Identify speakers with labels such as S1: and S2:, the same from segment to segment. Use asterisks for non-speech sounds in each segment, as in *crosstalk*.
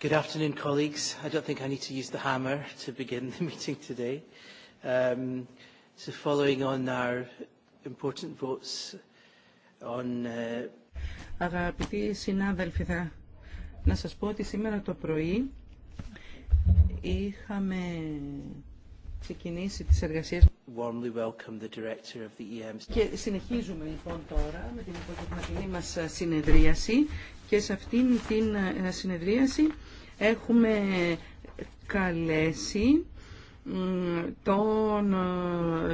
S1: Good afternoon, colleagues. I don't think I need to use the hammer to begin the *laughs* meeting today. Um, so following on our important votes
S2: on... Uh... Αγαπητοί συνάδελφοι, θα... να σας πω ότι σήμερα το πρωί είχαμε ξεκινήσει τις εργασίες
S1: warmly welcome the director of the EMC. Και
S2: συνεχίζουμε λοιπόν τώρα με την υποκειμενική μας συνεδρίαση και σε αυτήν την ε, συνεδρίαση έχουμε καλέσει τον,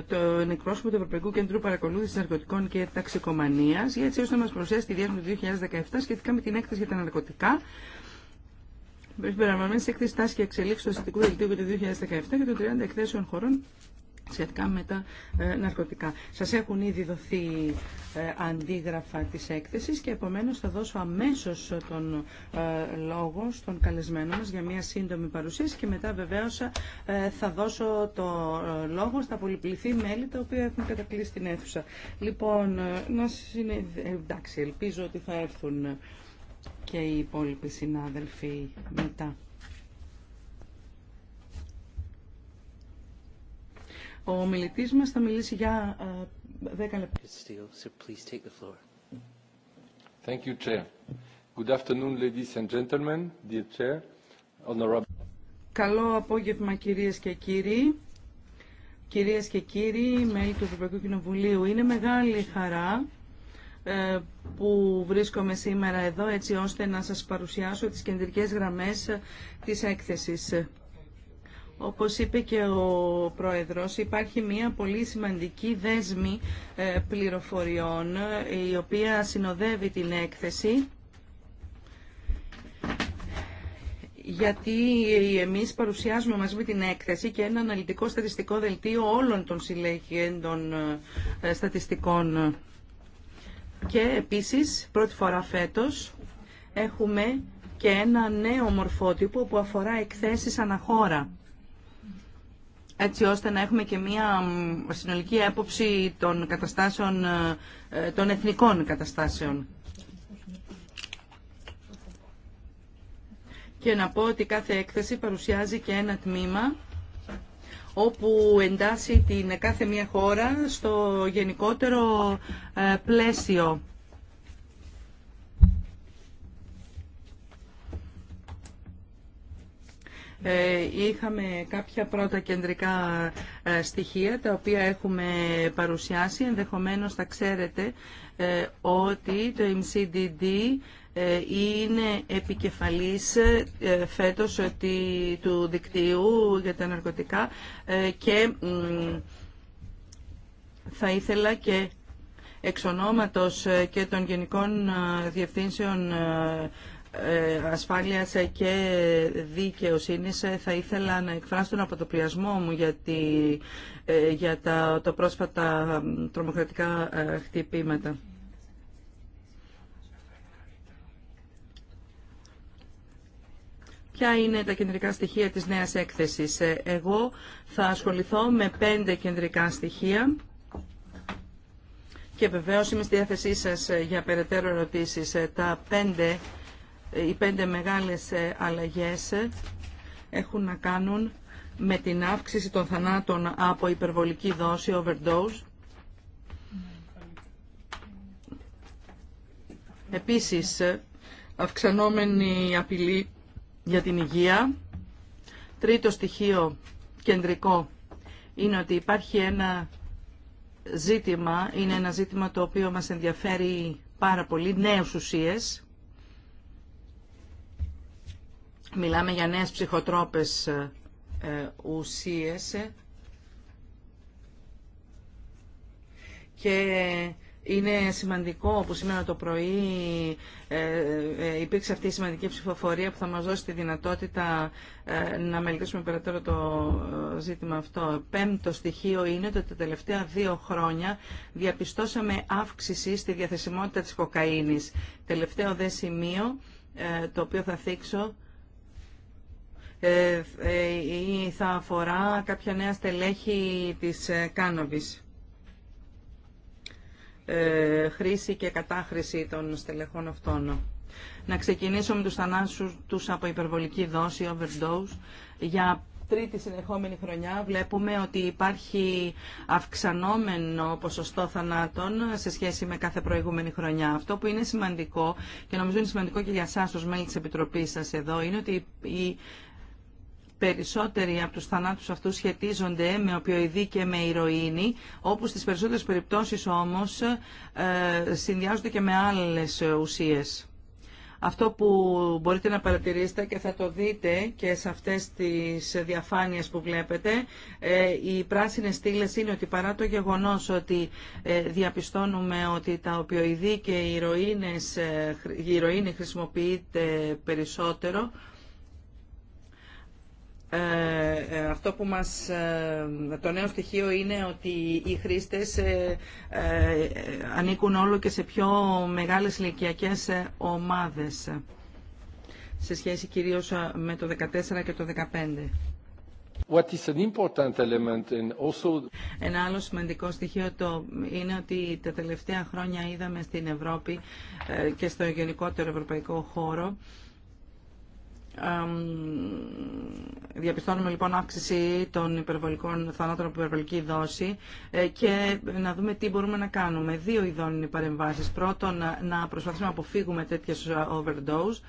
S2: τον εκπρόσωπο του Ευρωπαϊκού Κέντρου Παρακολούθησης Ναρκωτικών και Ταξικομανίας για έτσι ώστε να μας προσθέσει τη διάσμη του 2017 σχετικά με την έκθεση για τα ναρκωτικά Περιλαμβανομένη έκθεσης τάση και εξελίξει του αστικού δελτίου για το 2017 και των 30 εκθέσεων χωρών σχετικά με τα ε, ναρκωτικά. Σας έχουν ήδη δοθεί ε, αντίγραφα της έκθεσης και επομένως θα δώσω αμέσως τον ε, λόγο στον καλεσμένο μας για μια σύντομη παρουσίαση και μετά βεβαίως θα δώσω το λόγο στα πολυπληθή μέλη τα οποία έχουν κατακλείσει την αίθουσα. Λοιπόν, να συνε... εντάξει, ελπίζω ότι θα έρθουν και οι υπόλοιποι συνάδελφοι μετά. Ο μιλητής μας θα μιλήσει για 10 ε, λεπτά. Καλό απόγευμα, κυρίες και κύριοι. Κυρίες και κύριοι, μέλη του Ευρωπαϊκού Κοινοβουλίου, είναι μεγάλη χαρά ε, που βρίσκομαι σήμερα εδώ έτσι ώστε να σας παρουσιάσω τις κεντρικές γραμμές ε, της έκθεσης. Όπως είπε και ο Πρόεδρος, υπάρχει μια πολύ σημαντική δέσμη ε, πληροφοριών η οποία συνοδεύει την έκθεση γιατί εμείς παρουσιάζουμε μαζί με την έκθεση και ένα αναλυτικό στατιστικό δελτίο όλων των των ε, στατιστικών. Και επίσης, πρώτη φορά φέτος, έχουμε και ένα νέο μορφότυπο που αφορά εκθέσεις αναχώρα έτσι ώστε να έχουμε και μία συνολική έποψη των καταστάσεων, ε, ε, των εθνικών καταστάσεων. Και να πω ότι κάθε έκθεση παρουσιάζει και ένα τμήμα όπου εντάσσει την κάθε μία χώρα στο γενικότερο ε, πλαίσιο. Ε, είχαμε κάποια πρώτα κεντρικά ε, στοιχεία τα οποία έχουμε παρουσιάσει. Ενδεχομένως θα ξέρετε ε, ότι το MCDD είναι επικεφαλής φέτος του δικτύου για τα ναρκωτικά και θα ήθελα και εξ και των Γενικών Διευθύνσεων Ασφάλεια και δικαιοσύνη θα ήθελα να εκφράσω τον αποτοπιασμό μου για, ε, για τα, τα πρόσφατα τρομοκρατικά ε, χτυπήματα. Ποια είναι τα κεντρικά στοιχεία της νέας έκθεσης. Ε, εγώ θα ασχοληθώ με πέντε κεντρικά στοιχεία και βεβαίως είμαι στη διάθεσή σας για περαιτέρω ερωτήσεις. Τα πέντε οι πέντε μεγάλες ε, αλλαγές ε, έχουν να κάνουν με την αύξηση των θανάτων από υπερβολική δόση, overdose. Επίσης, ε, αυξανόμενη απειλή για την υγεία. Τρίτο στοιχείο κεντρικό είναι ότι υπάρχει ένα ζήτημα, είναι ένα ζήτημα το οποίο μας ενδιαφέρει πάρα πολύ, νέες ουσίες, Μιλάμε για νέες ψυχοτρόπες ε, ε, ουσίες και είναι σημαντικό που σήμερα το πρωί ε, υπήρξε αυτή η σημαντική ψηφοφορία που θα μας δώσει τη δυνατότητα να μελετήσουμε περαιτέρω το ζήτημα αυτό. Πέμπτο στοιχείο είναι ότι τα τελευταία δύο χρόνια διαπιστώσαμε αύξηση στη διαθεσιμότητα της κοκαίνης. Τελευταίο δε σημείο το οποίο θα θίξω ε, ε, ή θα αφορά κάποια νέα στελέχη της ε, κάνοβης. Χρήση και κατάχρηση των στελεχών αυτών. Να ξεκινήσω με τους θανάσους τους από υπερβολική δόση, overdose, για τρίτη συνεχόμενη χρονιά βλέπουμε ότι υπάρχει αυξανόμενο ποσοστό θανάτων σε σχέση με κάθε προηγούμενη χρονιά. Αυτό που είναι σημαντικό και νομίζω είναι σημαντικό και για εσάς ως μέλη της Επιτροπής σας εδώ είναι ότι η περισσότεροι από τους θανάτους αυτούς σχετίζονται με οπιοειδή και με ηρωίνη, όπου στις περισσότερες περιπτώσεις όμως ε, συνδυάζονται και με άλλες ουσίες. Αυτό που μπορείτε να παρατηρήσετε και θα το δείτε και σε αυτές τις διαφάνειες που βλέπετε, ε, οι πράσινες στήλες είναι ότι παρά το γεγονός ότι ε, διαπιστώνουμε ότι τα οπιοειδή και οι ηρωίνη χρησιμοποιείται περισσότερο, ε, ε, αυτό που μας, ε, το νέο στοιχείο είναι ότι οι χρήστες ανήκουν όλο και σε πιο μεγάλες ηλικιακέ ομάδες σε σχέση κυρίως με το 14 και το 2015. Ένα άλλο σημαντικό στοιχείο είναι ότι τα τελευταία χρόνια είδαμε στην Ευρώπη και στο γενικότερο ευρωπαϊκό χώρο Διαπιστώνουμε λοιπόν αύξηση των υπερβολικών θανάτων από υπερβολική δόση ε, και να δούμε τι μπορούμε να κάνουμε. Δύο ειδών είναι οι παρεμβάσεις. Πρώτον, να προσπαθήσουμε να αποφύγουμε τέτοιες ε, overdose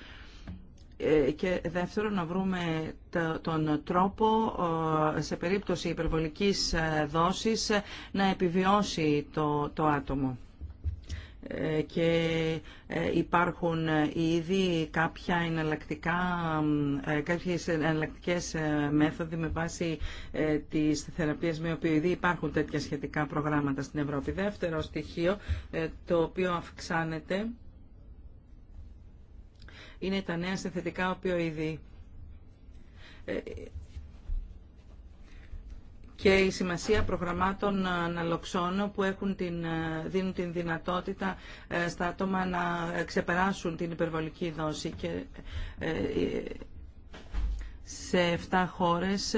S2: ε, και δεύτερον να βρούμε τον τρόπο σε περίπτωση υπερβολικής δόσης να επιβιώσει το, το άτομο. Ε, και ε, υπάρχουν ήδη κάποια εναλλακτικά, ε, κάποιες εναλλακτικές μέθοδοι με βάση τις θεραπείες με οποίο ήδη υπάρχουν τέτοια σχετικά προγράμματα στην Ευρώπη. Δεύτερο στοιχείο το οποίο αυξάνεται είναι τα νέα συνθετικά οποίο ήδη και η σημασία προγραμμάτων αναλοξών που έχουν την, δίνουν την δυνατότητα ε, στα άτομα να ξεπεράσουν την υπερβολική δόση. Και ε, σε 7 χώρες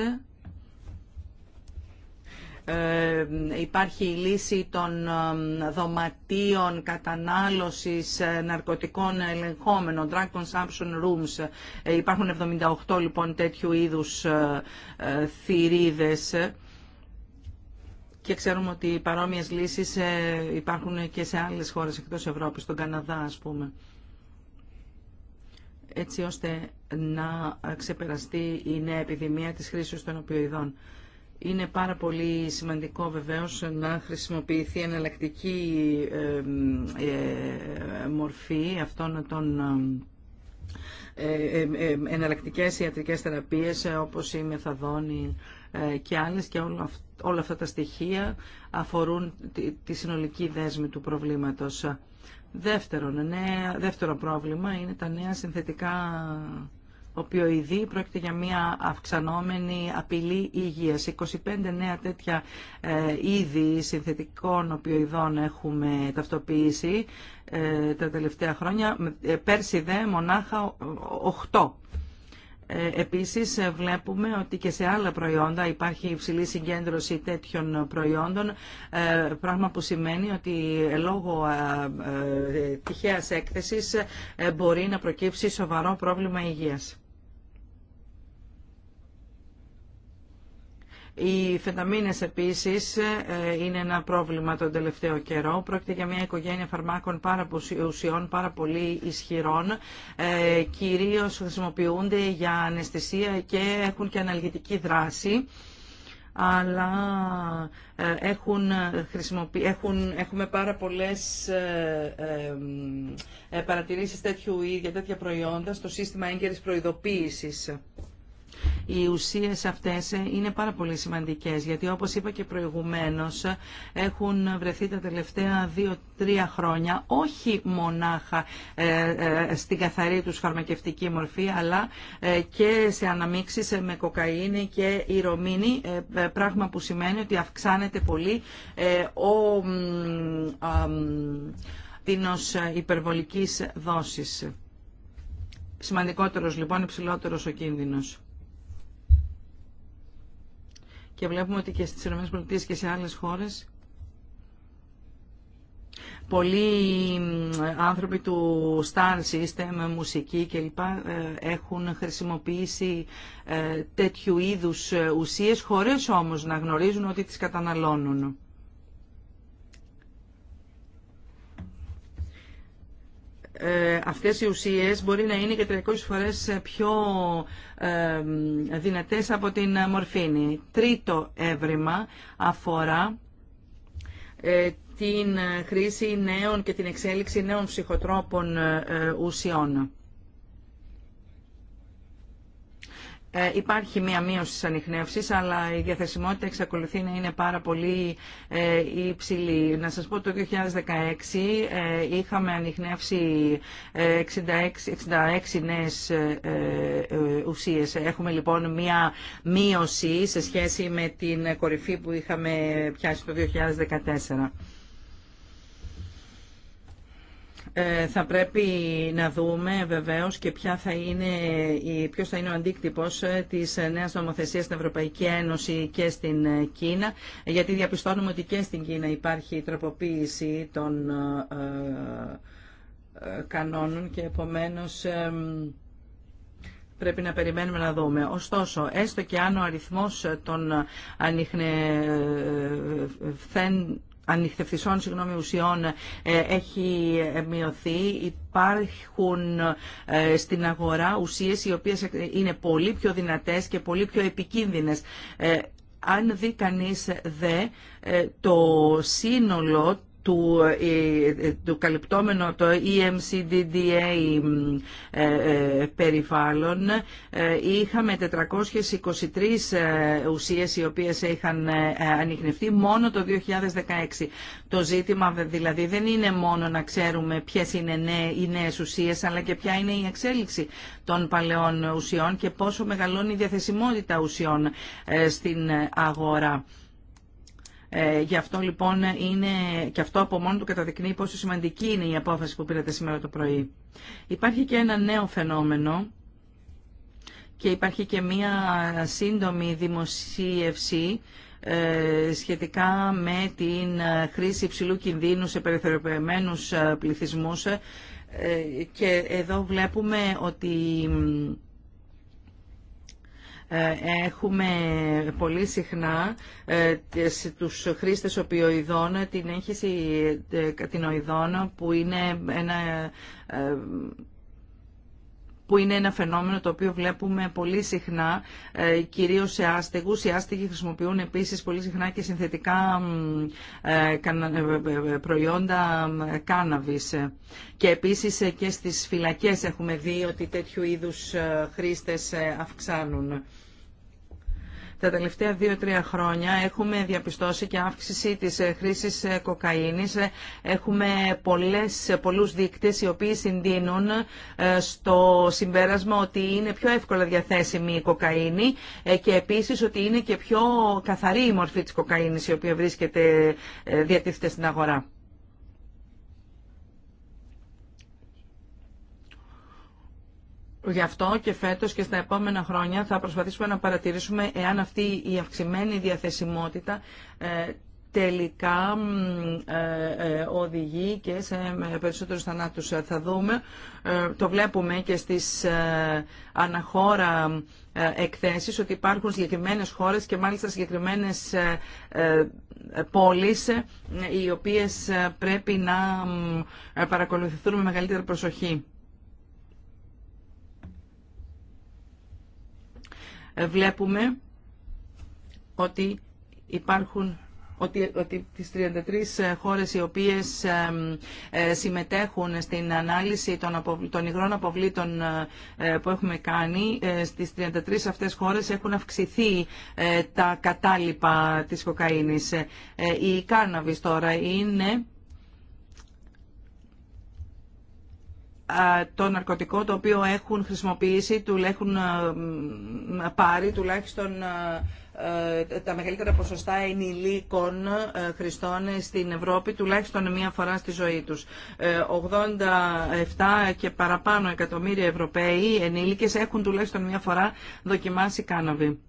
S2: ε, υπάρχει η λύση των δωματίων κατανάλωσης ναρκωτικών ελεγχόμενων, drug consumption rooms. Υπάρχουν 78 λοιπόν τέτοιου είδους θηρίδες και ξέρουμε ότι παρόμοιες λύσεις ε, υπάρχουν και σε άλλες χώρες εκτός Ευρώπης, στον Καναδά ας πούμε έτσι ώστε να ξεπεραστεί η νέα επιδημία της χρήσης των οπιοειδών. Είναι πάρα πολύ σημαντικό βεβαίως να χρησιμοποιηθεί εναλλακτική ε, ε, μορφή αυτών των εναλλακτικές ιατρικές θεραπείες όπως η μεθαδόνη και άλλες και όλο αυτό όλα αυτά τα στοιχεία αφορούν τη συνολική δέσμη του προβλήματος. Δεύτερον, δεύτερο πρόβλημα είναι τα νέα συνθετικά οπιοειδή πρόκειται για μια αυξανόμενη απειλή υγείας. 25 νέα τέτοια ε, είδη συνθετικών οπιοειδών έχουμε ταυτοποιήσει ε, τα τελευταία χρόνια. Ε, πέρσι δε μονάχα 8 ε, επίσης βλέπουμε ότι και σε άλλα προϊόντα υπάρχει υψηλή συγκέντρωση τέτοιων προϊόντων, ε, πράγμα που σημαίνει ότι ε, λόγω τυχαίας έκθεσης μπορεί να προκύψει σοβαρό πρόβλημα υγείας. Οι φεταμίνες επίσης ε, είναι ένα πρόβλημα τον τελευταίο καιρό. Πρόκειται για μια οικογένεια φαρμάκων πάρα, ουσιών πάρα πολύ ισχυρών. Ε, κυρίως χρησιμοποιούνται για αναισθησία και έχουν και αναλγητική δράση αλλά ε, έχουν, έχουμε πάρα πολλές ε, παρατηρήσεις τέτοιου για τέτοια προϊόντα στο σύστημα έγκαιρης προειδοποίησης. Οι ουσίες αυτές είναι πάρα πολύ σημαντικές γιατί όπως είπα και προηγουμένως έχουν βρεθεί τα τελευταία δύο-τρία χρόνια όχι μονάχα ε, ε, στην καθαρή τους φαρμακευτική μορφή αλλά ε, και σε αναμίξεις με κοκαίνη και ηρωμίνη πράγμα που σημαίνει ότι αυξάνεται πολύ ο τίνος υπερβολικής δόσης. Σημαντικότερος λοιπόν, υψηλότερος ο κίνδυνος και βλέπουμε ότι και στις ΗΠΑ και σε άλλες χώρες πολλοί άνθρωποι του star system, μουσική κλπ. Ε, έχουν χρησιμοποιήσει ε, τέτοιου είδους ε, ουσίες χωρίς όμως να γνωρίζουν ότι τις καταναλώνουν. Ε, αυτές οι ουσίες μπορεί να είναι και 300 φορές πιο ε, δυνατές από την μορφήνη. Τρίτο έβριμα αφορά ε, την χρήση νέων και την εξέλιξη νέων ψυχοτρόπων ουσιών. Ε, υπάρχει μία μείωση της ανιχνεύσης, αλλά η διαθεσιμότητα εξακολουθεί να είναι πάρα πολύ ε, υψηλή. Να σας πω, το 2016 ε, είχαμε ανιχνεύσει 66 νέες ουσίες. Έχουμε λοιπόν μία μείωση σε σχέση με την κορυφή που είχαμε πιάσει το 2014. Ε, θα πρέπει να δούμε βεβαίως και ποια θα είναι, ποιος θα είναι ο αντίκτυπος ε, της ε, νέας νομοθεσίας στην Ευρωπαϊκή Ένωση και στην Κίνα, γιατί διαπιστώνουμε ότι και στην Κίνα υπάρχει τροποποίηση των κανόνων και επομένως πρέπει να περιμένουμε να δούμε. Ωστόσο, έστω και αν ο αριθμός των ανιχνευθέν ανιχνευτισών συγγνώμη, ουσιών ε, έχει ε, μειωθεί. Υπάρχουν ε, στην αγορά ουσίες οι οποίες είναι πολύ πιο δυνατές και πολύ πιο επικίνδυνες. Αν δει κανείς δε το σύνολο του, ε, ε, του καλυπτόμενου το EMCDDA ε, περιβάλλον είχαμε 423 ουσίες οι οποίες είχαν ανοιχνευτεί μόνο το 2016. Το ζήτημα δηλαδή δεν είναι μόνο να ξέρουμε ποιες είναι οι νέες ουσίες αλλά και ποια είναι η εξέλιξη των παλαιών ουσιών και πόσο μεγαλώνει η διαθεσιμότητα ουσιών στην αγορά. Ε, γι' αυτό λοιπόν είναι, και αυτό από μόνο του καταδεικνύει πόσο σημαντική είναι η απόφαση που πήρατε σήμερα το πρωί. Υπάρχει και ένα νέο φαινόμενο και υπάρχει και μία σύντομη δημοσίευση ε, σχετικά με την χρήση υψηλού κινδύνου σε περιθωριοποιημένους ε, πληθυσμούς ε, και εδώ βλέπουμε ότι ε, έχουμε πολύ συχνά ε, τους χρήστες οπιοειδών την έγχυση ε, κατηνοειδών που είναι ένα που είναι ένα φαινόμενο το οποίο βλέπουμε πολύ συχνά, ε, κυρίως σε άστεγους. Οι άστεγοι χρησιμοποιούν επίσης πολύ συχνά και συνθετικά ε, ε, προϊόντα κάναβης. Και επίσης και στις φυλακές έχουμε δει ότι τέτοιου είδους χρήστες αυξάνουν. Τα τελευταία δύο-τρία χρόνια έχουμε διαπιστώσει και αύξηση της ε, χρήσης ε, κοκαίνης. Ε, έχουμε πολλές, πολλούς δείκτες οι οποίοι συνδύνουν στο συμπέρασμα ότι είναι πιο εύκολα διαθέσιμη η κοκαίνη και επίσης ότι είναι και πιο καθαρή η μορφή της κοκαίνης η οποία βρίσκεται διατίθεται στην αγορά. Γι' αυτό και φέτος και στα επόμενα χρόνια θα προσπαθήσουμε να παρατηρήσουμε εάν αυτή η αυξημένη διαθεσιμότητα ε, τελικά ε, ε, οδηγεί και σε περισσότερους θανάτους. Θα δούμε, το βλέπουμε και στις αναχώρα εκθέσεις ότι υπάρχουν συγκεκριμένες χώρες και μάλιστα συγκεκριμένες πόλεις οι οποίες πρέπει να παρακολουθηθούν με μεγαλύτερη προσοχή. βλέπουμε ότι υπάρχουν ότι, ότι τις 33 χώρες οι οποίες ε, συμμετέχουν στην ανάλυση των, αποβλ, των υγρών αποβλήτων ε, που έχουμε κάνει, ε, στις 33 αυτές χώρες έχουν αυξηθεί τα κατάλοιπα της κοκαίνης. Η κάναβης τώρα είναι το ναρκωτικό το οποίο έχουν χρησιμοποιήσει, του έχουν πάρει τουλάχιστον ε, τα μεγαλύτερα ποσοστά ενηλίκων ε, χρηστών ε, στην Ευρώπη τουλάχιστον μία φορά στη ζωή τους. 87 και παραπάνω εκατομμύρια Ευρωπαίοι ενήλικες έχουν τουλάχιστον μία φορά δοκιμάσει κάνοβι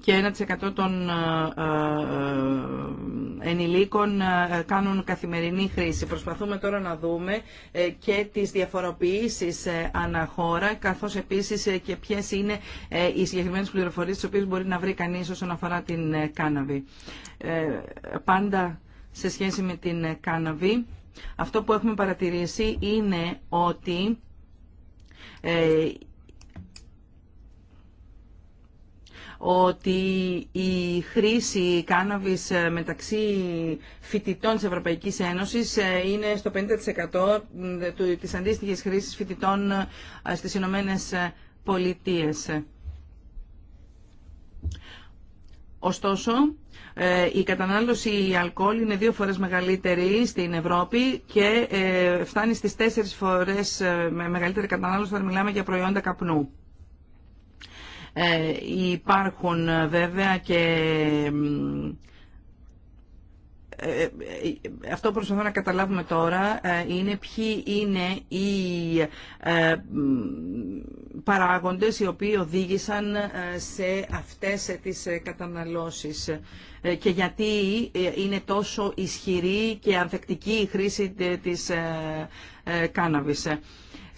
S2: και 1% των ε, ε, ε, ενηλίκων κάνουν καθημερινή χρήση. Προσπαθούμε τώρα να δούμε και τις διαφοροποιήσεις αναχώρα, καθώς επίσης και ποιες είναι οι συγκεκριμένες πληροφορίες τις οποίες μπορεί να βρει κανείς όσον αφορά την κάναβη. Πάντα σε σχέση με την κάναβη, αυτό που έχουμε παρατηρήσει είναι ότι ότι η χρήση κάναβης ε, μεταξύ φοιτητών της Ευρωπαϊκής Ένωσης ε, είναι στο 50% της αντίστοιχης χρήσης φοιτητών ε, στις Ηνωμένε Πολιτείες. Ωστόσο, η κατανάλωση αλκοόλ είναι δύο φορές μεγαλύτερη στην Ευρώπη και φτάνει στις τέσσερις φορές μεγαλύτερη κατανάλωση όταν μιλάμε για προϊόντα καπνού. Ε, υπάρχουν ε, βέβαια και ε, αυτό που προσπαθώ να καταλάβουμε τώρα είναι ποιοι είναι οι παράγοντες οι οποίοι οδήγησαν σε αυτές τις καταναλώσεις και γιατί είναι τόσο ισχυρή και ανθεκτική η χρήση της κάναβης.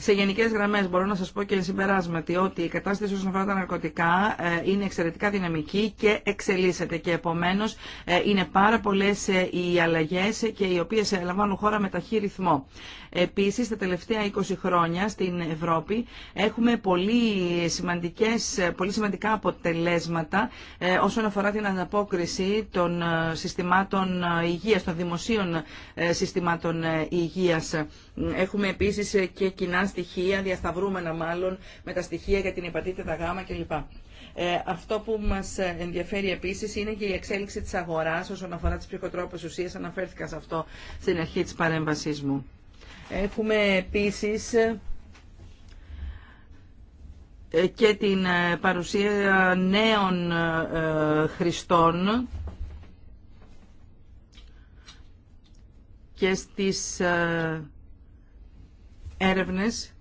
S2: Σε γενικέ γραμμέ μπορώ να σα πω και συμπεράσματι ότι η κατάσταση όσον αφορά τα ναρκωτικά ε, είναι εξαιρετικά δυναμική και εξελίσσεται. Και επομένω ε, είναι πάρα πολλέ ε, οι αλλαγέ και οι οποίε λαμβάνουν χώρα με ταχύ ρυθμό. Επίσης, τα τελευταία 20 χρόνια στην Ευρώπη έχουμε πολύ, σημαντικές, πολύ σημαντικά αποτελέσματα ε, όσον αφορά την ανταπόκριση των ε, συστημάτων ε, υγείας, των δημοσίων συστημάτων υγείας. Έχουμε επίσης και κοινά στοιχεία, διασταυρούμενα μάλλον, με τα στοιχεία για την υπατήτητα γάμα κλπ. Ε, αυτό που μας ενδιαφέρει επίσης είναι και η εξέλιξη της αγοράς όσον αφορά τις ψυχοτρόπες ουσίες. Αναφέρθηκα σε αυτό στην αρχή της παρέμβασής μου. Έχουμε επίσης ε, και την ε, παρουσία νέων ε, χριστών και στις έρευνες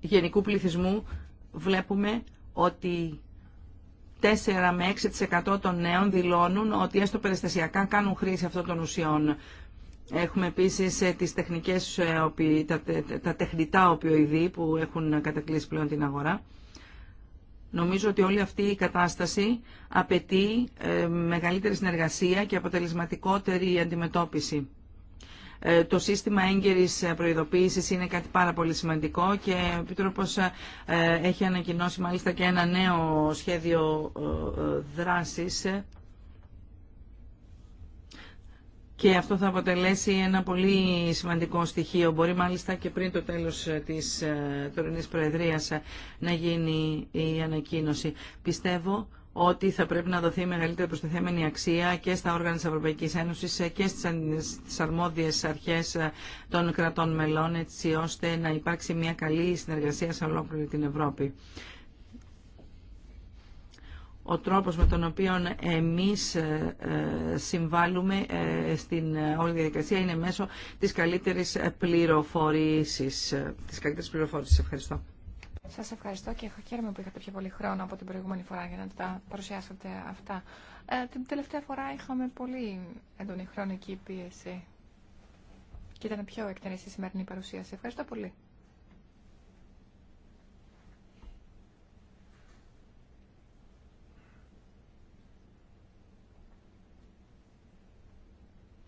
S2: γενικού πληθυσμού βλέπουμε ότι 4 με 6% των νέων δηλώνουν ότι έστω περιστασιακά κάνουν χρήση αυτών των ουσιών. Έχουμε επίσης ε, τις τεχνικές, ε, τα, τεχνητά οπιοειδή που έχουν κατακλείσει πλέον την αγορά. Νομίζω ότι όλη αυτή η κατάσταση απαιτεί ε, μεγαλύτερη συνεργασία και αποτελεσματικότερη αντιμετώπιση. Το σύστημα έγκαιρης προειδοποίησης είναι κάτι πάρα πολύ σημαντικό και ο Επίτροπος έχει ανακοινώσει μάλιστα και ένα νέο σχέδιο δράσης και αυτό θα αποτελέσει ένα πολύ σημαντικό στοιχείο. Μπορεί μάλιστα και πριν το τέλος της ε, τωρινής Προεδρίας ε, να γίνει η ανακοίνωση. Πιστεύω ότι θα πρέπει να δοθεί μεγαλύτερη προστιθέμενη αξία και στα όργανα της Ευρωπαϊκής Ένωσης ε, και στις αρμόδιες αρχές των κρατών μελών, έτσι ώστε να υπάρξει μια καλή συνεργασία σε ολόκληρη την Ευρώπη ο τρόπος με τον οποίο εμείς ε, ε, συμβάλλουμε ε, στην όλη διαδικασία είναι μέσω της καλύτερης πληροφορήσης. Της καλύτερης πληροφόρησης. Ευχαριστώ.
S3: Σας ευχαριστώ και έχω χαίρομαι που είχατε πιο πολύ χρόνο από την προηγούμενη φορά για να τα παρουσιάσετε αυτά. την τελευταία φορά είχαμε πολύ έντονη χρονική πίεση και ήταν πιο εκτενή η σημερινή παρουσίαση. Ευχαριστώ πολύ.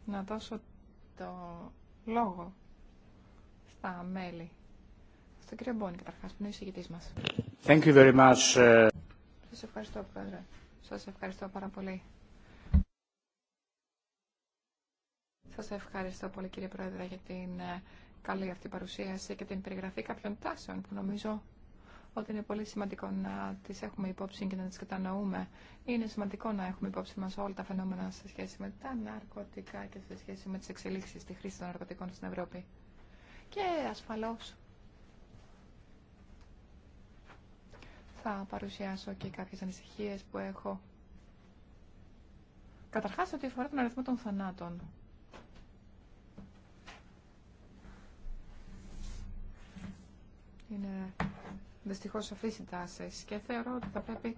S3: να δώσω το λόγο στα μέλη. Στον κύριο Μπόνη, καταρχάς, που είναι ο εισηγητής μας.
S4: Thank you very much. Ε.
S3: Σας ευχαριστώ, Πρόεδρε. Σας ευχαριστώ πάρα πολύ. Σας ευχαριστώ πολύ, κύριε Πρόεδρε, για την ε, καλή αυτή παρουσίαση και την περιγραφή κάποιων τάσεων που νομίζω ότι είναι πολύ σημαντικό να τις έχουμε υπόψη και να τις κατανοούμε. Είναι σημαντικό να έχουμε υπόψη μας όλα τα φαινόμενα σε σχέση με τα ναρκωτικά και σε σχέση με τις εξελίξεις τη χρήση των ναρκωτικών στην Ευρώπη. Και ασφαλώς θα παρουσιάσω και κάποιες ανησυχίε που έχω. Καταρχάς, ότι αφορά τον αριθμό των θανάτων. Είναι δυστυχώς αυτής η και θεωρώ ότι θα πρέπει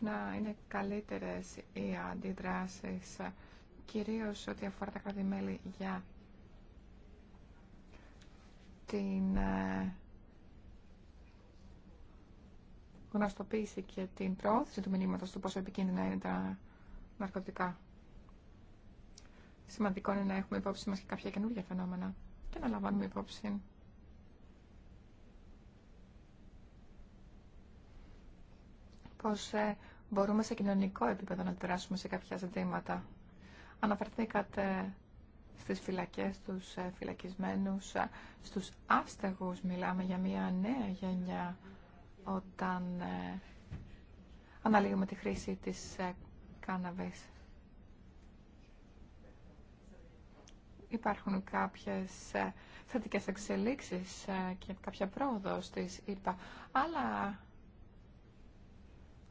S3: να είναι καλύτερες οι αντιδράσεις κυρίως ό,τι αφορά τα κράτη-μέλη για την ε, γνωστοποίηση και την προώθηση του μηνύματος του πόσο επικίνδυνα είναι τα ναρκωτικά. Σημαντικό είναι να έχουμε υπόψη μας και κάποια καινούργια φαινόμενα και να λαμβάνουμε υπόψη πώς ε, μπορούμε σε κοινωνικό επίπεδο να περάσουμε σε κάποια ζητήματα. Αναφερθήκατε στις φυλακές, στους ε, φυλακισμένους, ε, στους άστεγους μιλάμε για μια νέα γενιά όταν αναλύουμε τη χρήση της κάναβης. Υπάρχουν κάποιες θετικές εξελίξεις και κάποια πρόοδο στις ΕΠΑ, αλλά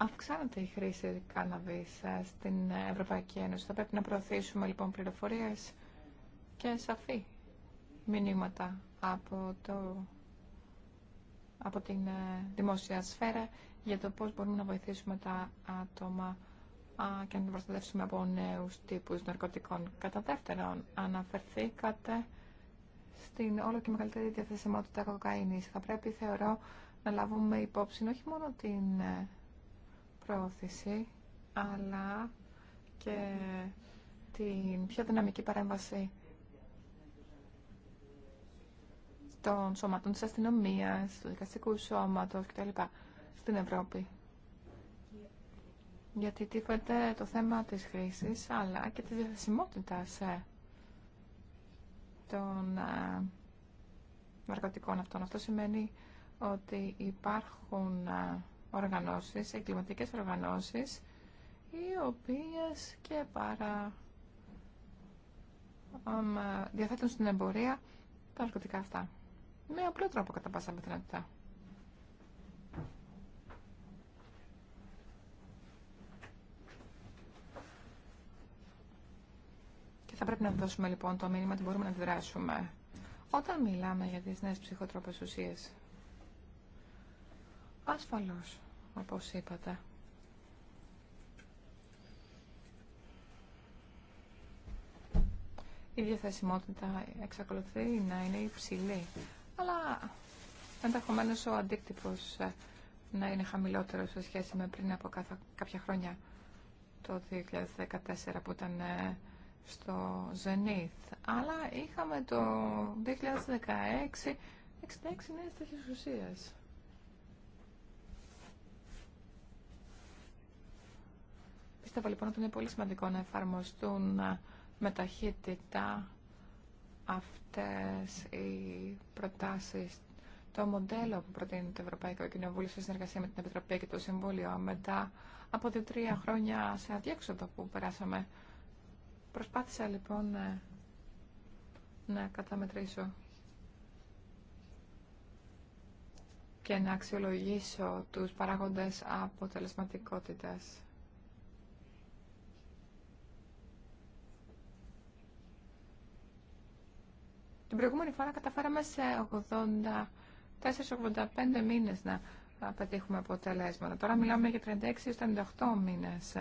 S3: Αυξάνεται η χρήση κάναβης ε, στην Ευρωπαϊκή Ένωση. Θα πρέπει να προωθήσουμε λοιπόν πληροφορίες και σαφή μηνύματα από, το, από την ε, δημόσια σφαίρα για το πώς μπορούμε να βοηθήσουμε τα άτομα και να προστατεύσουμε από νέους τύπους ναρκωτικών. Κατά δεύτερον, αναφερθήκατε στην όλο και μεγαλύτερη διαθεσιμότητα κοκαίνη. Θα πρέπει, θεωρώ, να λάβουμε υπόψη όχι μόνο την ε, προώθηση, αλλά και την πιο δυναμική παρέμβαση των σώματων της αστυνομίας, του δικαστικού σώματος κτλ. στην Ευρώπη. Γιατί τίφεται το θέμα της χρήσης, αλλά και της διαθεσιμότητας ε, των ε, ναρκωτικών αυτών. Αυτό σημαίνει ότι υπάρχουν ε, οργανώσεις, εγκληματικές οργανώσεις, οι οποίες και παρά διαθέτουν στην εμπορία τα αρκωτικά αυτά. Με απλό τρόπο κατά πάσα πιθανότητα. Και θα πρέπει να δώσουμε λοιπόν το μήνυμα ότι μπορούμε να αντιδράσουμε. Όταν μιλάμε για τις νέες ψυχοτρόπες ουσίες, Ασφαλώς, όπως είπατε. Η διαθεσιμότητα εξακολουθεί να είναι υψηλή, αλλά ενδεχομένω ο αντίκτυπος ε, να είναι χαμηλότερο σε σχέση με πριν από κάποια χρόνια το 2014 που ήταν ε, στο Zenith. Αλλά είχαμε το 2016 66 νέες τέτοιες ουσίες. Πιστεύω λοιπόν ότι είναι πολύ σημαντικό να εφαρμοστούν ε, με ταχύτητα αυτές οι προτάσεις. Το μοντέλο που προτείνει το Ευρωπαϊκό Κοινοβούλιο σε συνεργασία με την Επιτροπή και το Συμβούλιο μετά από δύο-τρία χρόνια σε αδιέξοδο που περάσαμε. Προσπάθησα λοιπόν ε, να καταμετρήσω και να αξιολογήσω τους παράγοντες αποτελεσματικότητας. Την προηγούμενη φορά καταφέραμε σε 84-85 μήνες να πετύχουμε αποτελέσματα. Τώρα μιλάμε για 36-38 μήνες.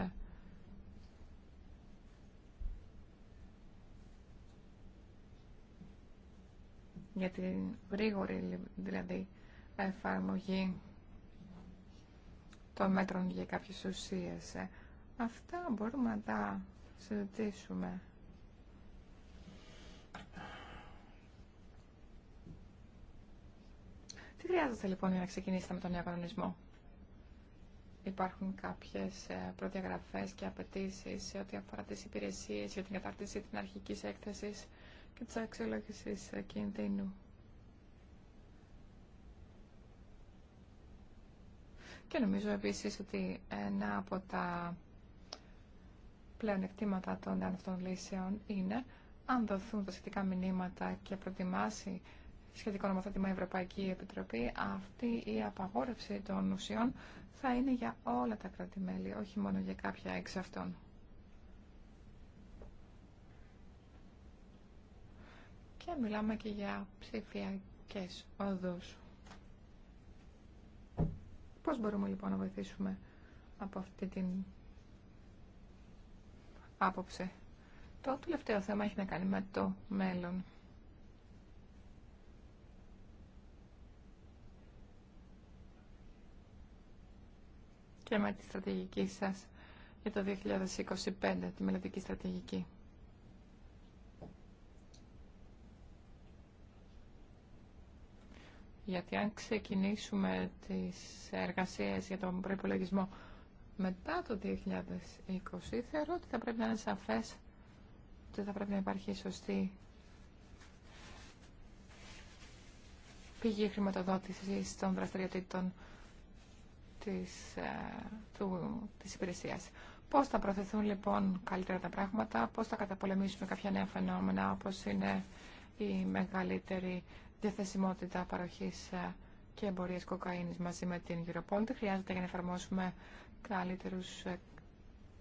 S3: για την γρήγορη δηλαδή εφαρμογή των μέτρων για κάποιες ουσίες. Αυτά μπορούμε να τα συζητήσουμε. χρειάζεται λοιπόν για να ξεκινήσετε με τον νέο κανονισμό. Υπάρχουν κάποιε προδιαγραφέ και απαιτήσει σε ό,τι αφορά τι υπηρεσίε για την κατάρτιση τη αρχική έκθεση και τη αξιολόγηση ε, κινδύνου. Και νομίζω επίσης ότι ένα από τα πλέον εκτίματα των αυτών λύσεων είναι αν δοθούν τα σχετικά μηνύματα και προτιμάσει σχετικό νομοθέτημα Ευρωπαϊκή Επιτροπή, αυτή η απαγόρευση των ουσιών θα είναι για όλα τα κράτη-μέλη, όχι μόνο για κάποια εξ αυτών. Και μιλάμε και για ψηφιακές οδούς. Πώς μπορούμε λοιπόν να βοηθήσουμε από αυτή την άποψη. Το τελευταίο θέμα έχει να κάνει με το μέλλον. και με τη στρατηγική σας για το 2025, τη μελλοντική στρατηγική. Γιατί αν ξεκινήσουμε τις εργασίες για τον προϋπολογισμό μετά το 2020, θεωρώ ότι θα πρέπει να είναι σαφές ότι θα πρέπει να υπάρχει σωστή πηγή χρηματοδότησης των δραστηριοτήτων της, ε, του, της υπηρεσίας. Πώς θα προθεθούν λοιπόν καλύτερα τα πράγματα, πώς θα καταπολεμήσουμε κάποια νέα φαινόμενα όπως είναι η μεγαλύτερη διαθεσιμότητα παροχής ε, και εμπορίας κοκαίνης μαζί με την Europol. Τι χρειάζεται για να εφαρμόσουμε καλύτερους ε,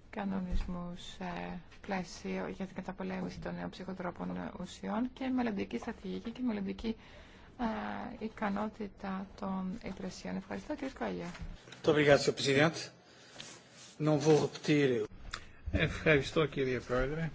S3: κανονισμούς πλαίσιο για την καταπολέμηση των νέων ψυχοτρόπων ουσιών και μελλοντική στρατηγική και μελλοντική ικανότητα των υπηρεσιών. Ευχαριστώ
S4: κύριε Ευχαριστώ κύριε Πρόεδρε.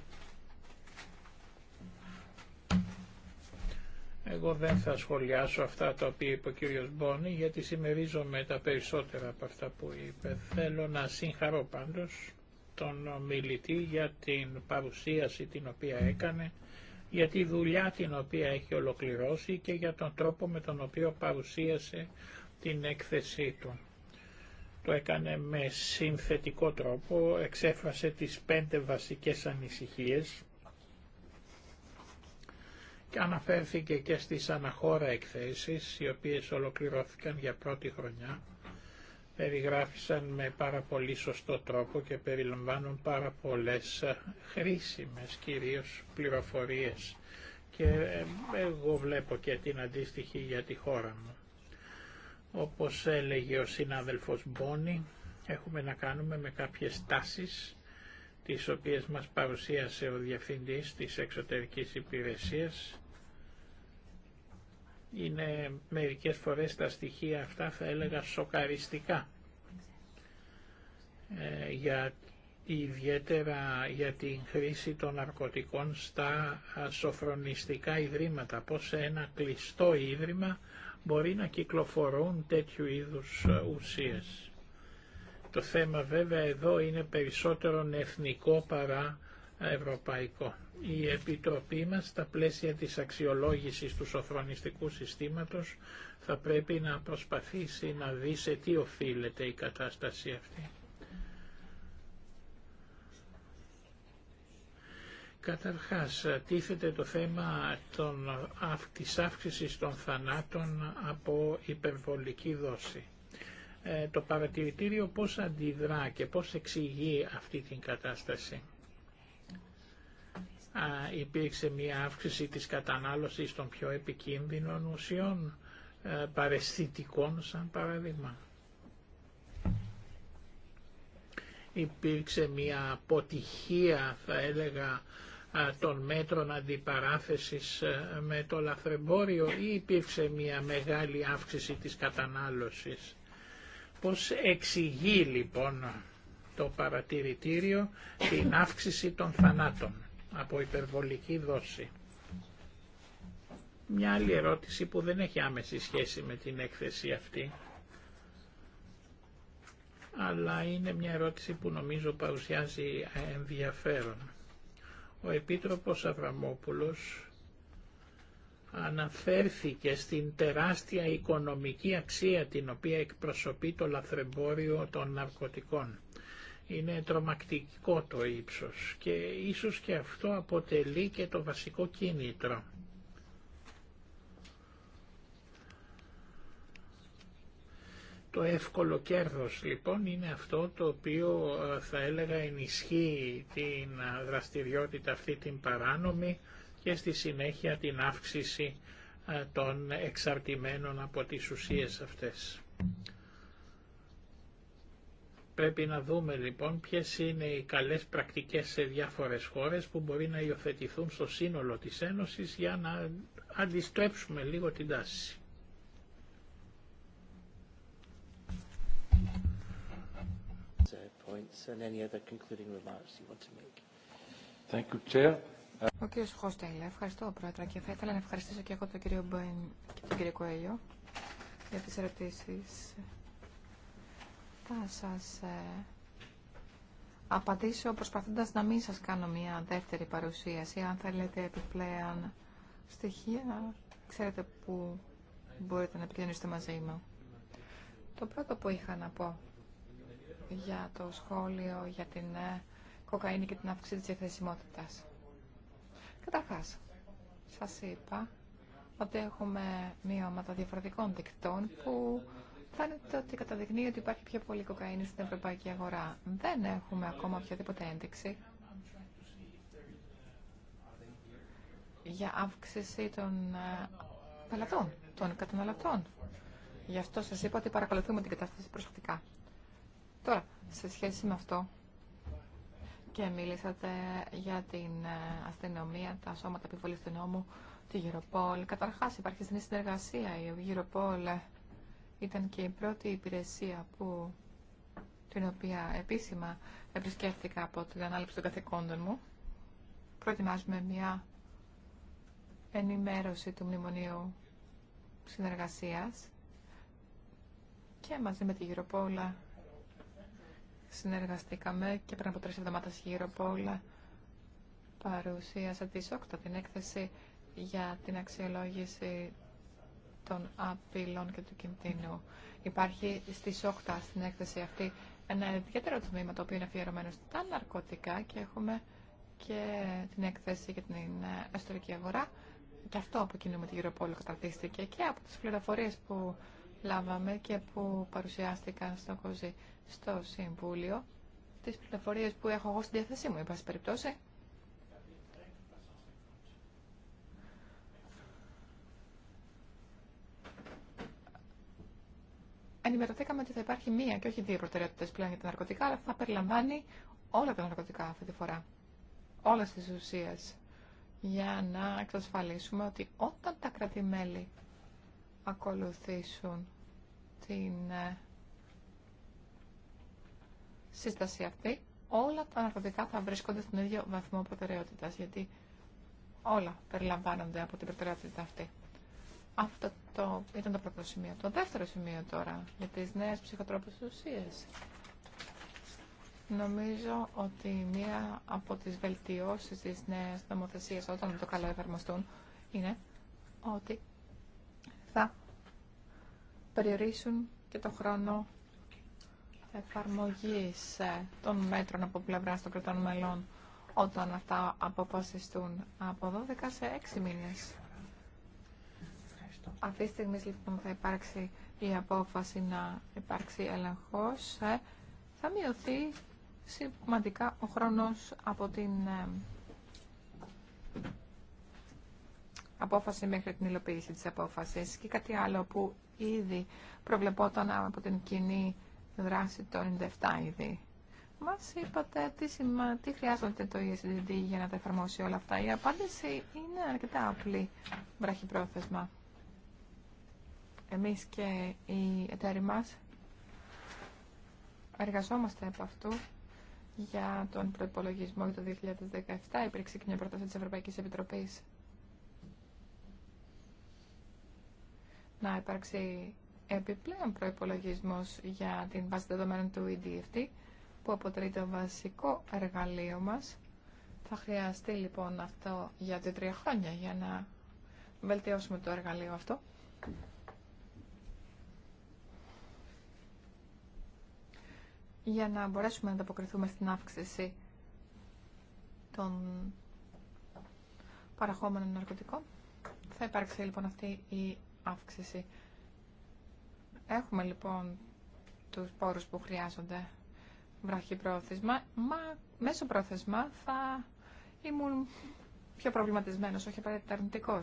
S4: Εγώ δεν θα σχολιάσω αυτά τα οποία είπε ο κύριος Μπόνη γιατί συμμερίζομαι τα περισσότερα από αυτά που είπε. Θέλω να συγχαρώ πάντως τον ομιλητή για την παρουσίαση την οποία έκανε για τη δουλειά την οποία έχει ολοκληρώσει και για τον τρόπο με τον οποίο παρουσίασε την έκθεσή του. Το έκανε με συνθετικό τρόπο, εξέφρασε τις πέντε βασικές ανησυχίες και αναφέρθηκε και στις αναχώρα εκθέσεις, οι οποίες ολοκληρώθηκαν για πρώτη χρονιά περιγράφησαν με πάρα πολύ σωστό τρόπο και περιλαμβάνουν πάρα πολλές χρήσιμες κυρίως πληροφορίες και ε, εγώ βλέπω και την αντίστοιχη για τη χώρα μου. Όπως έλεγε ο συνάδελφος Μπόνι, έχουμε να κάνουμε με κάποιες τάσεις τις οποίες μας παρουσίασε ο Διευθυντής της Εξωτερικής Υπηρεσίας είναι μερικές φορές τα στοιχεία αυτά θα έλεγα σοκαριστικά ε, για, ιδιαίτερα για την χρήση των ναρκωτικών στα σοφρονιστικά ιδρύματα. Πώς σε ένα κλειστό ίδρυμα μπορεί να κυκλοφορούν τέτοιου είδους ουσίες. Το θέμα βέβαια εδώ είναι περισσότερο εθνικό παρά ευρωπαϊκό η Επιτροπή μας στα πλαίσια της αξιολόγησης του σοφρονιστικού συστήματος θα πρέπει να προσπαθήσει να δει σε τι οφείλεται η κατάσταση αυτή. Καταρχάς, τίθεται το θέμα των, της αύξησης των θανάτων από υπερβολική δόση. Ε, το παρατηρητήριο πώς αντιδρά και πώς εξηγεί αυτή την κατάσταση υπήρξε μια αύξηση της κατανάλωσης των πιο επικίνδυνων ουσιών, ε, παρεσθητικών σαν παραδείγμα. Υπήρξε μια αποτυχία θα έλεγα των μέτρων αντιπαράθεσης ε, με το λαθρεμπόριο ή υπήρξε μια μεγάλη αύξηση της κατανάλωσης. Πώς εξηγεί λοιπόν το παρατηρητήριο την αύξηση των θανάτων από υπερβολική δόση. Μια άλλη ερώτηση που δεν έχει άμεση σχέση με την έκθεση αυτή, αλλά είναι μια ερώτηση που νομίζω παρουσιάζει ενδιαφέρον. Ο Επίτροπος Αβραμόπουλος αναφέρθηκε στην τεράστια οικονομική αξία την οποία εκπροσωπεί το λαθρεμπόριο των ναρκωτικών. Είναι τρομακτικό το ύψος και ίσως και αυτό αποτελεί και το βασικό κίνητρο. Το εύκολο κέρδος λοιπόν είναι αυτό το οποίο ε, θα έλεγα ενισχύει την ε, δραστηριότητα αυτή την παράνομη και στη συνέχεια την αύξηση ε, των εξαρτημένων από τις ουσίες αυτές. Πρέπει να δούμε λοιπόν ποιες είναι οι καλές πρακτικές σε διάφορες χώρες που μπορεί να υιοθετηθούν στο σύνολο της Ένωσης για να αντιστρέψουμε λίγο την τάση.
S3: Ο κύριος Χωστέλε, ευχαριστώ πρόεδρε και θα ήθελα να ευχαριστήσω και εγώ τον κύριο Μπεν και τον κύριο Κοέλιο για τις ερωτήσεις θα σας ε, απαντήσω προσπαθώντας να μην σας κάνω μια δεύτερη παρουσίαση. Αν θέλετε επιπλέον στοιχεία, ξέρετε που μπορείτε να επικοινωνήσετε μαζί μου. Το πρώτο που είχα να πω για το σχόλιο, για την ε, κοκαίνη και την αυξή της ευθεσιμότητας. Καταρχάς, σας είπα ότι έχουμε μία ομάδα διαφορετικών δικτών που φαίνεται ότι καταδεικνύει ότι υπάρχει πιο πολύ κοκαίνη στην ευρωπαϊκή αγορά. Δεν έχουμε ακόμα οποιαδήποτε ένδειξη για αύξηση των ε, πελατών, των καταναλωτών. Γι' αυτό σας είπα ότι παρακολουθούμε την κατάσταση προσεκτικά. Τώρα, σε σχέση με αυτό και μιλήσατε για την ε, αστυνομία, τα σώματα επιβολής του νόμου, τη Γεροπόλ. Καταρχάς υπάρχει στην συνεργασία η Γεροπόλ ήταν και η πρώτη υπηρεσία που, την οποία επίσημα επισκέφθηκα από την ανάληψη των καθηκόντων μου. Προετοιμάζουμε μια ενημέρωση του Μνημονίου Συνεργασίας και μαζί με τη γεροπόλα συνεργαστήκαμε και πριν από τρεις εβδομάδες η γεροπόλα παρουσίασε τη 8 την έκθεση για την αξιολόγηση των απειλών και του κινδύνου. Υπάρχει στι 8 στην έκθεση αυτή ένα ιδιαίτερο τμήμα το οποίο είναι αφιερωμένο στα ναρκωτικά και έχουμε και την έκθεση για την ιστορική ε, αγορά. Και αυτό από κοινού με την καταρτίστηκε και από τις πληροφορίες που λάβαμε και που παρουσιάστηκαν στο ΚΟΖΗ στο Συμβούλιο, τις πληροφορίε που έχω εγώ στην διάθεσή μου, είπα περιπτώσει, ενημερωθήκαμε ότι θα υπάρχει μία και όχι δύο προτεραιότητες πλέον για τα ναρκωτικά, αλλά θα περιλαμβάνει όλα τα ναρκωτικά αυτή τη φορά. Όλες τις ουσίες. Για να εξασφαλίσουμε ότι όταν τα κρατημέλη ακολουθήσουν την ε, σύσταση αυτή, όλα τα ναρκωτικά θα βρίσκονται στον ίδιο βαθμό προτεραιότητας, γιατί όλα περιλαμβάνονται από την προτεραιότητα αυτή. Αυτό το, ήταν το πρώτο σημείο. Το δεύτερο σημείο τώρα για τις νέες ψυχοτρόπες ουσίες. Νομίζω ότι μία από τις βελτιώσεις της νέας νομοθεσίας όταν το καλό εφαρμοστούν είναι ότι θα περιορίσουν και το χρόνο εφαρμογής ε, των μέτρων από πλευρά των κρατών μελών όταν αυτά αποφασιστούν από 12 σε 6 μήνες. Αυτή τη στιγμή λοιπόν θα υπάρξει η απόφαση να υπάρξει έλεγχος. Ε. Θα μειωθεί σημαντικά ο χρόνος από την ε, απόφαση μέχρι την υλοποίηση της απόφασης και κάτι άλλο που ήδη προβλεπόταν από την κοινή δράση των 97 ήδη. Μας είπατε τι, σημα... τι χρειάζεται το ESDD για να τα εφαρμόσει όλα αυτά. Η απάντηση είναι αρκετά απλή βραχυπρόθεσμα. Εμείς και οι εταίροι μας εργαζόμαστε από αυτού για τον προπολογισμό για το 2017. Υπήρξε και μια πρόταση της Ευρωπαϊκής Επιτροπής να υπάρξει επιπλέον προϋπολογισμός για την βάση δεδομένων του EDFT που αποτελεί το βασικό εργαλείο μας. Θα χρειαστεί λοιπόν αυτό για δύο-τρία χρόνια για να βελτιώσουμε το εργαλείο αυτό. για να μπορέσουμε να ανταποκριθούμε στην αύξηση των παραχόμενων ναρκωτικών. Θα υπάρξει λοιπόν αυτή η αύξηση. Έχουμε λοιπόν τους πόρους που χρειάζονται βράχη πρόθεσμα, μα μέσω πρόθεσμα θα ήμουν πιο προβληματισμένος, όχι απαραίτητα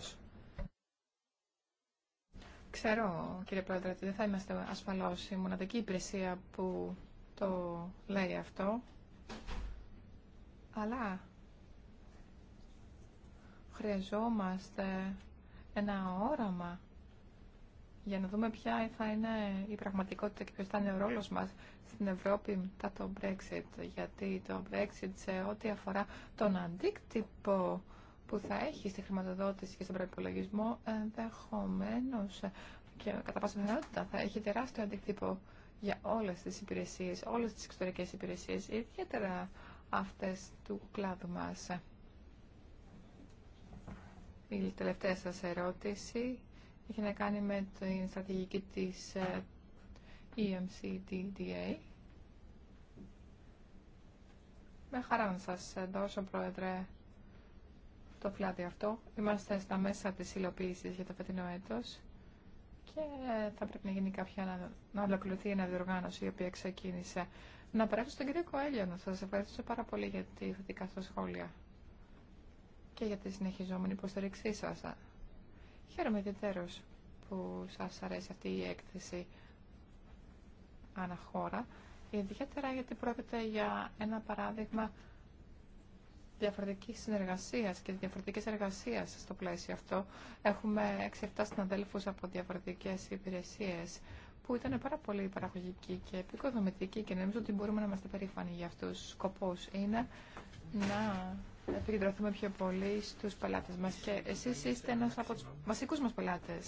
S3: Ξέρω, κύριε Πρόεδρε, ότι δεν θα είμαστε ασφαλώς η μοναδική υπηρεσία που το λέει αυτό, αλλά χρειαζόμαστε ένα όραμα για να δούμε ποια θα είναι η πραγματικότητα και ποιος θα είναι ο ρόλος μας στην Ευρώπη μετά το Brexit. Γιατί το Brexit σε ό,τι αφορά τον αντίκτυπο που θα έχει στη χρηματοδότηση και στον προπολογισμό ενδεχομένω και κατά πάσα πιθανότητα θα έχει τεράστιο αντίκτυπο για όλες τις υπηρεσίες, όλες τις εξωτερικές υπηρεσίες, ιδιαίτερα αυτές του κλάδου μας. Η τελευταία σας ερώτηση έχει να κάνει με την στρατηγική της ε, EMCDDA. Με χαρά να σας δώσω, Πρόεδρε, το φλάδι αυτό. Είμαστε στα μέσα της υλοποίησης για το φετινό έτος και θα πρέπει να γίνει κάποια, να ολοκληρωθεί ένα διοργάνωση η οποία ξεκίνησε. Να περάσω στον κύριο Κοέλιο να σας ευχαριστήσω πάρα πολύ για τη θετικά σας σχόλια και για τη συνεχιζόμενη υποστηρίξή σας. Χαίρομαι ιδιαίτερως που σας αρέσει αυτή η έκθεση αναχώρα, ιδιαίτερα γιατί πρόκειται για ένα παράδειγμα διαφορετική συνεργασία και διαφορετική εργασία στο πλαίσιο αυτό. Έχουμε 6-7 συναδέλφου από διαφορετικέ υπηρεσίε που ήταν πάρα πολύ παραγωγικοί και επικοδομητικοί και νομίζω ότι μπορούμε να είμαστε περήφανοι για αυτού. Σκοπό είναι να επικεντρωθούμε πιο πολύ στου πελάτε μα και εσεί είστε ένα από του βασικού μα πελάτε.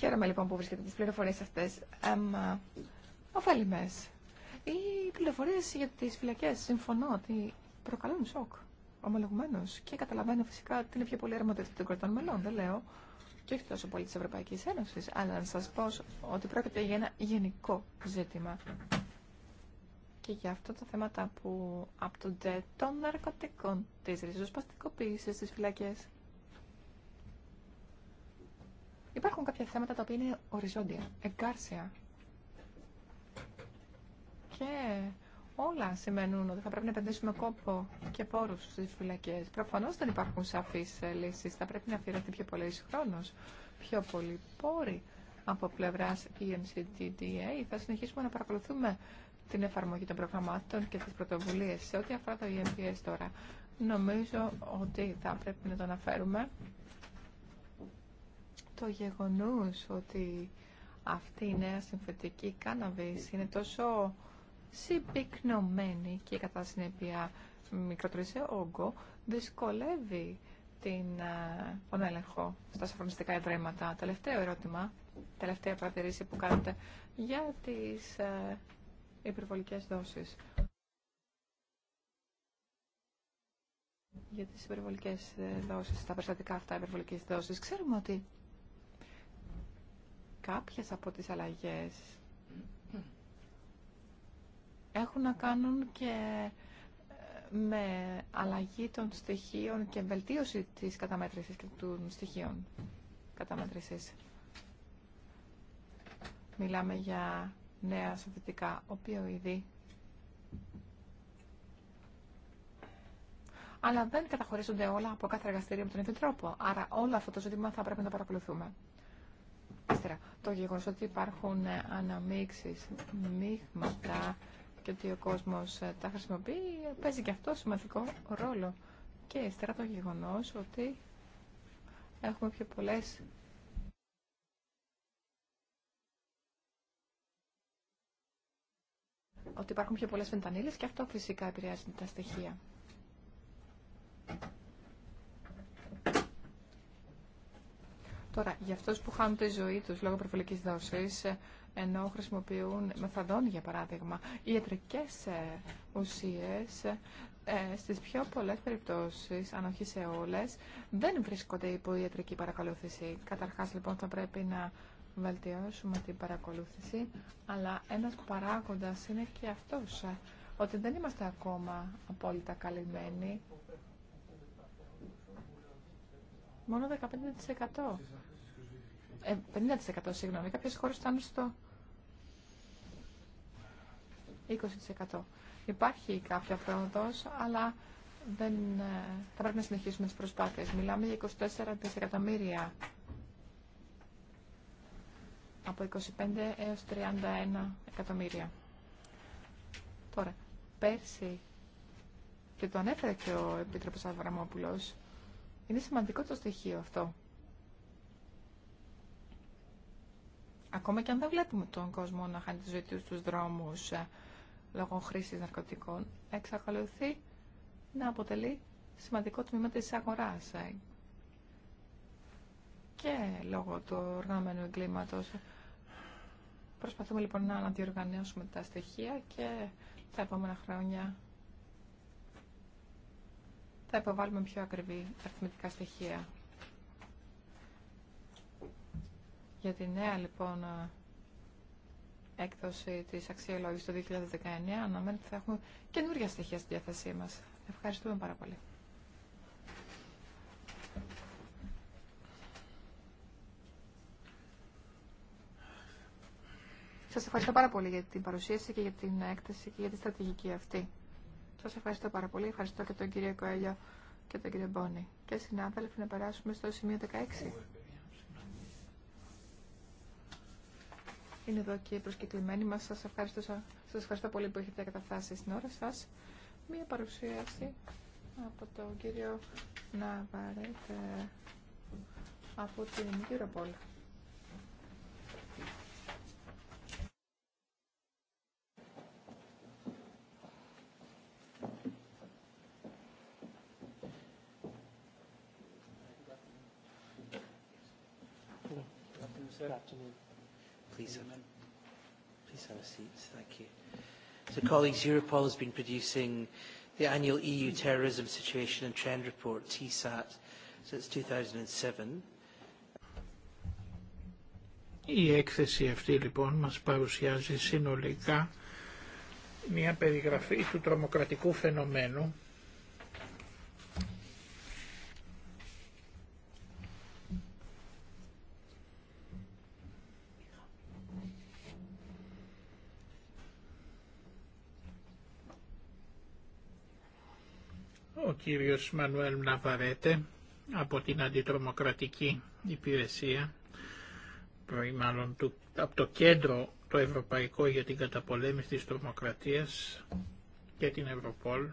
S3: Χαίρομαι λοιπόν που βρίσκεται τι πληροφορίες αυτές εμ, οι πληροφορίε για τι φυλακέ συμφωνώ ότι προκαλούν σοκ ομολογουμένω και καταλαβαίνω φυσικά την είναι πιο πολύ αρμοδιότητα των κρατών μελών, δεν λέω, και όχι τόσο πολύ τη Ευρωπαϊκή Ένωση, αλλά να σα πω ότι πρόκειται για ένα γενικό ζήτημα. Και γι' αυτό τα θέματα που από τον των ναρκωτικών, τη ριζοσπαστικοποίηση στι φυλακέ. Υπάρχουν κάποια θέματα τα οποία είναι οριζόντια, εγκάρσια και όλα σημαίνουν ότι θα πρέπει να επενδύσουμε κόπο και πόρους στις φυλακές. Προφανώς δεν υπάρχουν σαφείς ε, λύσεις. Θα πρέπει να αφιερωθεί πιο πολύ χρόνος, πιο πολύ πόροι από πλευράς EMCDDA. Θα συνεχίσουμε να παρακολουθούμε την εφαρμογή των προγραμμάτων και τις πρωτοβουλίες σε ό,τι αφορά το EMPS τώρα. Νομίζω ότι θα πρέπει να το αναφέρουμε το γεγονός ότι αυτή η νέα συμφετική κάναβης είναι τόσο συμπυκνωμένη και κατά συνέπεια μικρότερη σε όγκο, δυσκολεύει την, ε, τον έλεγχο στα σαφρονιστικά ευρέματα. Τελευταίο ερώτημα, τελευταία παρατηρήση που κάνετε για τις ε, υπερβολικές δόσεις. Για τις υπερβολικές ε, δόσεις, τα περιστατικά αυτά υπερβολικές δόσεις, ξέρουμε ότι κάποιες από τις αλλαγές έχουν να κάνουν και ε, με αλλαγή των στοιχείων και βελτίωση της καταμέτρησης και των στοιχείων καταμέτρησης. Μιλάμε για νέα συνθετικά ήδη. Αλλά δεν καταχωρίζονται όλα από κάθε εργαστήριο με τον ίδιο τρόπο. Άρα όλο αυτό το ζήτημα θα πρέπει να το παρακολουθούμε. Ύστερα, το γεγονός ότι υπάρχουν ε, αναμίξεις, μείγματα και ότι ο κόσμος ε, τα χρησιμοποιεί παίζει και αυτό σημαντικό ρόλο. Και ύστερα το γεγονό ότι έχουμε πιο πολλέ. ότι υπάρχουν πιο πολλές φεντανίλες και αυτό φυσικά επηρεάζει τα στοιχεία. Τώρα, για αυτούς που χάνουν τη ζωή τους λόγω προβολικής δόση, ε, ενώ χρησιμοποιούν μεθαδόν, για παράδειγμα, ιατρικές ε, ουσίες, ε, στις πιο πολλές περιπτώσεις, αν όχι σε όλες, δεν βρίσκονται υπό ιατρική παρακολούθηση. Καταρχάς, λοιπόν, θα πρέπει να βελτιώσουμε την παρακολούθηση, αλλά ένας παράγοντας είναι και αυτός, ότι δεν είμαστε ακόμα απόλυτα καλυμμένοι μόνο 15%. 50% ε, συγγνώμη. Κάποιες χώρες ήταν στο 20%. Υπάρχει κάποια πρόοδος, αλλά δεν, ε, θα πρέπει να συνεχίσουμε τις προσπάθειες. Μιλάμε για 24 δισεκατομμύρια από 25 έως 31 εκατομμύρια. Τώρα, πέρσι, και το ανέφερε και ο Επίτροπος Αβραμόπουλος, είναι σημαντικό το στοιχείο αυτό. Ακόμα και αν δεν βλέπουμε τον κόσμο να χάνει τη ζωή του στους δρόμους ε, λόγω χρήσης ναρκωτικών, εξακολουθεί να αποτελεί σημαντικό τμήμα της αγοράς ε. και λόγω του οργανωμένου εγκλήματος. Προσπαθούμε λοιπόν να αναδιοργανώσουμε τα στοιχεία και τα επόμενα χρόνια θα υποβάλουμε πιο ακριβή αριθμητικά στοιχεία. Για τη νέα λοιπόν έκδοση της αξιολόγησης το 2019 αναμένεται ότι θα έχουμε καινούργια στοιχεία στη διάθεσή μας. Ευχαριστούμε πάρα πολύ. Σας ευχαριστώ πάρα πολύ για την παρουσίαση και για την έκθεση και για τη στρατηγική αυτή. Σας ευχαριστώ πάρα πολύ. Ευχαριστώ και τον κύριο Κοέλιο και τον κύριο Μπόνη. Και συνάδελφοι, να περάσουμε στο σημείο 16. Είναι εδώ και οι προσκεκλημένοι μας. Σας ευχαριστώ, σας ευχαριστώ πολύ που έχετε καταφτάσει στην ώρα σας. Μία παρουσίαση από τον κύριο Ναβαρέτε από την Europol.
S1: the colleagues, Europol has been producing the annual EU Terrorism Situation and Trend Report, TSAT, since 2007.
S4: Η έκθεση αυτή λοιπόν μας παρουσιάζει συνολικά μια περιγραφή του τρομοκρατικού φαινομένου κύριος Μανουέλ Ναβαρέτε από την Αντιτρομοκρατική Υπηρεσία, του, από το κέντρο το Ευρωπαϊκό για την Καταπολέμηση της Τρομοκρατίας και την Ευρωπόλ.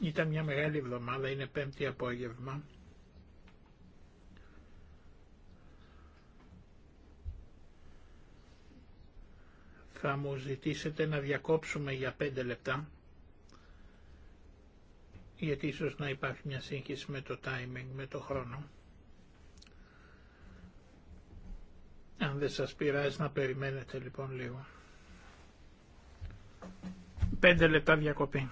S4: Ήταν μια μεγάλη εβδομάδα, είναι πέμπτη απόγευμα. θα μου ζητήσετε να διακόψουμε για πέντε λεπτά, γιατί ίσως να υπάρχει μια σύγχυση με το timing, με το χρόνο. Αν δεν σας πειράζει να περιμένετε λοιπόν λίγο. Πέντε λεπτά διακοπή.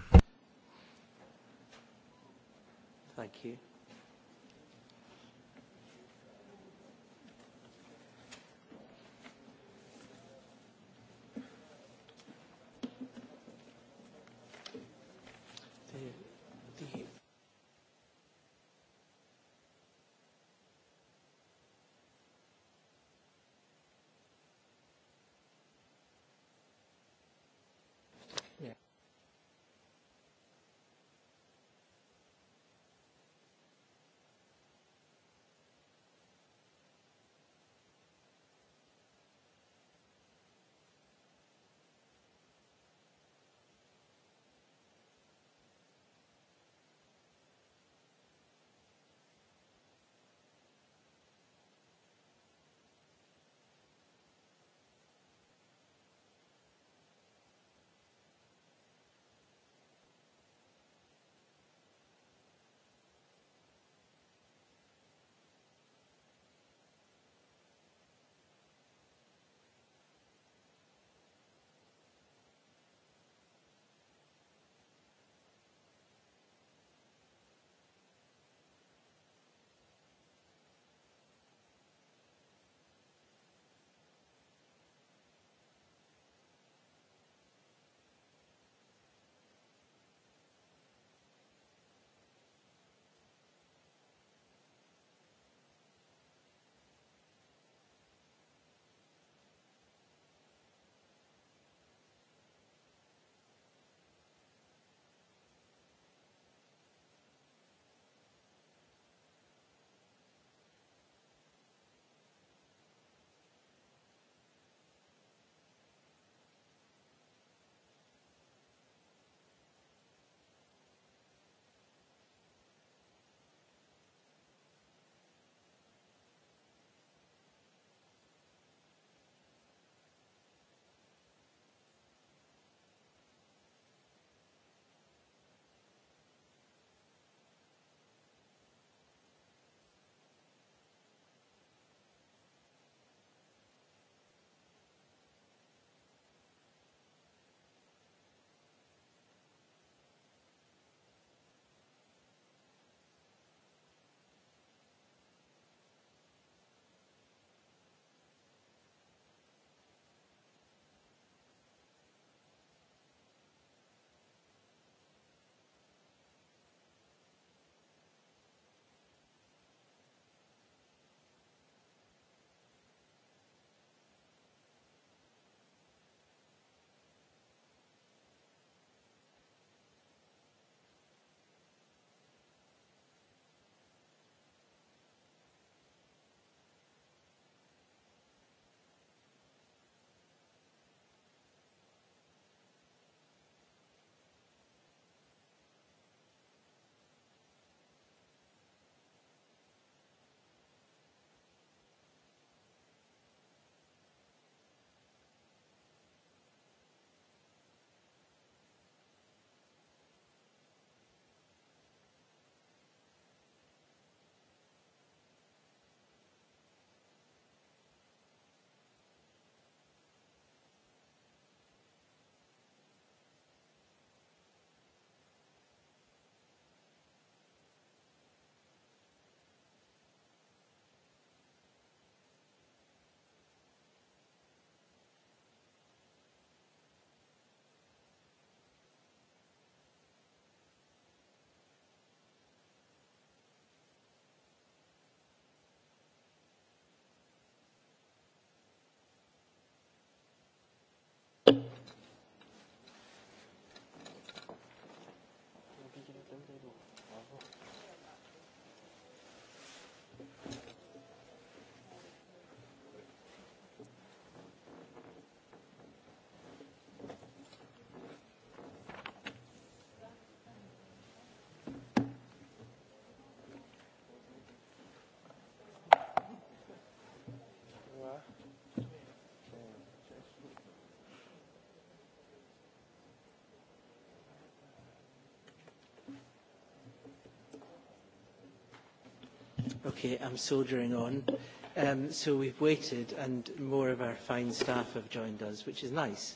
S1: Okay, I'm soldiering on. so we've waited, and more of our fine staff have joined us, which is nice.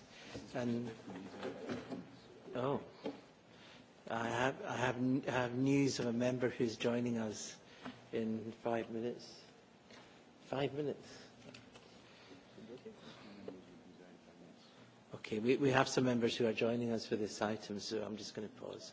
S1: And oh, I have, I have, have news of a member who's joining us in five minutes. Five minutes. Okay, we, we have some members who are joining us for this item, so I'm just going to pause.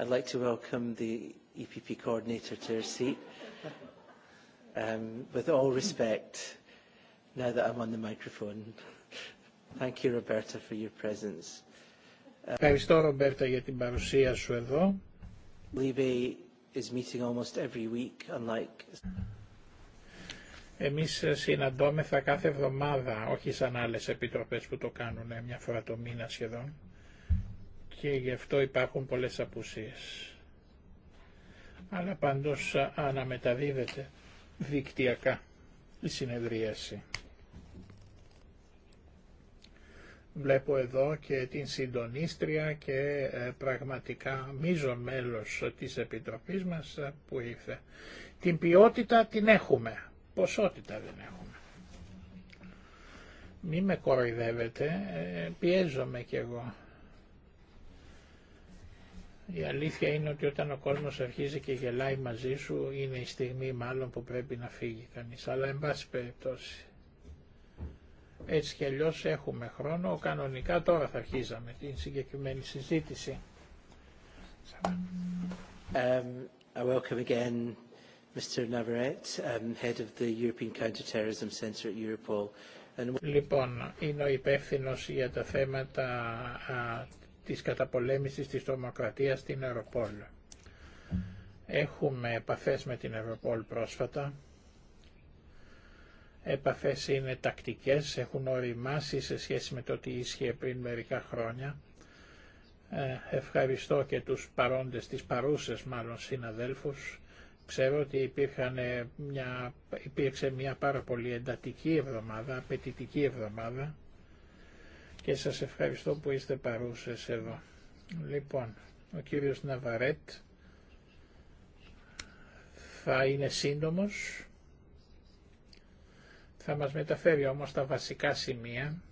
S1: I'd like to welcome the EPP coordinator to her seat. Um, with all respect, now that I'm on the microphone, thank you, Roberta, for your presence. Ευχαριστώ, Ρομπέρτα, για την παρουσία σου εδώ. Libe is meeting almost every week, unlike...
S4: Εμείς συναντώμεθα κάθε εβδομάδα, όχι σαν άλλες επιτροπές που το κάνουν μια φορά το μήνα σχεδόν και γι' αυτό υπάρχουν πολλές απουσίες. Αλλά πάντως αναμεταδίδεται δικτυακά η συνεδρίαση. Βλέπω εδώ και την συντονίστρια και ε, πραγματικά μίζω μέλος της Επιτροπής μας ε, που ήρθε. Την ποιότητα την έχουμε, ποσότητα δεν έχουμε. Μη με κοροϊδεύετε, ε, πιέζομαι κι εγώ. Η αλήθεια είναι ότι όταν ο κόσμος αρχίζει και γελάει μαζί σου, είναι η στιγμή μάλλον που πρέπει να φύγει κανείς. Αλλά εν πάση περιπτώσει, έτσι κι αλλιώ έχουμε χρόνο, κανονικά τώρα θα αρχίζαμε την συγκεκριμένη συζήτηση.
S1: Um, welcome again Mr. Um, head of the European at Europol. Λοιπόν, είναι ο υπεύθυνο για τα θέματα
S4: της καταπολέμησης της τρομοκρατίας στην Ευρωπόλ. Έχουμε επαφές με την Ευρωπόλ πρόσφατα. Επαφές είναι τακτικές, έχουν οριμάσει σε σχέση με το τι ίσχυε πριν μερικά χρόνια. Ε, ευχαριστώ και τους παρόντες, τις παρούσες μάλλον συναδέλφους. Ξέρω ότι ε, μια, υπήρξε μια πάρα πολύ εντατική εβδομάδα, απαιτητική εβδομάδα και σας ευχαριστώ που είστε παρούσες εδώ. Λοιπόν, ο κύριος Ναβαρέτ θα είναι σύντομος, θα μας μεταφέρει όμως τα βασικά σημεία.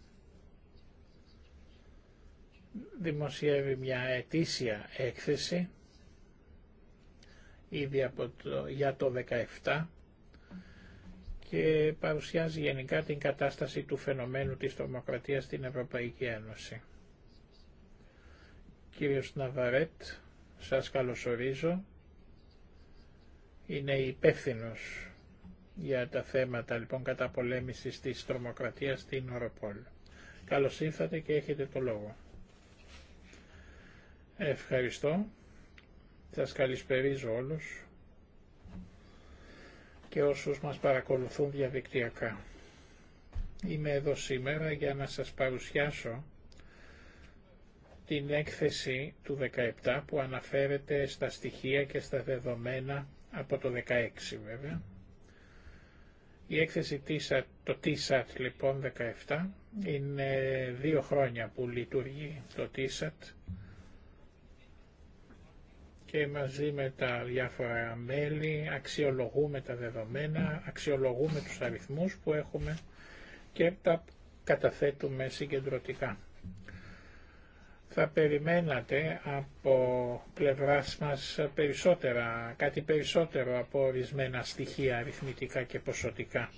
S4: Δημοσιεύει μια ετήσια έκθεση ήδη από το, για το και παρουσιάζει γενικά την κατάσταση του φαινομένου της τρομοκρατίας στην Ευρωπαϊκή Ένωση. Κύριος Ναβαρέτ, σας καλωσορίζω. Είναι υπεύθυνο για τα θέματα λοιπόν καταπολέμησης της τρομοκρατίας στην Οροπόλ. Καλώς ήρθατε και έχετε το λόγο. Ευχαριστώ. Σας καλησπερίζω όλους και όσους μας παρακολουθούν διαδικτυακά. Είμαι εδώ σήμερα για να σας παρουσιάσω την έκθεση του 17 που αναφέρεται στα στοιχεία και στα δεδομένα από το 16 βέβαια. Η έκθεση το TISAT λοιπόν 17 είναι δύο χρόνια που λειτουργεί το TISAT και μαζί με τα διάφορα μέλη αξιολογούμε τα δεδομένα, αξιολογούμε τους αριθμούς που έχουμε και τα καταθέτουμε συγκεντρωτικά. Θα περιμένατε από πλευράς μας περισσότερα, κάτι περισσότερο από ορισμένα στοιχεία αριθμητικά και ποσοτικά.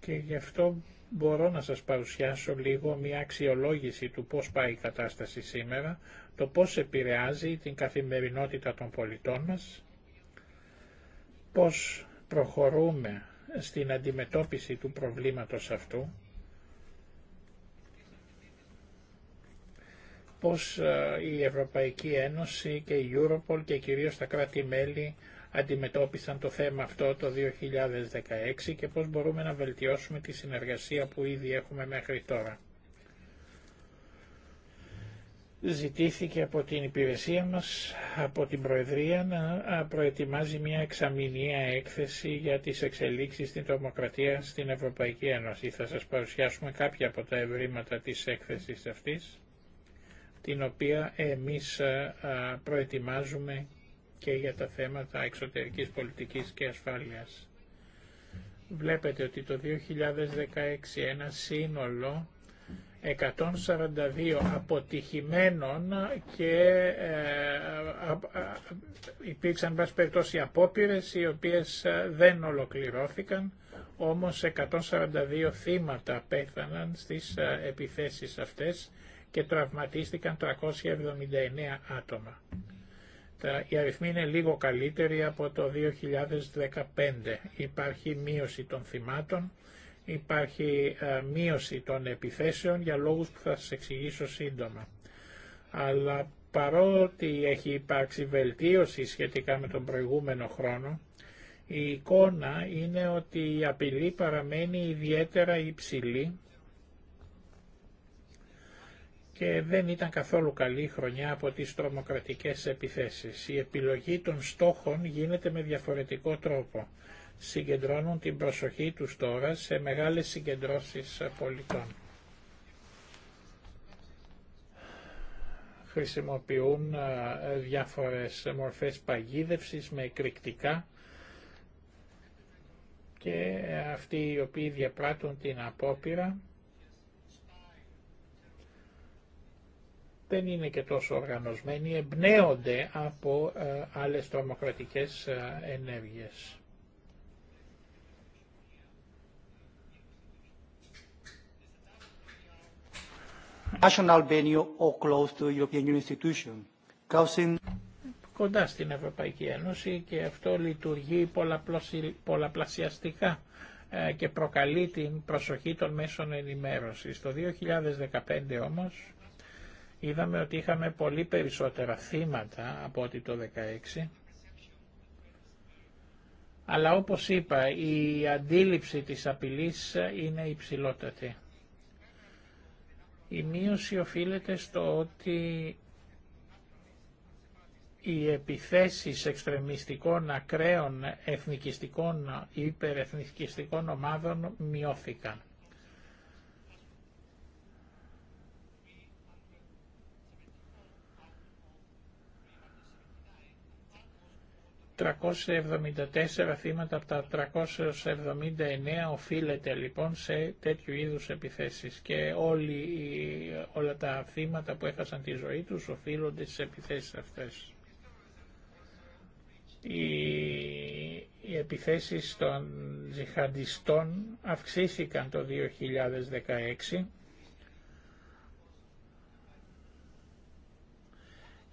S4: Και γι' αυτό μπορώ να σας παρουσιάσω λίγο μια αξιολόγηση του πώς πάει η κατάσταση σήμερα, το πώς επηρεάζει την καθημερινότητα των πολιτών μας, πώς προχωρούμε στην αντιμετώπιση του προβλήματος αυτού, πώς ε, η Ευρωπαϊκή Ένωση και η Europol και κυρίως τα κράτη-μέλη αντιμετώπισαν το θέμα αυτό το 2016 και πώς μπορούμε να βελτιώσουμε τη συνεργασία που ήδη έχουμε μέχρι τώρα ζητήθηκε από την υπηρεσία μας, από την Προεδρία, να προετοιμάζει μια εξαμηνία έκθεση για τις εξελίξεις στην τρομοκρατία στην Ευρωπαϊκή Ένωση. Θα σας παρουσιάσουμε κάποια από τα ευρήματα της έκθεσης αυτής, την οποία εμείς ε, ε, προετοιμάζουμε και για τα θέματα εξωτερικής πολιτικής και ασφάλειας. Βλέπετε ότι το 2016 ένα σύνολο 142 αποτυχημένων και ε, υπήρξαν βάση περιπτώσει απόπειρες οι οποίες ε, δεν ολοκληρώθηκαν, όμως 142 θύματα πέθαναν στις ε, επιθέσεις αυτές και τραυματίστηκαν 379 άτομα. Οι αριθμοί είναι λίγο καλύτεροι από το 2015. Υπάρχει μείωση των θυμάτων Υπάρχει ε, μείωση των επιθέσεων για λόγους που θα σας εξηγήσω σύντομα. Αλλά παρότι έχει υπάρξει βελτίωση σχετικά με τον προηγούμενο χρόνο, η εικόνα είναι ότι η απειλή παραμένει ιδιαίτερα υψηλή και δεν ήταν καθόλου καλή χρονιά από τις τρομοκρατικές επιθέσεις. Η επιλογή των στόχων γίνεται με διαφορετικό τρόπο συγκεντρώνουν την προσοχή του τώρα σε μεγάλες συγκεντρώσεις πολιτών. Χρησιμοποιούν ε, διάφορες μορφές παγίδευσης με εκρηκτικά και ε, αυτοί οι οποίοι διαπράττουν την απόπειρα δεν είναι και τόσο οργανωσμένοι, εμπνέονται από ε, άλλες τρομοκρατικές ενέργειες.
S5: national venue or close
S4: Κοντά στην Ευρωπαϊκή Ένωση και αυτό λειτουργεί πολλαπλασιαστικά ε, και προκαλεί την προσοχή των μέσων ενημέρωσης. Το 2015 όμως είδαμε ότι είχαμε πολύ περισσότερα θύματα από ότι το 2016 αλλά όπως είπα η αντίληψη της απειλής είναι υψηλότατη. Η μείωση οφείλεται στο ότι οι επιθέσεις εξτρεμιστικών ακραίων εθνικιστικών ή υπερεθνικιστικών ομάδων μειώθηκαν. 374 θύματα από τα 379 οφείλεται λοιπόν σε τέτοιου είδους επιθέσεις και όλοι, όλα τα θύματα που έχασαν τη ζωή τους οφείλονται στις επιθέσεις αυτές. Οι, οι επιθέσεις των ζιχαντιστών αυξήθηκαν το 2016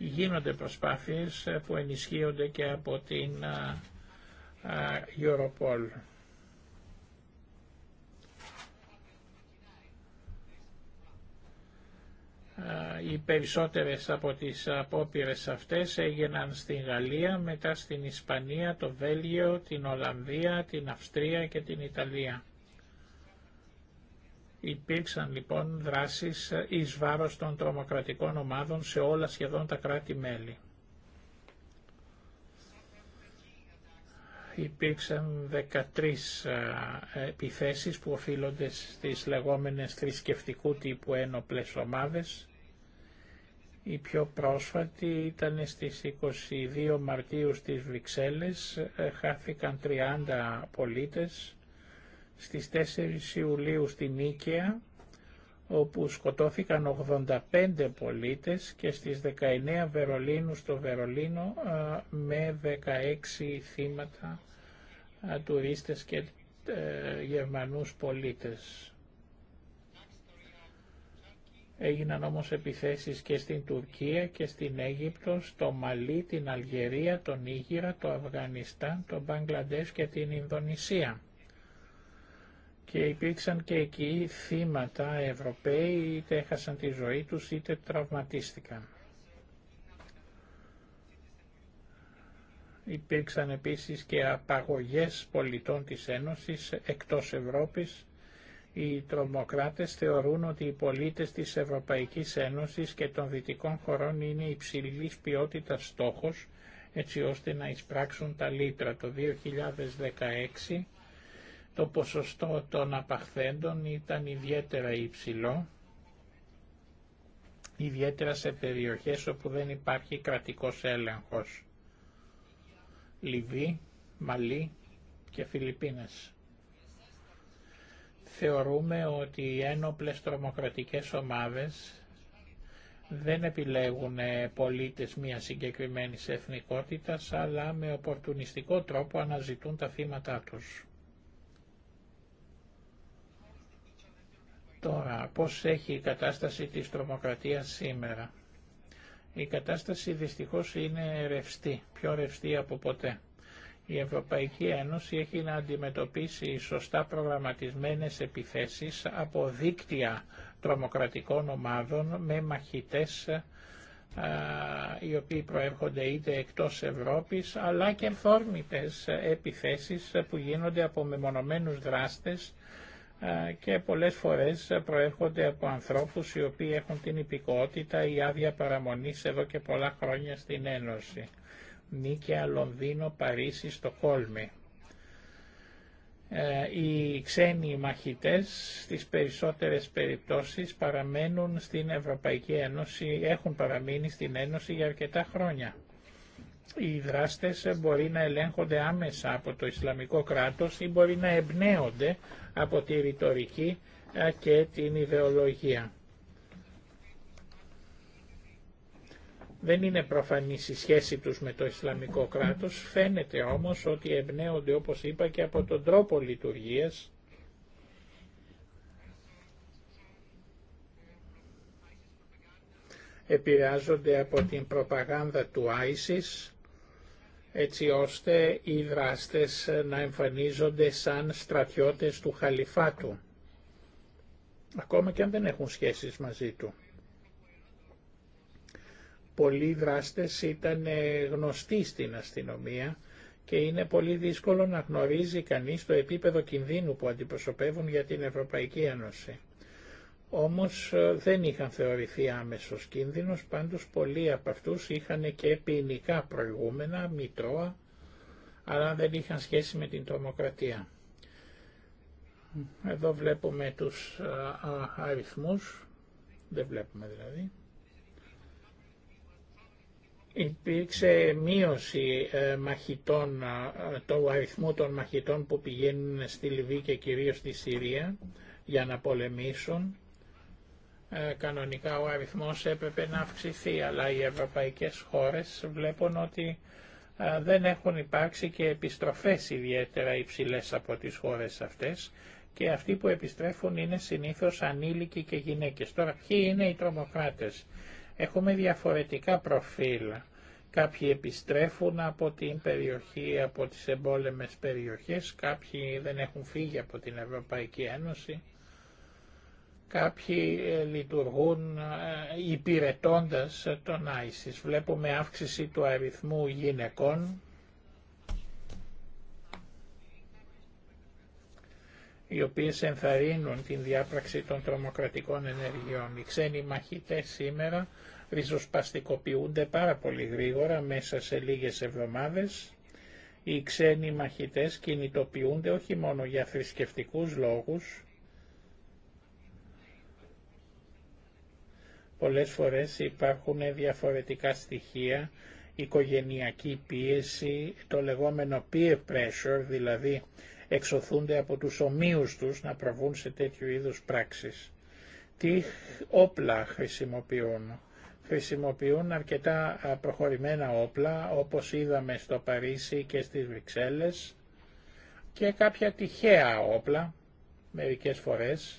S4: Γίνονται προσπάθειες ε, που ενισχύονται και από την ε, ε, Europol. Οι περισσότερες από τις απόπειρες αυτές έγιναν στην Γαλλία, μετά στην Ισπανία, το Βέλγιο, την Ολλανδία, την Αυστρία και την Ιταλία. Υπήρξαν λοιπόν δράσεις ε, εις βάρος των τρομοκρατικών ομάδων σε όλα σχεδόν τα κράτη-μέλη. Υπήρξαν 13 ε, επιθέσεις που οφείλονται στις λεγόμενες θρησκευτικού τύπου ένοπλες ομάδες. Η πιο πρόσφατη ήταν στις 22 Μαρτίου στις Βρυξέλλες, ε, χάθηκαν 30 πολίτες στις 4 Ιουλίου στη Νίκαια, όπου σκοτώθηκαν 85 πολίτες και στις 19 Βερολίνου στο Βερολίνο με 16 θύματα τουρίστες και ε, Γερμανούς πολίτες. Έγιναν όμως επιθέσεις και στην Τουρκία και στην Αίγυπτο, στο Μαλί, την Αλγερία, τον Ήγυρα, το Αφγανιστάν, τον Μπαγκλαντές και την Ινδονησία και υπήρξαν και εκεί θύματα Ευρωπαίοι, είτε έχασαν τη ζωή τους είτε τραυματίστηκαν. Υπήρξαν επίσης και απαγωγές πολιτών της Ένωσης εκτός Ευρώπης. Οι τρομοκράτες θεωρούν ότι οι πολίτες της Ευρωπαϊκής Ένωσης και των δυτικών χωρών είναι υψηλής ποιότητας στόχος, έτσι ώστε να εισπράξουν τα λίτρα. Το 2016 το ποσοστό των απαχθέντων ήταν ιδιαίτερα υψηλό, ιδιαίτερα σε περιοχές όπου δεν υπάρχει κρατικός έλεγχος. Λιβύη, Μαλή και Φιλιππίνες. Θεωρούμε ότι οι ένοπλες τρομοκρατικές ομάδες δεν επιλέγουν πολίτες μιας συγκεκριμένης εθνικότητας, αλλά με οπορτουνιστικό τρόπο αναζητούν τα θύματα τους. Τώρα, πώς έχει η κατάσταση της τρομοκρατίας σήμερα. Η κατάσταση δυστυχώς είναι ρευστή, πιο ρευστή από ποτέ. Η Ευρωπαϊκή Ένωση έχει να αντιμετωπίσει σωστά προγραμματισμένες επιθέσεις από δίκτυα τρομοκρατικών ομάδων με μαχητές οι οποίοι προέρχονται είτε εκτός Ευρώπης αλλά και θόρμητες επιθέσεις που γίνονται από μεμονωμένους δράστες ε, και πολλές φορές προέρχονται από ανθρώπους οι οποίοι έχουν την υπηκότητα ή άδεια παραμονής εδώ και πολλά χρόνια στην Ένωση. Νίκαια, Λονδίνο, Παρίσι, Στοκόλμη. Ε, οι ξένοι μαχητές στις περισσότερες περιπτώσεις παραμένουν στην Ευρωπαϊκή Ένωση, έχουν παραμείνει στην Ένωση για αρκετά χρόνια. Οι δράστες μπορεί να ελέγχονται άμεσα από το Ισλαμικό κράτος ή μπορεί να εμπνέονται από τη ρητορική και την ιδεολογία. Δεν είναι προφανής η σχέση τους με το Ισλαμικό κράτος, φαίνεται όμως ότι εμπνέονται όπως είπα και από τον τρόπο λειτουργίας επηρεάζονται από την προπαγάνδα του ISIS έτσι ώστε οι δράστες να εμφανίζονται σαν στρατιώτες του Χαλιφάτου, ακόμα και αν δεν έχουν σχέσεις μαζί του. Πολλοί δράστες ήταν γνωστοί στην αστυνομία και είναι πολύ δύσκολο να γνωρίζει κανείς το επίπεδο κινδύνου που αντιπροσωπεύουν για την Ευρωπαϊκή Ένωση όμως ε, δεν είχαν θεωρηθεί άμεσος κίνδυνος, πάντως πολλοί από αυτούς είχαν και ποινικά προηγούμενα, μητρώα, αλλά δεν είχαν σχέση με την τρομοκρατία. Εδώ βλέπουμε τους ε, αριθμούς, δεν βλέπουμε δηλαδή. Υπήρξε μείωση ε, μαχητών, του αριθμού των μαχητών που πηγαίνουν στη Λιβύη και κυρίως στη Συρία για να πολεμήσουν ε, κανονικά ο αριθμός έπρεπε να αυξηθεί, αλλά οι ευρωπαϊκές χώρες βλέπουν ότι ε, δεν έχουν υπάρξει και επιστροφές ιδιαίτερα υψηλές από τις χώρες αυτές και αυτοί που επιστρέφουν είναι συνήθως ανήλικοι και γυναίκες. Τώρα ποιοι είναι οι τρομοκράτες. Έχουμε διαφορετικά προφίλ. Κάποιοι επιστρέφουν από την περιοχή, από τις εμπόλεμες περιοχές, κάποιοι δεν έχουν φύγει από την Ευρωπαϊκή Ένωση Κάποιοι ε, λειτουργούν ε, υπηρετώντα ε, τον ISIS. Βλέπουμε αύξηση του αριθμού γυναικών οι οποίες ενθαρρύνουν την διάπραξη των τρομοκρατικών ενεργειών. Οι ξένοι μαχητές σήμερα ριζοσπαστικοποιούνται πάρα πολύ γρήγορα μέσα σε λίγες εβδομάδες. Οι ξένοι μαχητές κινητοποιούνται όχι μόνο για θρησκευτικούς λόγους, Πολλές φορές υπάρχουν διαφορετικά στοιχεία, οικογενειακή πίεση, το λεγόμενο peer pressure, δηλαδή εξωθούνται από τους ομοίους τους να προβούν σε τέτοιου είδους πράξεις. Τι όπλα χρησιμοποιούν. Χρησιμοποιούν αρκετά προχωρημένα όπλα, όπως είδαμε στο Παρίσι και στις Βρυξέλλες, και κάποια τυχαία όπλα, μερικές φορές,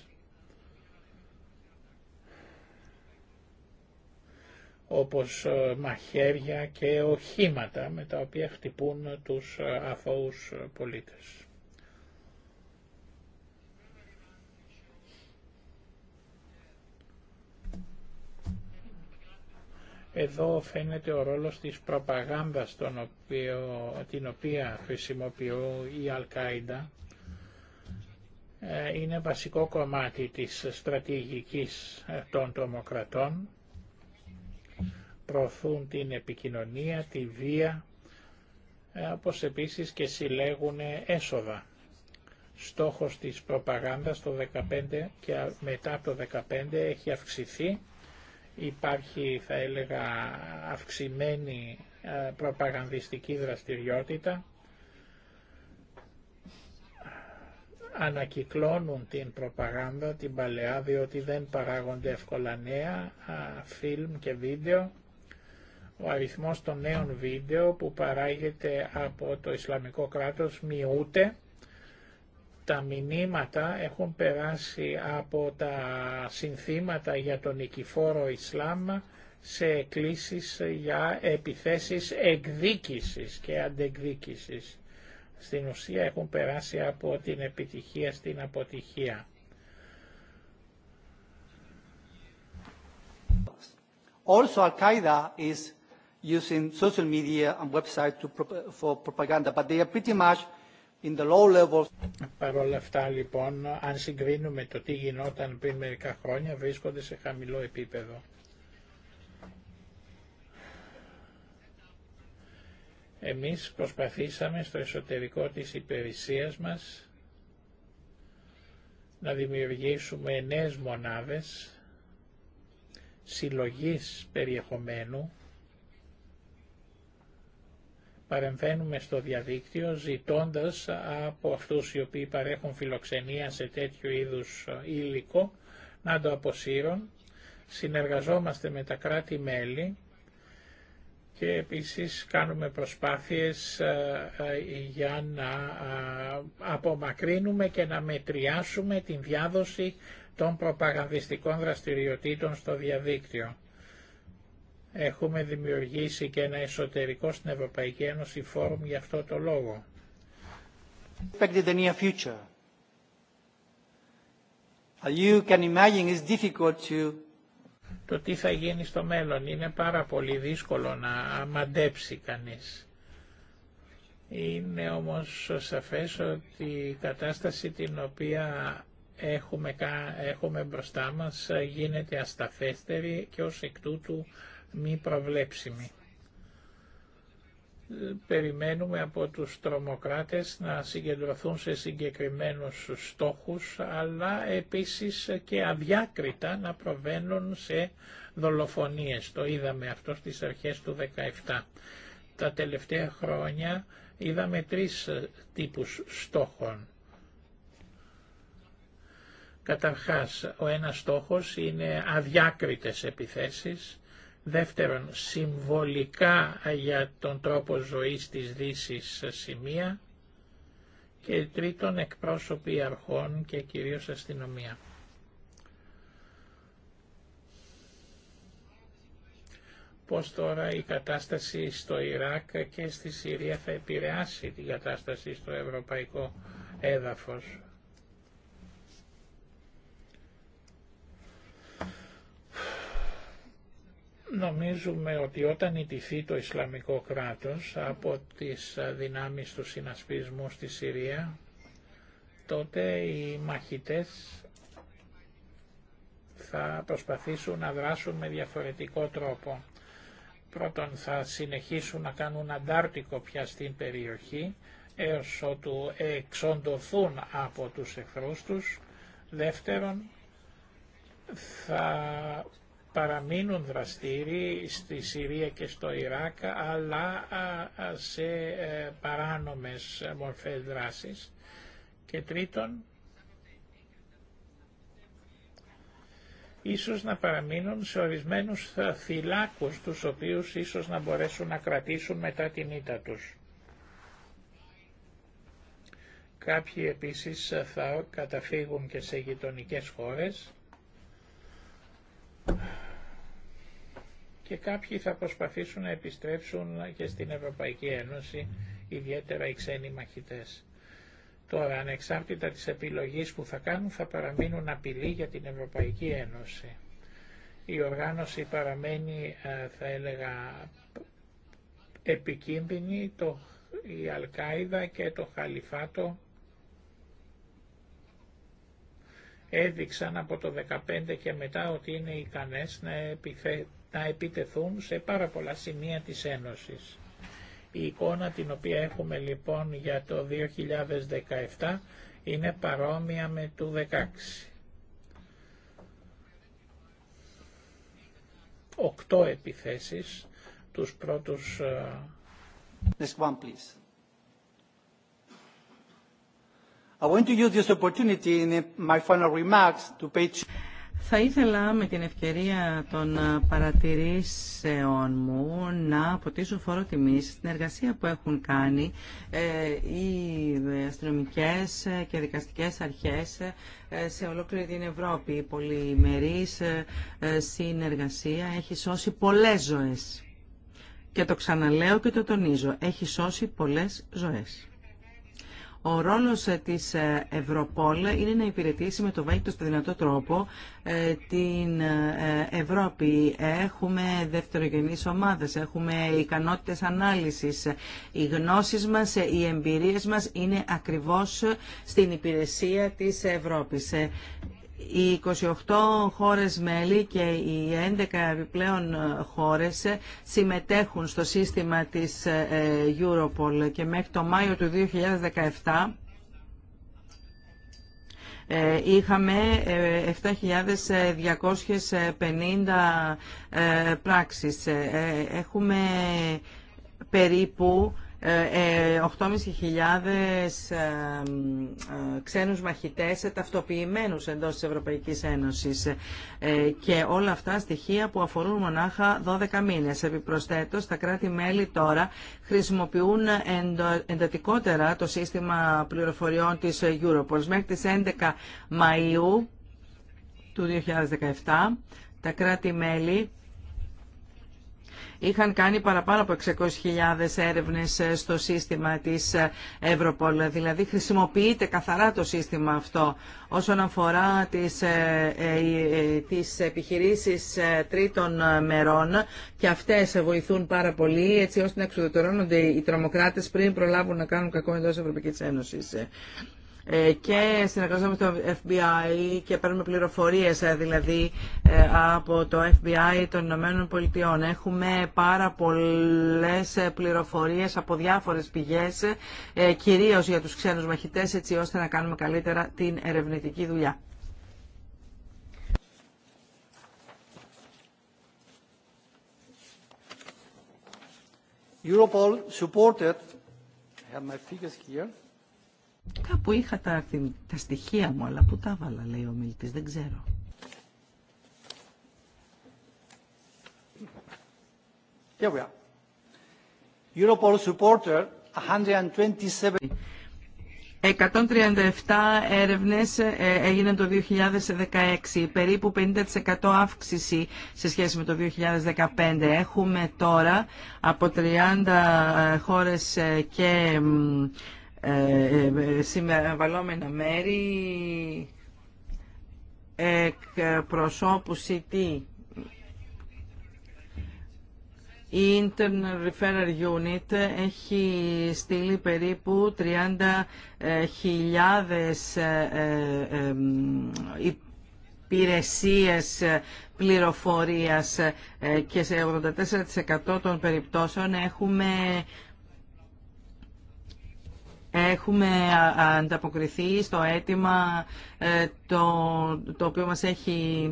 S4: όπως ε, μαχαίρια και οχήματα με τα οποία χτυπούν τους ε, αθώους ε, πολίτες. Εδώ φαίνεται ο ρόλος της προπαγάνδας τον οποίο, την οποία χρησιμοποιεί η Αλκάιντα. Είναι βασικό κομμάτι της στρατηγικής των τρομοκρατών προωθούν την επικοινωνία, τη βία, ε, όπως επίσης και συλλέγουν έσοδα. Στόχος της προπαγάνδας το 15 και μετά το 2015 έχει αυξηθεί. Υπάρχει θα έλεγα αυξημένη ε, προπαγανδιστική δραστηριότητα. ανακυκλώνουν την προπαγάνδα, την παλαιά, διότι δεν παράγονται εύκολα νέα, φιλμ και βίντεο ο αριθμός των νέων βίντεο που παράγεται από το Ισλαμικό κράτος μειούται. Τα μηνύματα έχουν περάσει από τα συνθήματα για τον νικηφόρο Ισλάμ σε εκκλήσεις για επιθέσεις εκδίκησης και αντεκδίκησης. Στην ουσία έχουν περάσει από την επιτυχία στην αποτυχία.
S5: Also, Al-Qaeda is using Παρ' όλα αυτά λοιπόν, αν συγκρίνουμε το
S4: τι γινόταν πριν μερικά χρόνια, βρίσκονται σε χαμηλό επίπεδο. Εμείς προσπαθήσαμε στο εσωτερικό της υπηρεσίας μας να δημιουργήσουμε νέες μονάδες συλλογής περιεχομένου παρεμβαίνουμε στο διαδίκτυο ζητώντας από αυτούς οι οποίοι παρέχουν φιλοξενία σε τέτοιο είδους ε, υλικό να το αποσύρουν. Συνεργαζόμαστε με τα κράτη-μέλη και επίσης κάνουμε προσπάθειες ε, ε, για να απομακρύνουμε και να μετριάσουμε την διάδοση των προπαγανδιστικών δραστηριοτήτων στο διαδίκτυο. Έχουμε δημιουργήσει και ένα εσωτερικό στην Ευρωπαϊκή Ένωση φόρουμ για αυτό το λόγο.
S5: Το τι θα γίνει στο μέλλον είναι
S4: πάρα πολύ δύσκολο να μαντέψει κανείς. Είναι όμως σαφές ότι η κατάσταση την οποία έχουμε, έχουμε μπροστά μας γίνεται ασταθέστερη και ως εκ τούτου μη προβλέψιμη. Περιμένουμε από τους τρομοκράτες να συγκεντρωθούν σε συγκεκριμένους στόχους, αλλά επίσης και αδιάκριτα να προβαίνουν σε δολοφονίες. Το είδαμε αυτό στις αρχές του 2017. Τα τελευταία χρόνια είδαμε τρεις τύπους στόχων. Καταρχάς, ο ένας στόχος είναι αδιάκριτες επιθέσεις, Δεύτερον, συμβολικά για τον τρόπο ζωής της Δύσης σημεία. Και τρίτον, εκπρόσωποι αρχών και κυρίως αστυνομία. Πώς τώρα η κατάσταση στο Ιράκ και στη Συρία θα επηρεάσει την κατάσταση στο ευρωπαϊκό έδαφος. νομίζουμε ότι όταν ιτηθεί το Ισλαμικό κράτος από τις δυνάμεις του συνασπισμού στη Συρία, τότε οι μαχητές θα προσπαθήσουν να δράσουν με διαφορετικό τρόπο. Πρώτον θα συνεχίσουν να κάνουν αντάρτικο πια στην περιοχή έως ότου εξοντωθούν από τους εχθρούς τους. Δεύτερον θα παραμείνουν δραστήριοι στη Συρία και στο Ιράκ αλλά σε ε, παράνομες μορφές δράσης. Και τρίτον, ίσως να παραμείνουν σε ορισμένους θυλάκους τους οποίους ίσως να μπορέσουν να κρατήσουν μετά την ήττα τους. Κάποιοι επίσης θα καταφύγουν και σε γειτονικές χώρες και κάποιοι θα προσπαθήσουν να επιστρέψουν και στην Ευρωπαϊκή Ένωση, ιδιαίτερα οι ξένοι μαχητές. Τώρα, ανεξάρτητα της επιλογής που θα κάνουν, θα παραμείνουν απειλή για την Ευρωπαϊκή Ένωση. Η οργάνωση παραμένει, ε, θα έλεγα, επικίνδυνη, το, η Αλκάιδα και το Χαλιφάτο έδειξαν από το 2015 και μετά ότι είναι ικανές να, να επιτεθούν σε πάρα πολλά σημεία της Ένωσης. Η εικόνα την οποία έχουμε λοιπόν για το 2017 είναι παρόμοια με του 16. Οκτώ επιθέσεις
S5: τους πρώτους... Ε,
S2: Θα ήθελα με την ευκαιρία των παρατηρήσεων μου να αποτίσω φόρο τιμή στην εργασία που έχουν κάνει ε, οι αστυνομικές και δικαστικές αρχές ε, σε ολόκληρη την Ευρώπη. Η πολυμερής ε, συνεργασία έχει σώσει πολλές ζωές. Και το ξαναλέω και το τονίζω, έχει σώσει πολλές ζωές. Ο ρόλος ε, της ε, Ευρωπόλ είναι να υπηρετήσει με το βέλτιστο δυνατό τρόπο ε, την Ευρώπη. Έχουμε δευτερογενείς ομάδες, έχουμε ικανότητες ανάλυσης. Οι γνώσεις μας, οι εμπειρίες μας είναι ακριβώς στην υπηρεσία της Ευρώπης οι 28 χώρες μέλη και οι 11 επιπλέον χώρες συμμετέχουν στο σύστημα της ε, Europol και μέχρι το Μάιο του 2017 ε, είχαμε 7.250 ε, πράξεις. Έχουμε περίπου 8.500 ε, ε, ε, ξένους μαχητές ταυτοποιημένους εντός της Ευρωπαϊκής Ένωσης και όλα αυτά στοιχεία που αφορούν μονάχα 12 μήνες. Επιπροσθέτως, τα κράτη-μέλη τώρα χρησιμοποιούν εντατικότερα το σύστημα πληροφοριών της Europol. Μέχρι τις 11 Μαΐου του 2017 τα κράτη-μέλη είχαν κάνει παραπάνω από 600.000 έρευνες ε, στο σύστημα της ε, Ευρωπόλ. Δηλαδή χρησιμοποιείται καθαρά το σύστημα αυτό όσον αφορά τις, ε, τις επιχειρήσεις τρίτων μερών και αυτές βοηθούν πάρα πολύ έτσι ώστε να εξουδετερώνονται οι τρομοκράτες πριν προλάβουν να κάνουν κακό εντός Ευρωπαϊκής Ένωσης. Ε, και συνεργαζόμαστε με το FBI και παίρνουμε πληροφορίες ε, δηλαδή ε, από το FBI των Ηνωμένων Πολιτειών. Έχουμε πάρα πολλές πληροφορίες από διάφορες πηγές, κυρίως για τους ξένους μαχητές, έτσι ώστε να κάνουμε καλύτερα την ερευνητική δουλειά.
S5: Europol supported, I have my figures here,
S2: Κάπου είχα τα, τα στοιχεία μου, αλλά που τα βάλα, λέει ο μιλητής, δεν ξέρω. Here we are. 137 έρευνες ε, έγιναν το 2016, περίπου 50% αύξηση σε σχέση με το 2015. Έχουμε τώρα από 30 ε, χώρες ε, και ε, ε, συμβαλόμενα μέρη, εκπροσώπου CT, η Internal Referral Unit έχει στείλει περίπου 30.000 ε, υπηρεσίες πληροφορίας και σε 84% των περιπτώσεων έχουμε Έχουμε ανταποκριθεί στο αίτημα ε, το, το οποίο μας έχει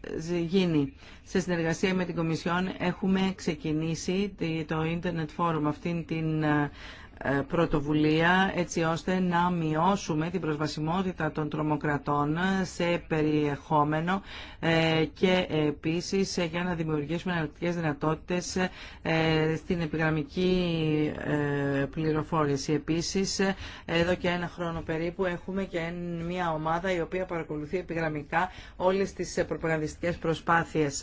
S2: ε, γίνει. Σε συνεργασία με την Κομισιόν έχουμε ξεκινήσει το Internet Forum, αυτήν την ε, ε, πρωτοβουλία έτσι ώστε να μειώσουμε την προσβασιμότητα των τρομοκρατών σε περιεχόμενο ε, και επίσης ε, για να δημιουργήσουμε αναλυτικές δυνατότητες στην επιγραμμική πληροφόρηση. Επίσης, εδώ και ένα χρόνο περίπου έχουμε και μια ομάδα η οποία παρακολουθεί επιγραμμικά όλες τις προπαγανδιστικές προσπάθειες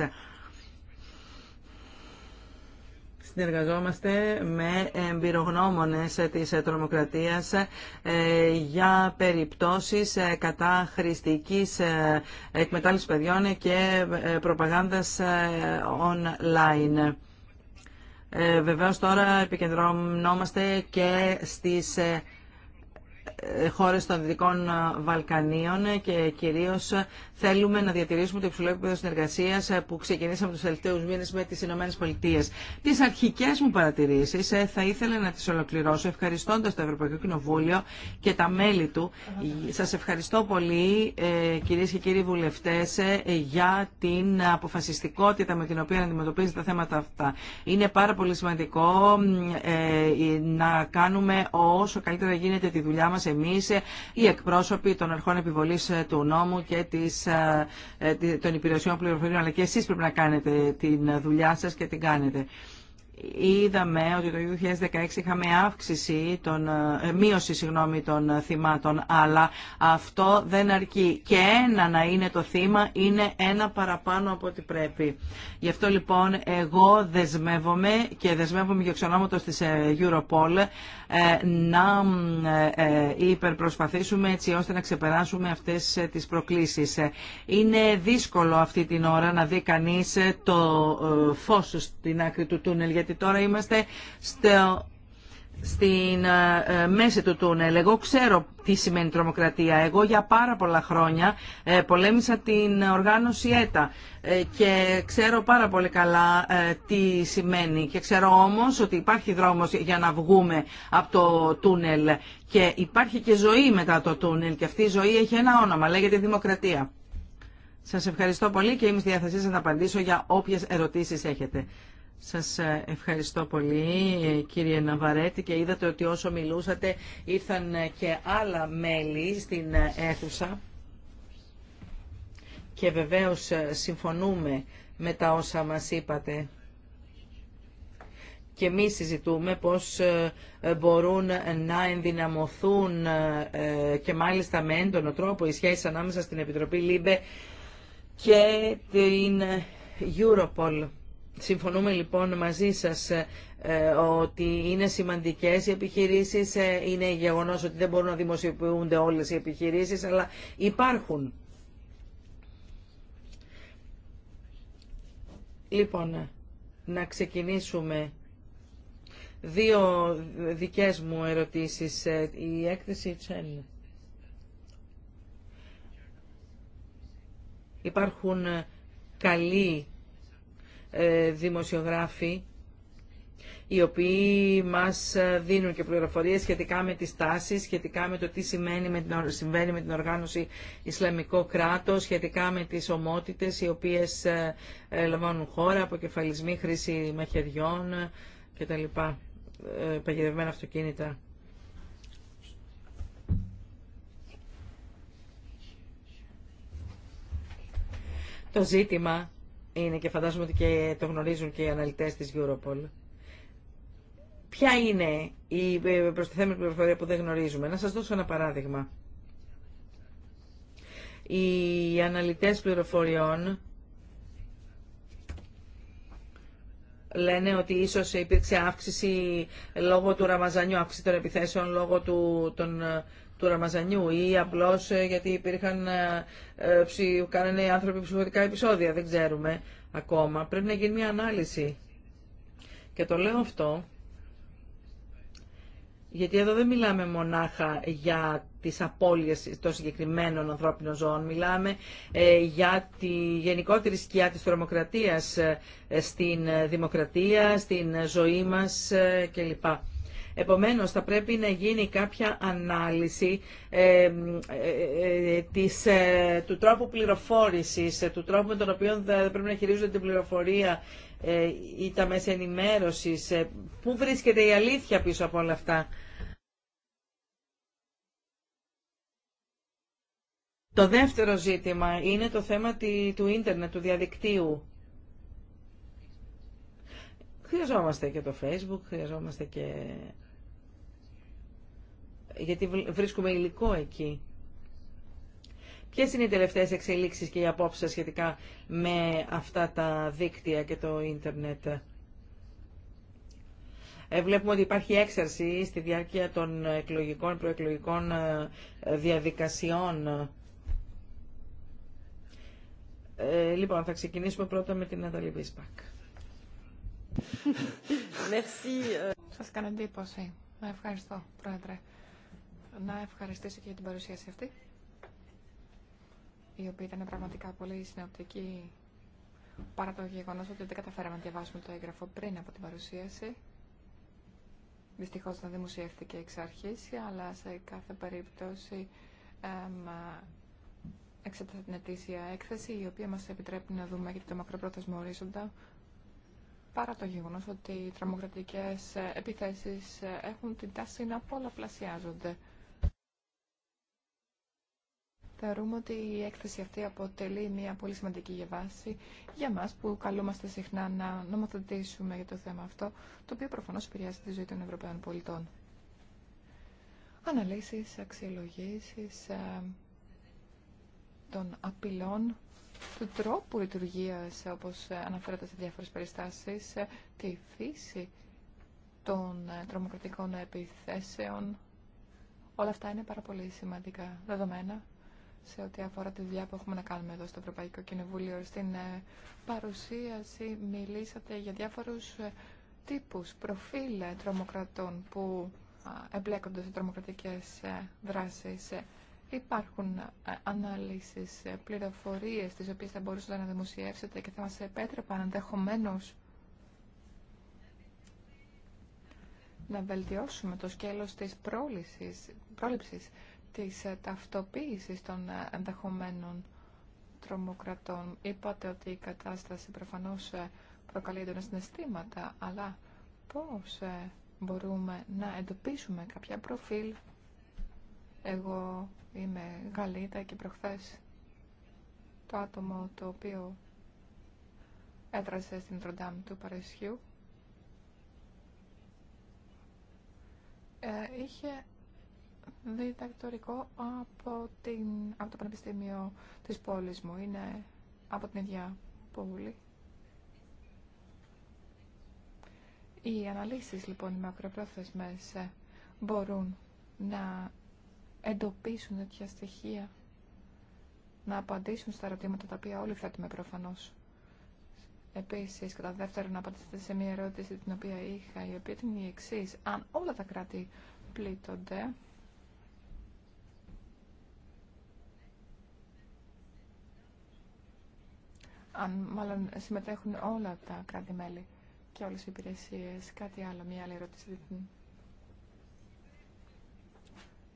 S2: συνεργαζόμαστε με εμπειρογνώμονες της τρομοκρατίας ε, για περιπτώσεις ε, κατά χρηστικής ε, εκμετάλλευσης παιδιών και προπαγάνδας online. Βεβαίως τώρα επικεντρωνόμαστε και στις χώρες των Δυτικών ε, Βαλκανίων και κυρίως θέλουμε να διατηρήσουμε το υψηλό επίπεδο συνεργασίας ε, που ξεκινήσαμε τους τελευταίους μήνες με τις Ηνωμένες Πολιτείες. Τις αρχικές μου παρατηρήσεις ε, θα ήθελα να τις ολοκληρώσω ευχαριστώντας το Ευρωπαϊκό Κοινοβούλιο και τα μέλη του. Σας ευχαριστώ πολύ κυρίες και κύριοι βουλευτές για την αποφασιστικότητα με την οποία αντιμετωπίζετε τα θέματα αυτά. Είναι πάρα πολύ σημαντικό να κάνουμε όσο καλύτερα γίνεται τη δουλειά μας εμείς οι εκπρόσωποι των αρχών επιβολής ε, του νόμου και της, ε, ε, των υπηρεσιών πληροφοριών αλλά και εσείς πρέπει να κάνετε την δουλειά σας και την κάνετε είδαμε ότι το 2016 είχαμε αύξηση των, ε, μείωση συγγνώμη, των θυμάτων, αλλά αυτό δεν αρκεί. Και ένα να είναι το θύμα είναι ένα παραπάνω από ό,τι πρέπει. Γι' αυτό λοιπόν εγώ δεσμεύομαι και δεσμεύομαι και το της ε, Europol ε, να υπερπροσπαθήσουμε έτσι ώστε να ξεπεράσουμε αυτές τις προκλήσεις. Είναι δύσκολο αυτή την ώρα να δει κανείς το φως στην άκρη του τούνελ, γιατί τώρα είμαστε στο, στην ε, ε, μέση του τούνελ. Εγώ ξέρω τι σημαίνει τρομοκρατία. Εγώ για πάρα πολλά χρόνια ε, πολέμησα την οργάνωση ΕΤΑ και ξέρω πάρα πολύ καλά τι σημαίνει. Και ξέρω όμως ότι υπάρχει δρόμος για να βγούμε από το τούνελ και υπάρχει και ζωή μετά το τούνελ και αυτή η ζωή έχει ένα όνομα, λέγεται δημοκρατία. Σας ευχαριστώ πολύ και είμαι στη διάθεσή σας να απαντήσω για όποιες ερωτήσεις έχετε. Σας ευχαριστώ πολύ κύριε Ναβαρέτη και είδατε ότι όσο μιλούσατε ήρθαν και άλλα μέλη στην αίθουσα και βεβαίως συμφωνούμε με τα όσα μας είπατε. Και εμείς συζητούμε πώς ε, μπορούν να ενδυναμωθούν ε, και μάλιστα με έντονο τρόπο οι σχέσεις ανάμεσα στην Επιτροπή ΛΥΜΠΕ και την Europol. Συμφωνούμε λοιπόν μαζί σας ε, ε, ότι είναι σημαντικές οι επιχειρήσεις, ε, είναι γεγονός ότι δεν μπορούν να δημοσιοποιούνται όλες οι επιχειρήσεις, αλλά υπάρχουν. Λοιπόν, να ξεκινήσουμε. Δύο δικές μου ερωτήσεις. Η έκθεση Τσέν. Υπάρχουν καλοί ε, δημοσιογράφοι οι οποίοι μας ε, δίνουν και πληροφορίες σχετικά με τις τάσεις, σχετικά με το τι σημαίνει με την, συμβαίνει με την οργάνωση Ισλαμικό κράτος, σχετικά με τις ομότητες οι οποίες ε, λαμβάνουν χώρα, αποκεφαλισμοί, χρήση μαχαιριών κτλ. Παγιδευμένα αυτοκίνητα. Το ζήτημα είναι και φαντάζομαι ότι και το γνωρίζουν και οι αναλυτές της Europol. Ποια είναι η ε, προστιθέμενη πληροφορία που δεν γνωρίζουμε. Να σας δώσω ένα παράδειγμα. Οι αναλυτές πληροφοριών λένε ότι ίσως υπήρξε αύξηση λόγω του Ραμαζανιού, αύξηση των επιθέσεων, λόγω του, των του Ραμαζανιού ή απλώς ε, γιατί υπήρχαν, ε, ε, κάνανε άνθρωποι ψυχοτικά επεισόδια, δεν ξέρουμε ακόμα. Πρέπει να γίνει μια ανάλυση. Και το λέω αυτό γιατί εδώ δεν μιλάμε μονάχα για τις απώλειες των συγκεκριμένων ανθρώπινων ζώων. Μιλάμε για τη γενικότερη σκιά της τρομοκρατίας στην δημοκρατία, στην ζωή μας κλπ. Επομένως θα πρέπει να γίνει κάποια ανάλυση ε, ε, ε, ε του τρόπου πληροφόρησης, του τρόπου με τον οποίο θα πρέπει να χειρίζονται την πληροφορία ή τα μέσα ενημέρωσης. Πού βρίσκεται η αλήθεια πίσω από όλα αυτά. Το δεύτερο ζήτημα είναι το θέμα του ίντερνετ, του διαδικτύου. Χρειαζόμαστε και το facebook, χρειαζόμαστε και γιατί βρίσκουμε υλικό εκεί. Ποιε είναι οι τελευταίες εξελίξεις και οι απόψεις σχετικά με αυτά τα δίκτυα και το ίντερνετ. Ε, βλέπουμε ότι υπάρχει έξαρση στη διάρκεια των εκλογικών, προεκλογικών ε, διαδικασιών. Ε, λοιπόν, θα ξεκινήσουμε πρώτα με την Ανταλή Βίσπακ. *laughs*
S3: Ε. Σας κάνω εντύπωση. Ευχαριστώ, Πρόεδρε να ευχαριστήσω και για την παρουσίαση αυτή, η οποία ήταν πραγματικά πολύ συνοπτική, παρά το γεγονό ότι δεν καταφέραμε να διαβάσουμε το έγγραφο πριν από την παρουσίαση. Δυστυχώ δεν δημοσιεύτηκε εξ αρχή, αλλά σε κάθε περίπτωση εξετάζεται την ετήσια έκθεση, η οποία μα επιτρέπει να δούμε και το μακροπρόθεσμο ορίζοντα παρά το γεγονός ότι οι τρομοκρατικές επιθέσεις έχουν την τάση να πολλαπλασιάζονται. Θεωρούμε ότι η έκθεση αυτή αποτελεί μια πολύ σημαντική βάση για μας που καλούμαστε συχνά να νομοθετήσουμε για το θέμα αυτό, το οποίο προφανώ επηρεάζει τη ζωή των Ευρωπαίων πολιτών. Αναλύσεις, αξιολογήσεις ε, των απειλών, του τρόπου λειτουργία, όπως ε, αναφέρατε σε διάφορες περιστάσεις, ε, τη φύση των τρομοκρατικών επιθέσεων. Όλα αυτά είναι πάρα πολύ σημαντικά δεδομένα σε ό,τι αφορά τη δουλειά που έχουμε να κάνουμε εδώ στο Ευρωπαϊκό Κοινοβούλιο. Στην ε, παρουσίαση μιλήσατε για διάφορους ε, τύπους, προφίλ ε, τρομοκρατών που εμπλέκονται σε τρομοκρατικές δράσεις. Υπάρχουν ανάλυσεις, πληροφορίες τις οποίες θα μπορούσατε να δημοσιεύσετε και θα μας επέτρεπαν ενδεχομένω να βελτιώσουμε το σκέλος της πρόληψης, πρόληψης της ε, ταυτοποίησης των ε, ενδεχομένων τρομοκρατών. Είπατε ότι η κατάσταση προφανώς ε, προκαλεί έντονα συναισθήματα, αλλά πώς μπορούμε να εντοπίσουμε κάποια προφίλ. Εγώ είμαι Γαλλίδα και προχθές το άτομο το οποίο έδρασε στην Τροντάμ του Παρισιού είχε διδακτορικό από, την, από το Πανεπιστήμιο της πόλης μου. Είναι από την ίδια πόλη. Οι αναλύσεις λοιπόν οι μακροπρόθεσμες ε, μπορούν να εντοπίσουν τέτοια στοιχεία, να απαντήσουν στα ερωτήματα τα οποία όλοι θέτουμε προφανώς. Επίση, κατά δεύτερον, απαντήσετε σε μια ερώτηση την οποία είχα, η οποία ήταν η εξή. Αν όλα τα κράτη πλήττονται, αν μάλλον συμμετέχουν όλα τα κράτη-μέλη και όλες οι υπηρεσίες. Κάτι άλλο, μία άλλη ερώτηση.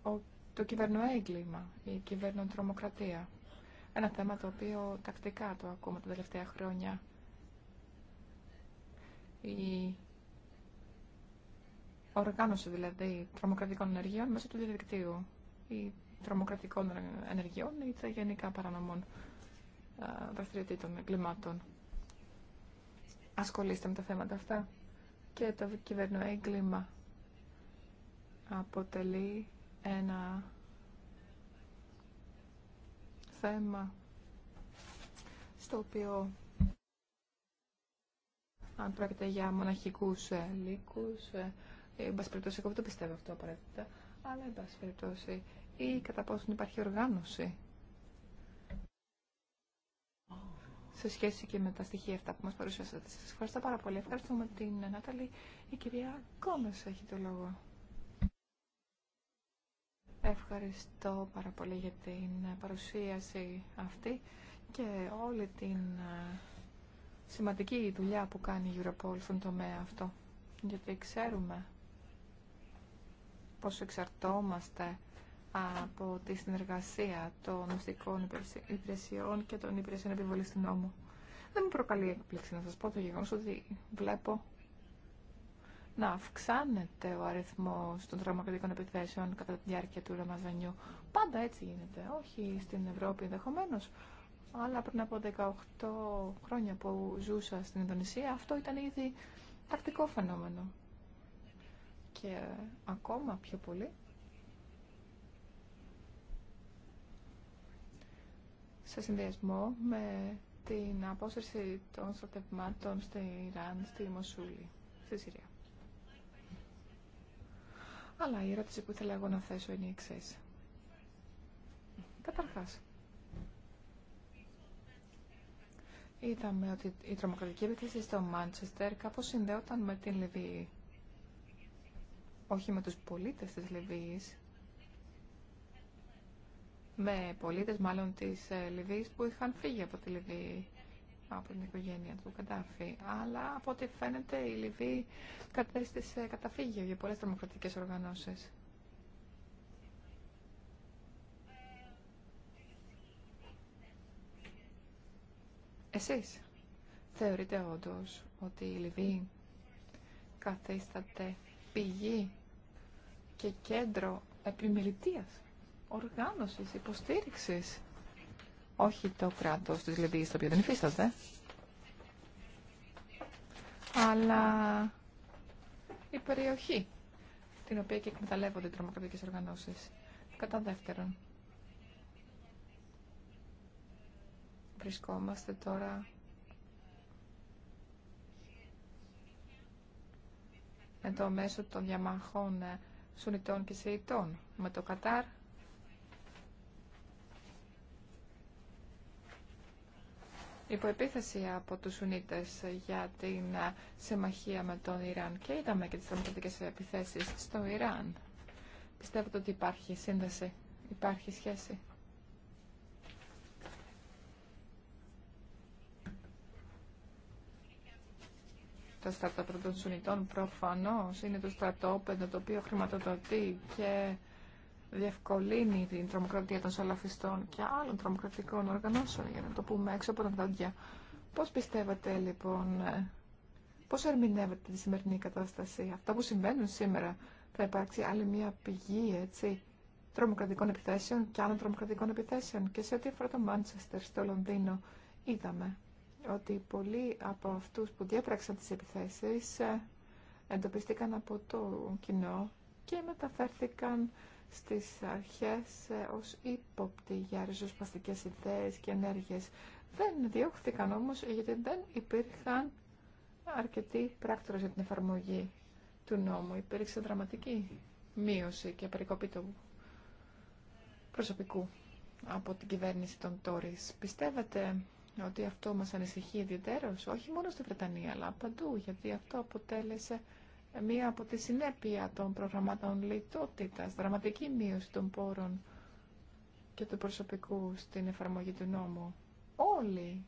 S3: Ο, το κυβερνοέγκλημα, η κυβερνοτρομοκρατία. Ένα θέμα το οποίο τακτικά το ακούμε τα τελευταία χρόνια. Η οργάνωση δηλαδή τρομοκρατικών ενεργειών μέσω του διαδικτύου ή τρομοκρατικών ενεργειών ή τα γενικά παρανομών δραστηριοτήτων εγκλημάτων. Ασχολείστε με τα θέματα αυτά και το κυβερνό έγκλημα αποτελεί ένα θέμα στο οποίο αν πρόκειται για μοναχικούς ε, λύκους, ε, ε, εν πάση περιπτώσει, εγώ δεν το πιστεύω αυτό απαραίτητα, αλλά εν πάση περιπτώσει, ή κατά πόσον υπάρχει οργάνωση σε σχέση και με τα στοιχεία αυτά που μας παρουσιάσατε. Σας ευχαριστώ πάρα πολύ. Ευχαριστούμε την Νάταλη. Η κυρία Κόμες έχει το λόγο. Ευχαριστώ πάρα πολύ για την παρουσίαση αυτή και όλη την ε, σημαντική δουλειά που κάνει η Europol στον τομέα αυτό. Γιατί ξέρουμε πώς εξαρτώμαστε από τη συνεργασία των μυστικών υπηρεσιών και των υπηρεσιών επιβολή του νόμου. Δεν μου προκαλεί έκπληξη να σα πω το γεγονό ότι βλέπω να αυξάνεται ο αριθμό των τραυματικών επιθέσεων κατά τη διάρκεια του Ραμαζανιού. Πάντα έτσι γίνεται. Όχι στην Ευρώπη ενδεχομένω, αλλά πριν από 18 χρόνια που ζούσα στην Ινδονησία, αυτό ήταν ήδη τακτικό φαινόμενο. Και ακόμα πιο πολύ σε συνδυασμό με την απόσυρση των στρατευμάτων στη Ιράν, στη Μοσούλη, στη Συρία. Αλλά η ερώτηση που ήθελα εγώ να θέσω είναι η εξή. Καταρχά, είδαμε ότι η τρομοκρατική επιθέση στο Μάντσεστερ κάπω συνδέονταν με την Λιβύη. Όχι με τους πολίτες της Λιβύης, με πολίτες μάλλον της ε, Λιβύης που είχαν φύγει από τη Λιβύη από την οικογένεια του Καντάφη. Αλλά από ό,τι φαίνεται η Λιβύη κατέστησε καταφύγιο για πολλές τρομοκρατικές οργανώσεις. Εσείς θεωρείτε όντως ότι η Λιβύη καθίσταται πηγή και κέντρο επιμελητίας οργάνωσης, υποστήριξης. Όχι το κράτος της Λιβύης, το οποίο δεν υφίσταται. Αλλά η περιοχή, την οποία και εκμεταλλεύονται οι τρομοκρατικές οργανώσεις. Κατά δεύτερον, βρισκόμαστε τώρα με το μέσο των διαμαχών ε, Σουνιτών και Σεϊτών, με το Κατάρ επίθεση από τους Σουνίτες για την ε, συμμαχία με τον Ιράν και είδαμε και τις θερμοκρατικές επιθέσεις στο Ιράν. Πιστεύετε ότι υπάρχει σύνδεση, υπάρχει σχέση. Το στρατόπεδο των Σουνιτών προφανώς είναι το στρατόπεδο το οποίο χρηματοδοτεί και διευκολύνει την τρομοκρατία των σαλαφιστών και άλλων τρομοκρατικών οργανώσεων, για να το πούμε έξω από τα δόντια. Πώς πιστεύετε λοιπόν, ε, πώς ερμηνεύετε τη σημερινή κατάσταση, αυτά που συμβαίνουν σήμερα, θα υπάρξει άλλη μια πηγή, έτσι, τρομοκρατικών επιθέσεων και άλλων τρομοκρατικών επιθέσεων. Και σε ό,τι αφορά το Μάντσεστερ στο Λονδίνο, είδαμε ότι πολλοί από αυτούς που διέπραξαν τις επιθέσεις ε, εντοπίστηκαν από το κοινό και μεταφέρθηκαν στις αρχές ε, ως ύποπτη για ριζοσπαστικές ιδέες και ενέργειες. Δεν διώχθηκαν όμως γιατί δεν υπήρχαν αρκετοί πράκτορες για την εφαρμογή του νόμου. Υπήρξε δραματική μείωση και περικοπή του προσωπικού από την κυβέρνηση των Τόρις. Πιστεύετε ότι αυτό μας ανησυχεί ιδιαίτερως, όχι μόνο στη Βρετανία, αλλά παντού, γιατί αυτό αποτέλεσε μία από τη συνέπεια των προγραμμάτων λιτότητας, δραματική μείωση των πόρων και του προσωπικού στην εφαρμογή του νόμου. Όλοι,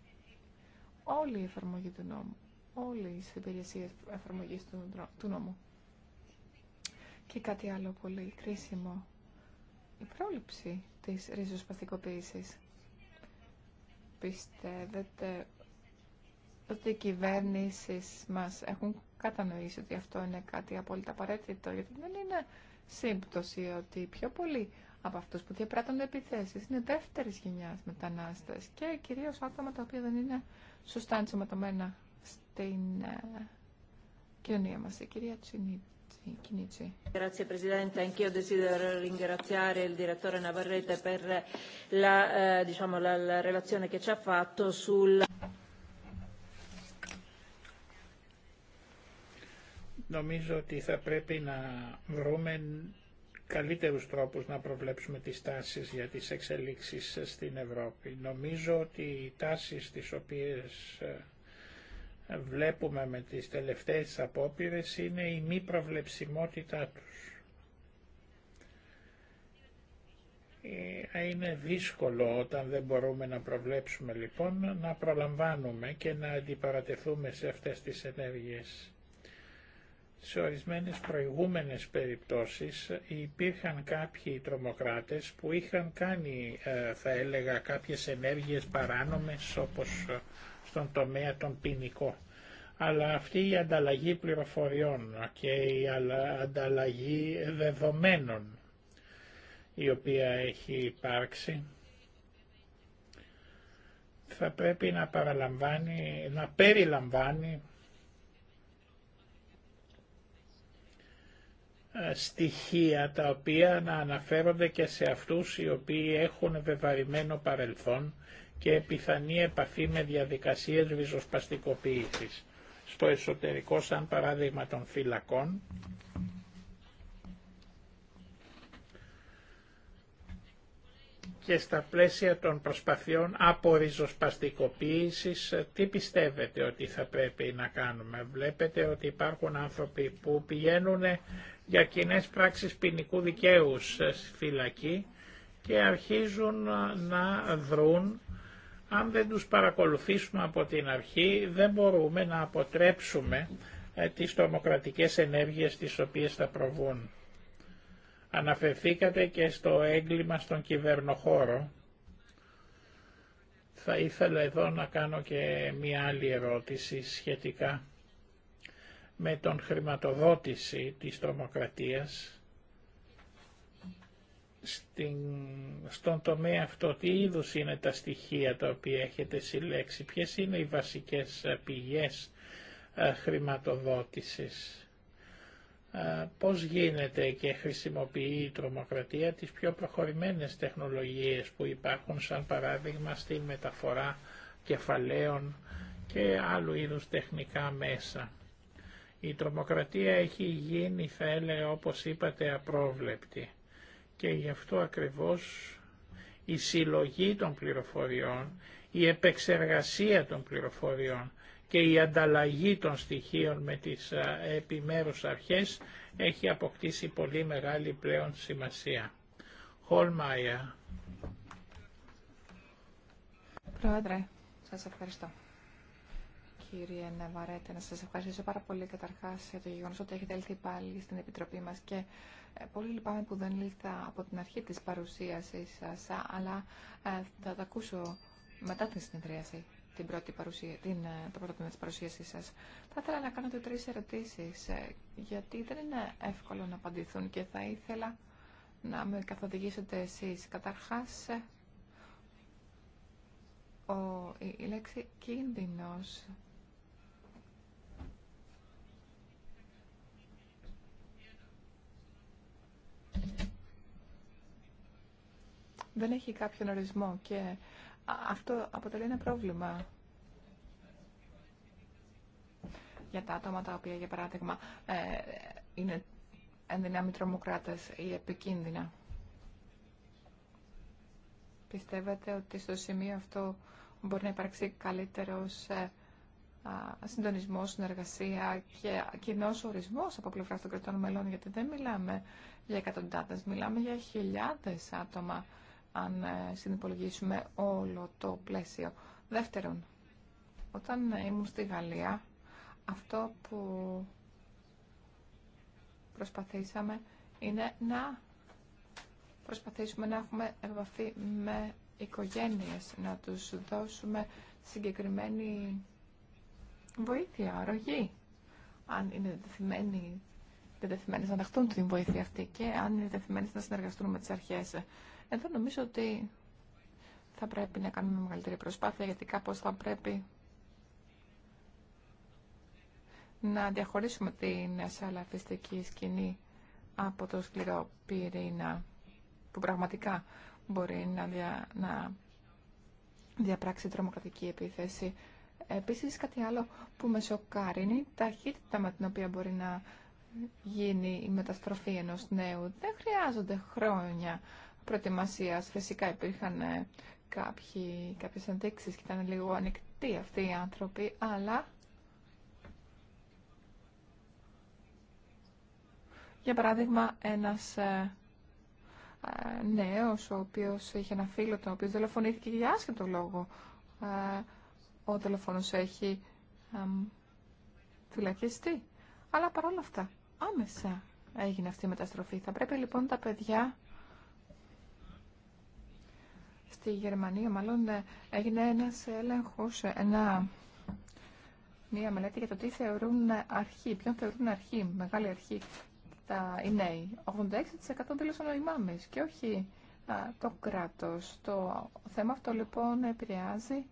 S3: όλοι η εφαρμογή του νόμου, όλοι οι υπηρεσίες εφαρμογής του, του νόμου. Και κάτι άλλο πολύ κρίσιμο, η πρόληψη της ριζοσπαστικοποίησης. Πιστεύετε ότι οι κυβέρνησεις μας έχουν κατανοήσει ότι αυτό είναι κάτι απόλυτα απαραίτητο, γιατί δεν είναι σύμπτωση ότι πιο πολλοί από αυτούς που διαπράττουν επιθέσεις είναι δεύτερης γενιάς μετανάστες και κυρίως άτομα τα οποία δεν είναι σωστά ενσωματωμένα στην ε, κοινωνία μας. Η κυρία Τσινίτη.
S2: Grazie Presidente, anch'io desidero ringraziare il direttore Navarrete per la, eh, diciamo, la, relazione che ci ha fatto sul
S4: Νομίζω ότι θα πρέπει να βρούμε καλύτερους τρόπους να προβλέψουμε τις τάσεις για τις εξελίξεις στην Ευρώπη. Νομίζω ότι οι τάσεις τις οποίες ε, βλέπουμε με τις τελευταίες απόπειρες είναι η μη προβλεψιμότητά τους. Ε, είναι δύσκολο όταν δεν μπορούμε να προβλέψουμε λοιπόν να προλαμβάνουμε και να αντιπαρατεθούμε σε αυτές τις ενέργειες σε ορισμένες προηγούμενες περιπτώσεις υπήρχαν κάποιοι τρομοκράτες που είχαν κάνει, ε, θα έλεγα, κάποιες ενέργειες παράνομες όπως ε, στον τομέα των ποινικών. Αλλά αυτή η ανταλλαγή πληροφοριών και η ανταλλαγή δεδομένων η οποία έχει υπάρξει θα πρέπει να παραλαμβάνει, να περιλαμβάνει Ε, στοιχεία τα οποία να αναφέρονται και σε αυτούς οι οποίοι έχουν βεβαρημένο παρελθόν και πιθανή επαφή με διαδικασίες βυζοσπαστικοποίησης στο εσωτερικό σαν παράδειγμα των φυλακών και στα πλαίσια των προσπαθειών απορριζοσπαστικοποίησης τι πιστεύετε ότι θα πρέπει να κάνουμε. Βλέπετε ότι υπάρχουν άνθρωποι που πηγαίνουν για κοινέ πράξεις ποινικού δικαίου στη φυλακή και αρχίζουν να δρούν. Αν δεν τους παρακολουθήσουμε από την αρχή δεν μπορούμε να αποτρέψουμε ε, τις τρομοκρατικές ενέργειες τις οποίες θα προβούν. Αναφερθήκατε και στο έγκλημα στον κυβερνοχώρο. Θα ήθελα εδώ να κάνω και μία άλλη ερώτηση σχετικά με τον χρηματοδότηση της τρομοκρατίας στην, στον τομέα αυτό τι είδους είναι τα στοιχεία τα οποία έχετε συλλέξει, ποιες είναι οι βασικές ε, πηγές ε, χρηματοδότησης, ε, πώς γίνεται και χρησιμοποιεί η τρομοκρατία τις πιο προχωρημένες τεχνολογίες που υπάρχουν σαν παράδειγμα στη μεταφορά κεφαλαίων και άλλου είδους τεχνικά μέσα. Η τρομοκρατία έχει γίνει, θα έλεγα, όπως είπατε, απρόβλεπτη. Και γι' αυτό ακριβώς η συλλογή των πληροφοριών, η επεξεργασία των πληροφοριών και η ανταλλαγή των στοιχείων με τις επιμέρους αρχές έχει αποκτήσει πολύ μεγάλη πλέον σημασία. Χολμάια.
S3: Πρόεδρε, σας ευχαριστώ κύριε Ναβαρέτε, να σας ευχαριστήσω πάρα πολύ καταρχάς για το γεγονός ότι έχετε έλθει πάλι στην Επιτροπή μας και ε, πολύ λυπάμαι που δεν ήλθα από την αρχή της παρουσίασης σας, αλλά ε, θα τα ακούσω μετά την συνεδρίαση, την πρώτη παρουσία, την, ε, το πρώτο τμήμα της παρουσίασής σας. Θα ήθελα να κάνω τρεις ερωτήσεις, γιατί δεν είναι εύκολο να απαντηθούν και θα ήθελα να με καθοδηγήσετε εσείς. Καταρχάς, ο, η, η λέξη κίνδυνος δεν έχει κάποιον ορισμό και αυτό αποτελεί ένα πρόβλημα για τα άτομα τα οποία, για παράδειγμα, ε, είναι ενδυνάμει τρομοκράτες ή επικίνδυνα. Πιστεύετε ότι στο σημείο αυτό μπορεί να υπάρξει καλύτερος ε, συντονισμό, συνεργασία και κοινό ορισμό από πλευρά των κρατών μελών, γιατί δεν μιλάμε για εκατοντάδε, μιλάμε για χιλιάδε άτομα αν ε, συνυπολογίσουμε όλο το πλαίσιο. Δεύτερον, όταν ε, ήμουν στη Γαλλία, αυτό που προσπαθήσαμε είναι να προσπαθήσουμε να έχουμε επαφή με οικογένειες, να τους δώσουμε συγκεκριμένη βοήθεια, αρρωγή, αν είναι δεθυμένοι, να δεχτούν την βοήθεια αυτή και αν είναι δεθυμένες να συνεργαστούν με τις αρχές. Εδώ νομίζω ότι θα πρέπει να κάνουμε μεγαλύτερη προσπάθεια γιατί κάπως θα πρέπει να διαχωρίσουμε την ασαλαφιστική σκηνή από το σκληρό πυρήνα που πραγματικά μπορεί να, δια, να διαπράξει τρομοκρατική επίθεση. Επίσης κάτι άλλο που με σοκάρει είναι η ταχύτητα με την οποία μπορεί να γίνει η μεταστροφή ενός νέου. Δεν χρειάζονται χρόνια προετοιμασία. Φυσικά υπήρχαν ε, κάποιε κάποιες ενδείξεις και ήταν λίγο ανοιχτοί αυτοί οι άνθρωποι, αλλά... Για παράδειγμα, ένας ε, ε, νέος, ο οποίος είχε ένα φίλο, τον οποίο δολοφονήθηκε για άσχετο λόγο. Ο δολοφόνος έχει φυλακιστεί. Αλλά παρόλα αυτά, άμεσα έγινε αυτή η μεταστροφή. Θα πρέπει λοιπόν τα παιδιά Στη Γερμανία μάλλον ε, έγινε ένας έλεγχος, ε, ένα, μία μελέτη για το τι θεωρούν αρχή, ποιον θεωρούν αρχή, μεγάλη αρχή τα, οι νέοι. 86% δήλωσαν ο και όχι το κράτος. Το θέμα αυτό λοιπόν επηρεάζει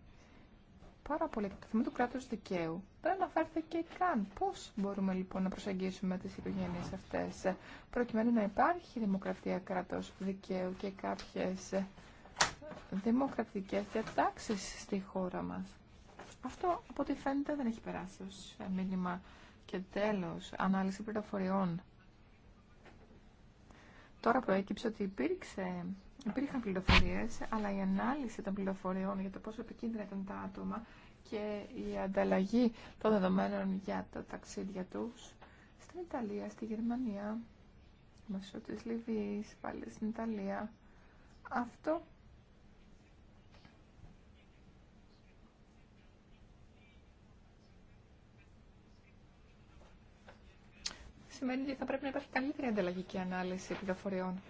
S3: πάρα πολύ το θέμα του κράτους δικαίου. Δεν αναφέρθηκε καν πώς μπορούμε λοιπόν να προσεγγίσουμε τις οικογένειες αυτές ε, προκειμένου να υπάρχει δημοκρατία κράτος δικαίου και κάποιες δημοκρατικές διατάξεις στη χώρα μας. Αυτό από ό,τι φαίνεται δεν έχει περάσει ως μήνυμα. Και τέλος, ανάλυση πληροφοριών. Τώρα προέκυψε ότι υπήρξε, υπήρχαν πληροφορίες, αλλά η ανάλυση των πληροφοριών για το πόσο επικίνδυνα ήταν τα άτομα και η ανταλλαγή των δεδομένων για τα ταξίδια τους στην Ιταλία, στη Γερμανία, μέσω της Λιβύης, πάλι στην Ιταλία. Αυτό σημαίνει ότι θα πρέπει να υπάρχει καλύτερη ανταλλαγική ανάλυση πληροφοριών.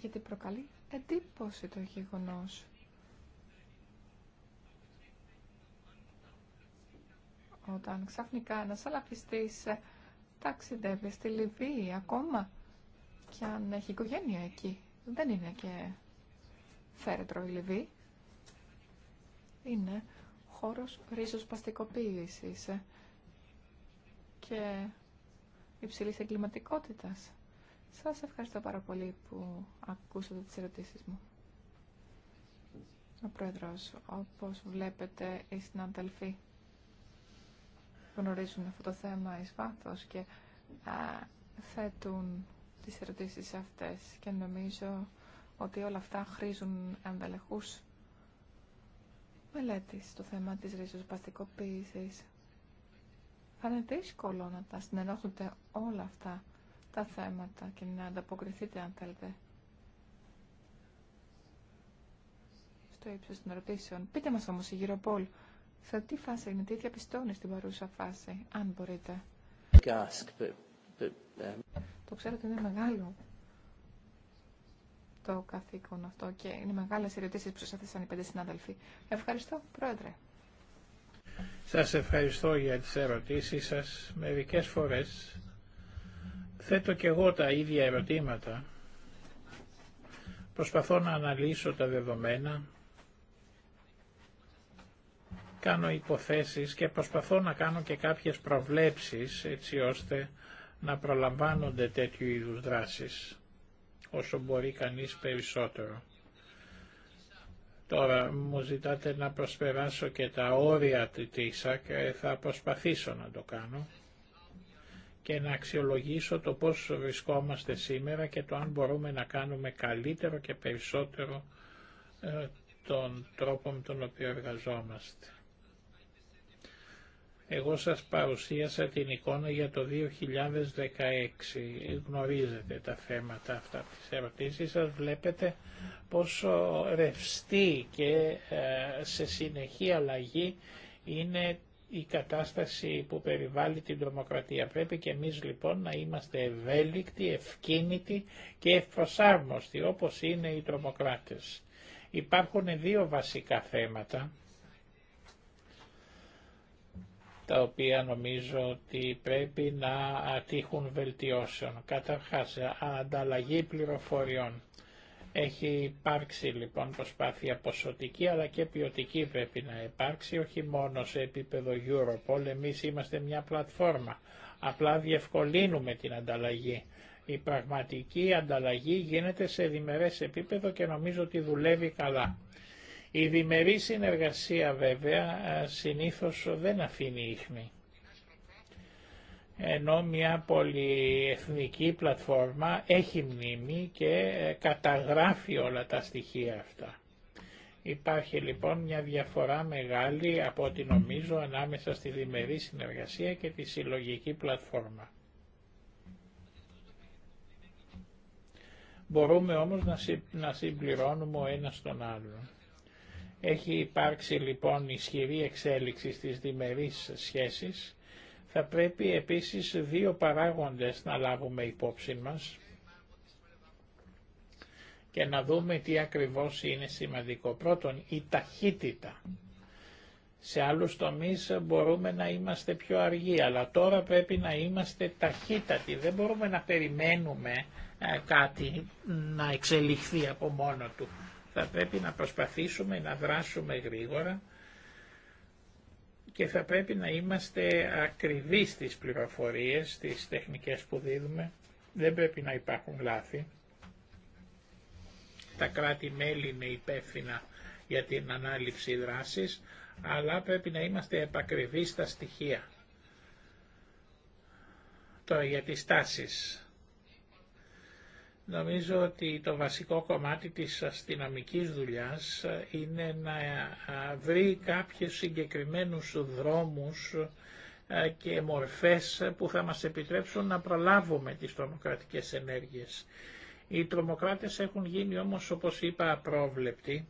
S3: Γιατί προκαλεί εντύπωση το γεγονός όταν ξαφνικά ένα αλαφιστή ταξιδεύει στη Λιβύη ακόμα και αν έχει οικογένεια εκεί. Δεν είναι και φέρετρο η Λιβύη. Είναι χώρος ρίζος παστικοποίησης και υψηλής εγκληματικότητας. Σας ευχαριστώ πάρα πολύ που ακούσατε τις ερωτήσεις μου. Ο Πρόεδρος, όπως βλέπετε, οι συναδελφοί γνωρίζουν αυτό το θέμα εις βάθος και θέτουν τις ερωτήσεις αυτές και νομίζω ότι όλα αυτά χρήζουν εμβελεχούς μελέτης στο θέμα της ριζοσπαστικοποίησης θα είναι δύσκολο να τα συνενώσετε όλα αυτά τα θέματα και να ανταποκριθείτε αν θέλετε στο ύψος των ερωτήσεων. Πείτε μας όμως η Γιουροπόλ, σε τι φάση είναι, τι διαπιστώνει στην παρούσα φάση, αν μπορείτε. Um, το ξέρω ότι είναι μεγάλο το καθήκον αυτό και είναι μεγάλες ερωτήσεις που σας έθεσαν οι πέντε συνάδελφοι. Ευχαριστώ, Πρόεδρε.
S4: Σας ευχαριστώ για τις ερωτήσεις σας. Μερικές φορές θέτω και εγώ τα ίδια ερωτήματα. Προσπαθώ να αναλύσω τα δεδομένα, κάνω υποθέσεις και προσπαθώ να κάνω και κάποιες προβλέψεις έτσι ώστε να προλαμβάνονται τέτοιου είδους δράσεις όσο μπορεί κανείς περισσότερο. Τώρα μου ζητάτε να προσπεράσω και τα όρια τη ΤΙΣΑ και ε, θα προσπαθήσω να το κάνω και να αξιολογήσω το πώς βρισκόμαστε σήμερα και το αν μπορούμε να κάνουμε καλύτερο και περισσότερο ε, τον τρόπο με τον οποίο εργαζόμαστε. Εγώ σας παρουσίασα την εικόνα για το 2016. Γνωρίζετε τα θέματα αυτά της ερωτήσεις σας. Βλέπετε πόσο ρευστή και ε, σε συνεχή αλλαγή είναι η κατάσταση που περιβάλλει την τρομοκρατία. Πρέπει και εμείς λοιπόν να είμαστε ευέλικτοι, ευκίνητοι και ευπροσάρμοστοι όπως είναι οι τρομοκράτες. Υπάρχουν δύο βασικά θέματα τα οποία νομίζω ότι πρέπει να ατύχουν βελτιώσεων. Καταρχάς, ανταλλαγή πληροφοριών. Έχει υπάρξει λοιπόν προσπάθεια ποσοτική αλλά και ποιοτική πρέπει να υπάρξει, όχι μόνο σε επίπεδο Europol, εμείς είμαστε μια πλατφόρμα. Απλά διευκολύνουμε την ανταλλαγή. Η πραγματική ανταλλαγή γίνεται σε διμερές επίπεδο και νομίζω ότι δουλεύει καλά. Η διμερή συνεργασία βέβαια ε, συνήθως δεν αφήνει ίχνη. Ενώ μια πολυεθνική πλατφόρμα έχει μνήμη και ε, καταγράφει όλα τα στοιχεία αυτά. Υπάρχει λοιπόν μια διαφορά μεγάλη από ό,τι νομίζω ανάμεσα στη διμερή συνεργασία και τη συλλογική πλατφόρμα. Μπορούμε όμως να συμπληρώνουμε ο ένας τον άλλον. Έχει υπάρξει λοιπόν ισχυρή εξέλιξη στις διμερείς σχέσεις. Θα πρέπει επίσης δύο παράγοντες να λάβουμε υπόψη μας και να δούμε τι ακριβώς είναι σημαντικό. Πρώτον, η ταχύτητα. Σε άλλους τομείς μπορούμε να είμαστε πιο αργοί, αλλά τώρα πρέπει να είμαστε ταχύτατοι. Δεν μπορούμε να περιμένουμε ε, κάτι να εξελιχθεί από μόνο του θα πρέπει να προσπαθήσουμε να δράσουμε γρήγορα και θα πρέπει να είμαστε ακριβείς στις πληροφορίες, στις τεχνικές που δίδουμε. Δεν πρέπει να υπάρχουν λάθη. Τα κράτη-μέλη είναι υπεύθυνα για την ανάληψη δράσης, αλλά πρέπει να είμαστε επακριβείς στα στοιχεία. Τώρα για τις τάσεις. Νομίζω ότι το βασικό κομμάτι της αστυνομικής δουλειάς ε, είναι να ε, βρει κάποιους συγκεκριμένους δρόμους ε, και μορφές που θα μας επιτρέψουν να προλάβουμε τις τρομοκρατικές ενέργειες. Οι τρομοκράτες έχουν γίνει όμως όπως είπα απρόβλεπτοι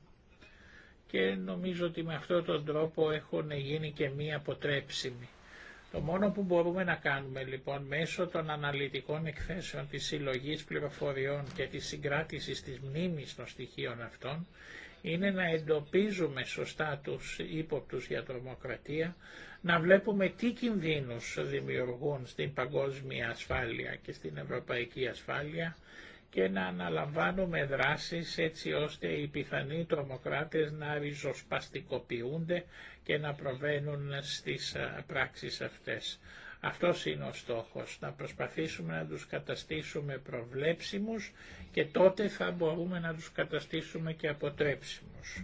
S4: και νομίζω ότι με αυτόν τον τρόπο έχουν γίνει και μία αποτρέψιμη. Το μόνο που μπορούμε να κάνουμε λοιπόν μέσω των αναλυτικών εκθέσεων της συλλογή πληροφοριών και της συγκράτησης της μνήμης των στοιχείων αυτών είναι να εντοπίζουμε σωστά τους ύποπτους για τρομοκρατία, να βλέπουμε τι κινδύνους δημιουργούν στην παγκόσμια ασφάλεια και στην ευρωπαϊκή ασφάλεια και να αναλαμβάνουμε δράσεις έτσι ώστε οι πιθανοί τρομοκράτες να ριζοσπαστικοποιούνται και να προβαίνουν στις ε, πράξεις αυτές. Αυτός είναι ο στόχος, να προσπαθήσουμε να τους καταστήσουμε προβλέψιμους και τότε θα μπορούμε να τους καταστήσουμε και αποτρέψιμους.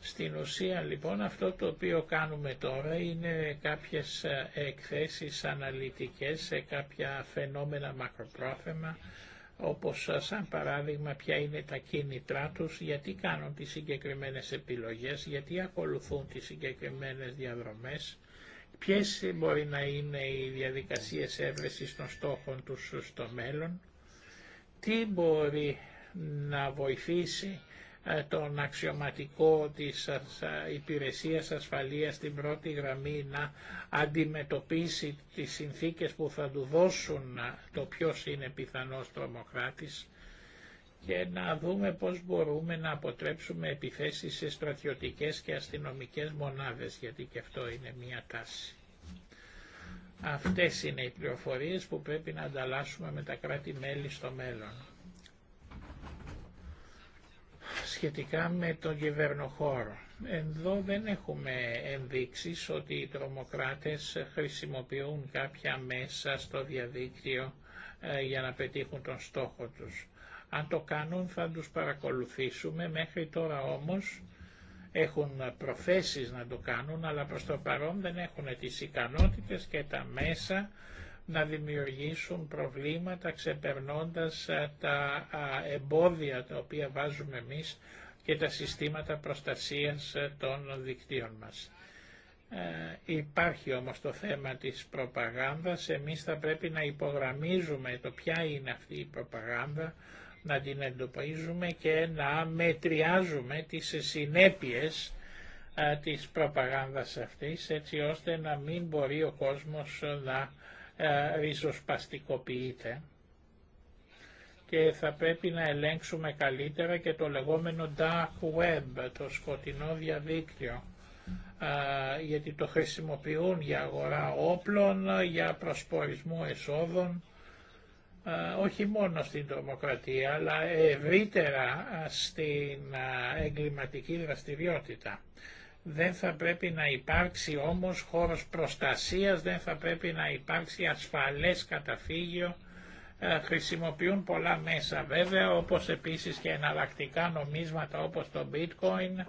S4: Στην ουσία λοιπόν αυτό το οποίο κάνουμε τώρα είναι κάποιες ε, εκθέσεις αναλυτικές σε κάποια φαινόμενα μακροπρόθεμα όπως σαν παράδειγμα ποια είναι τα κίνητρά τους, γιατί κάνουν τις συγκεκριμένες επιλογές, γιατί ακολουθούν τις συγκεκριμένες διαδρομές, ποιες μπορεί να είναι οι διαδικασίες έβρεσης των στόχων τους στο μέλλον, τι μπορεί να βοηθήσει ε, τον αξιωματικό της ε, ε, υπηρεσίας ασφαλείας στην πρώτη γραμμή να αντιμετωπίσει τις συνθήκες που θα του δώσουν το ποιος είναι πιθανός τρομοκράτης και να δούμε πώς μπορούμε να αποτρέψουμε επιθέσεις σε στρατιωτικές και αστυνομικές μονάδες, γιατί και αυτό είναι μία τάση. Αυτές είναι οι πληροφορίες που πρέπει να ανταλλάσσουμε με τα κράτη-μέλη στο μέλλον σχετικά με τον κυβερνοχώρο. Εδώ δεν έχουμε ενδείξεις ότι οι τρομοκράτες χρησιμοποιούν κάποια μέσα στο διαδίκτυο ε, για να πετύχουν τον στόχο τους. Αν το κάνουν θα τους παρακολουθήσουμε, μέχρι τώρα όμως έχουν προθέσεις να το κάνουν, αλλά προς το παρόν δεν έχουν τις ικανότητες και τα μέσα να δημιουργήσουν προβλήματα ξεπερνώντας ε, τα εμπόδια τα οποία βάζουμε εμείς και τα συστήματα προστασίας ε, των δικτύων μας. Ε, υπάρχει όμως το θέμα της προπαγάνδας, εμείς θα πρέπει να υπογραμμίζουμε το ποια είναι αυτή η προπαγάνδα, να την εντοπίζουμε και να μετριάζουμε τις συνέπειες της προπαγάνδας αυτής έτσι ώστε να μην μπορεί ο κόσμος να ε, ριζοσπαστικοποιείται και θα πρέπει να ελέγξουμε καλύτερα και το λεγόμενο dark web, το σκοτεινό διαδίκτυο, ε, γιατί το χρησιμοποιούν για αγορά όπλων, για προσπορισμό εσόδων, ε, όχι μόνο στην τρομοκρατία, αλλά ευρύτερα στην εγκληματική δραστηριότητα. Δεν θα πρέπει να υπάρξει όμως χώρος προστασίας, δεν θα πρέπει να υπάρξει ασφαλές καταφύγιο. Ε, χρησιμοποιούν πολλά μέσα βέβαια, όπως επίσης και εναλλακτικά νομίσματα όπως το bitcoin.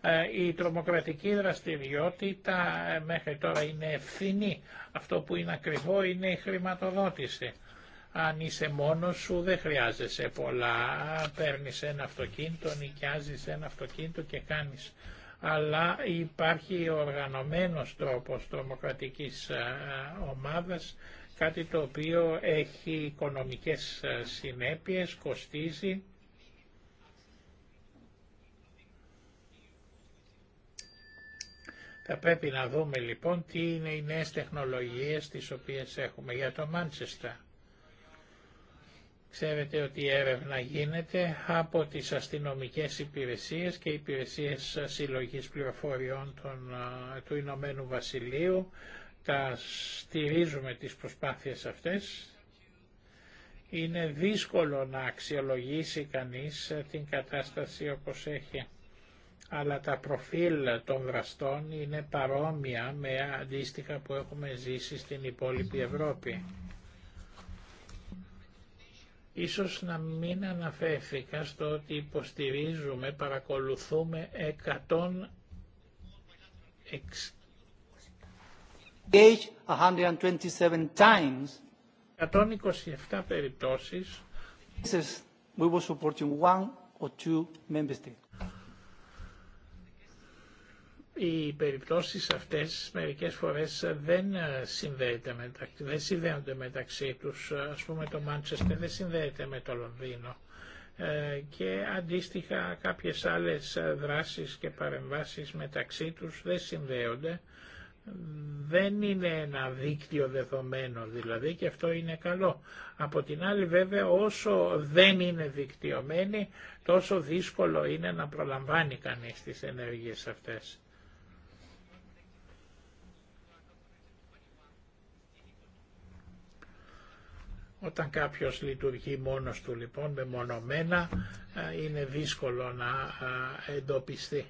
S4: Ε, η τρομοκρατική δραστηριότητα ε, μέχρι τώρα είναι ευθυνή. Αυτό που είναι ακριβό είναι η χρηματοδότηση. Αν είσαι μόνος σου δεν χρειάζεσαι πολλά. Παίρνεις ένα αυτοκίνητο, νοικιάζεις ένα αυτοκίνητο και κάνεις αλλά υπάρχει οργανωμένος τρόπος τρομοκρατικής ε, ομάδας, κάτι το οποίο έχει οικονομικές ε, συνέπειες, κοστίζει. Θα πρέπει να δούμε λοιπόν τι είναι οι νέες τεχνολογίες τις οποίες έχουμε για το Μάντσεστα. Ξέρετε ότι η έρευνα γίνεται από τις αστυνομικές υπηρεσίες και υπηρεσίες συλλογής πληροφοριών του Ηνωμένου Βασιλείου. Τα στηρίζουμε τις προσπάθειες αυτές. Είναι δύσκολο να αξιολογήσει κανείς την κατάσταση όπως έχει. Αλλά τα προφίλ των δραστών είναι παρόμοια με αντίστοιχα που έχουμε ζήσει στην υπόλοιπη Ευρώπη. Ίσως να μην αναφέρθηκα στο ότι υποστηρίζουμε, παρακολουθούμε 100
S5: 127 times. 127 περιπτώσεις. We were supporting one or two member states
S4: οι περιπτώσεις αυτές μερικές φορές δεν συνδέεται μεταξύ, δεν συνδέονται μεταξύ τους. Ας πούμε το Μάντσεστερ δεν συνδέεται με το Λονδίνο ε, και αντίστοιχα κάποιες άλλες δράσεις και παρεμβάσεις μεταξύ τους δεν συνδέονται. Δεν είναι ένα δίκτυο δεδομένο δηλαδή και αυτό είναι καλό. Από την άλλη βέβαια όσο δεν είναι δικτυωμένοι τόσο δύσκολο είναι να προλαμβάνει κανείς τις ενέργειες αυτές. Όταν κάποιος λειτουργεί μόνος του λοιπόν, με μονομένα, ε, είναι δύσκολο να ε, εντοπιστεί.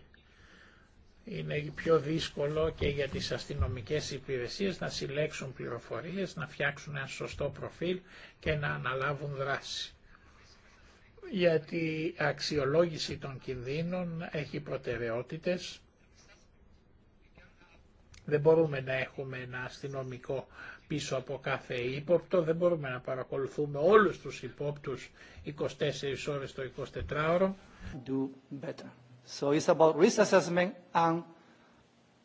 S4: Είναι πιο δύσκολο και για τις αστυνομικές υπηρεσίες να συλλέξουν πληροφορίες, να φτιάξουν ένα σωστό προφίλ και να αναλάβουν δράση. Γιατί η αξιολόγηση των κινδύνων έχει προτεραιότητες. Δεν μπορούμε να έχουμε ένα αστυνομικό πίσω από κάθε ύποπτο, δεν μπορούμε να παρακολουθούμε όλους τους υπόπτους 24 ώρες το 24ωρο. Do better.
S5: So it's about risk assessment and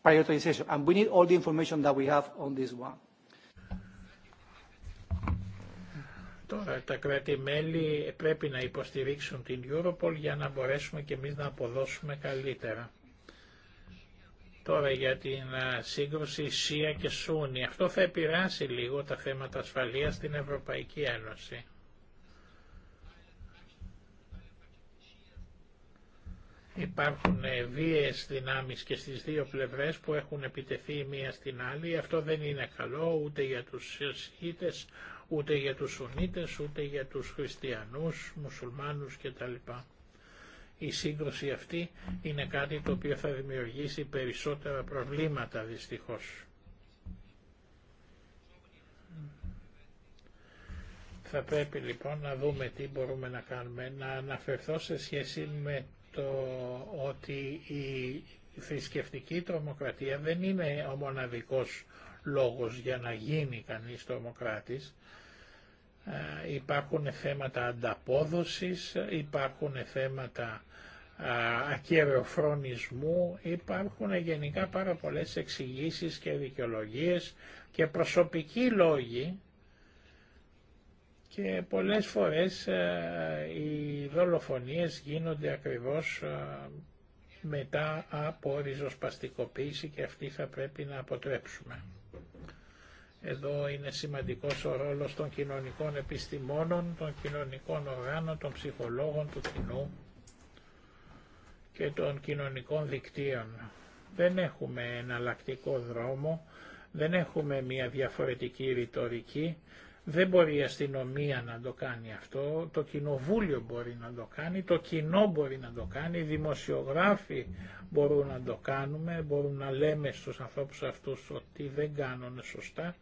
S5: prioritization. And we need all the information that we have on this one.
S4: Τώρα τα κράτη-μέλη πρέπει να υποστηρίξουν την Europol για να μπορέσουμε και εμείς να αποδώσουμε καλύτερα. Τώρα για την ε, σύγκρουση Σία και Σούνη. Αυτό θα επηρεάσει λίγο τα θέματα ασφαλείας στην Ευρωπαϊκή Ένωση. Υπάρχουν ε, βίαιες δυνάμεις και στις δύο πλευρές που έχουν επιτεθεί η μία στην άλλη. Αυτό δεν είναι καλό ούτε για τους Σιωσίτες, ούτε για τους Σουνίτες, ούτε για τους Χριστιανούς, Μουσουλμάνους κτλ. Η σύγκρουση αυτή είναι κάτι το οποίο θα δημιουργήσει περισσότερα προβλήματα δυστυχώς. Θα πρέπει λοιπόν να δούμε τι μπορούμε να κάνουμε. Να αναφερθώ σε σχέση με το ότι η θρησκευτική τρομοκρατία δεν είναι ο μοναδικός λόγος για να γίνει κανείς τρομοκράτης. Ε, υπάρχουν θέματα ανταπόδοσης, υπάρχουν θέματα ακυρεοφρονισμού υπάρχουν γενικά πάρα πολλές εξηγήσεις και δικαιολογίες και προσωπικοί λόγοι και πολλές φορές οι δολοφονίες γίνονται ακριβώς μετά από ριζοσπαστικοποίηση και αυτή θα πρέπει να αποτρέψουμε. Εδώ είναι σημαντικός ο ρόλος των κοινωνικών επιστημόνων, των κοινωνικών οργάνων, των ψυχολόγων του κοινού και των κοινωνικών δικτύων. Δεν έχουμε εναλλακτικό δρόμο, δεν έχουμε μια διαφορετική ρητορική, δεν μπορεί η αστυνομία να το κάνει αυτό, το κοινοβούλιο μπορεί να το κάνει, το κοινό μπορεί να το κάνει, οι δημοσιογράφοι μπορούν να το κάνουμε, μπορούν να λέμε στους ανθρώπους αυτούς ότι δεν κάνουν σωστά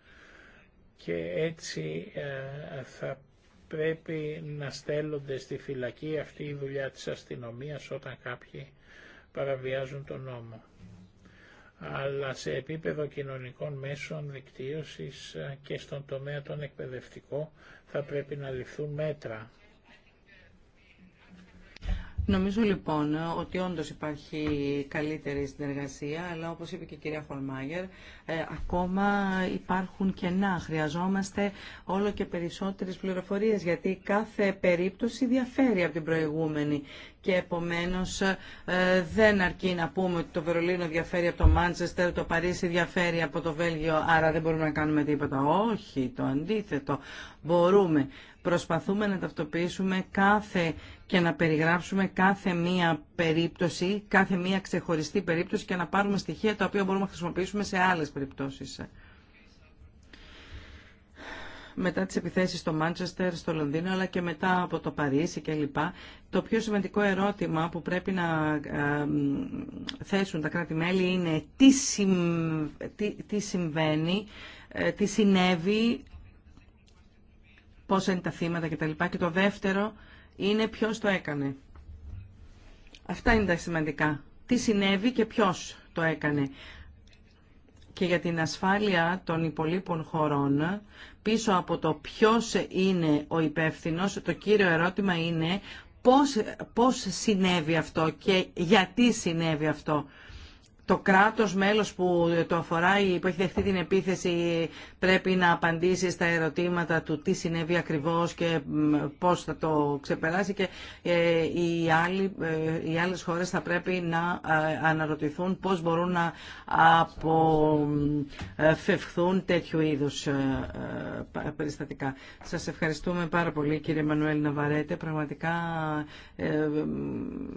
S4: και έτσι ε, θα πρέπει να στέλνονται στη φυλακή αυτή η δουλειά της αστυνομίας όταν κάποιοι παραβιάζουν τον νόμο. Αλλά σε επίπεδο κοινωνικών μέσων δικτύωσης και στον τομέα των εκπαιδευτικό θα πρέπει να ληφθούν μέτρα
S2: Νομίζω λοιπόν ότι όντως υπάρχει καλύτερη συνεργασία, αλλά όπως είπε και η κυρία Χολμάγερ, ε, ακόμα υπάρχουν κενά. Χρειαζόμαστε όλο και περισσότερες πληροφορίες, γιατί κάθε περίπτωση διαφέρει από την προηγούμενη. Και επομένως ε, δεν αρκεί να πούμε ότι το Βερολίνο διαφέρει από το Μάντσεστερ, το Παρίσι διαφέρει από το Βέλγιο, άρα δεν μπορούμε να κάνουμε τίποτα. Όχι, το αντίθετο. Μπορούμε. Προσπαθούμε να ταυτοποιήσουμε κάθε και να περιγράψουμε κάθε μία περίπτωση, κάθε μία ξεχωριστή περίπτωση και να πάρουμε στοιχεία τα οποία μπορούμε να χρησιμοποιήσουμε σε άλλες περιπτώσεις. Μετά τις επιθέσεις στο Μάντσεστερ, στο Λονδίνο, αλλά και μετά από το Παρίσι κλπ. Το πιο σημαντικό ερώτημα που πρέπει να ε, θέσουν τα κράτη-μέλη είναι τι, τι, συμβαίνει, ε, τι συνέβη, πόσα είναι τα θύματα κτλ. Και το δεύτερο είναι ποιος το έκανε. Αυτά είναι τα σημαντικά. Τι συνέβη και ποιος το έκανε. Και για την ασφάλεια των υπολείπων χωρών, πίσω από το ποιος είναι ο υπεύθυνος, το κύριο ερώτημα είναι πώς, πώς συνέβη αυτό και γιατί συνέβη αυτό το κράτος μέλος που το αφορά που έχει δεχτεί την επίθεση πρέπει να απαντήσει στα ερωτήματα του τι συνέβη ακριβώς και πώς θα το ξεπεράσει και ε, οι, άλλοι, ε, οι άλλες χώρες θα πρέπει να ε, αναρωτηθούν πώς μπορούν να αποφευχθούν τέτοιου είδους περιστατικά. Σας ευχαριστούμε πάρα πολύ κύριε Μανουέλ Ναβαρέτε. Πραγματικά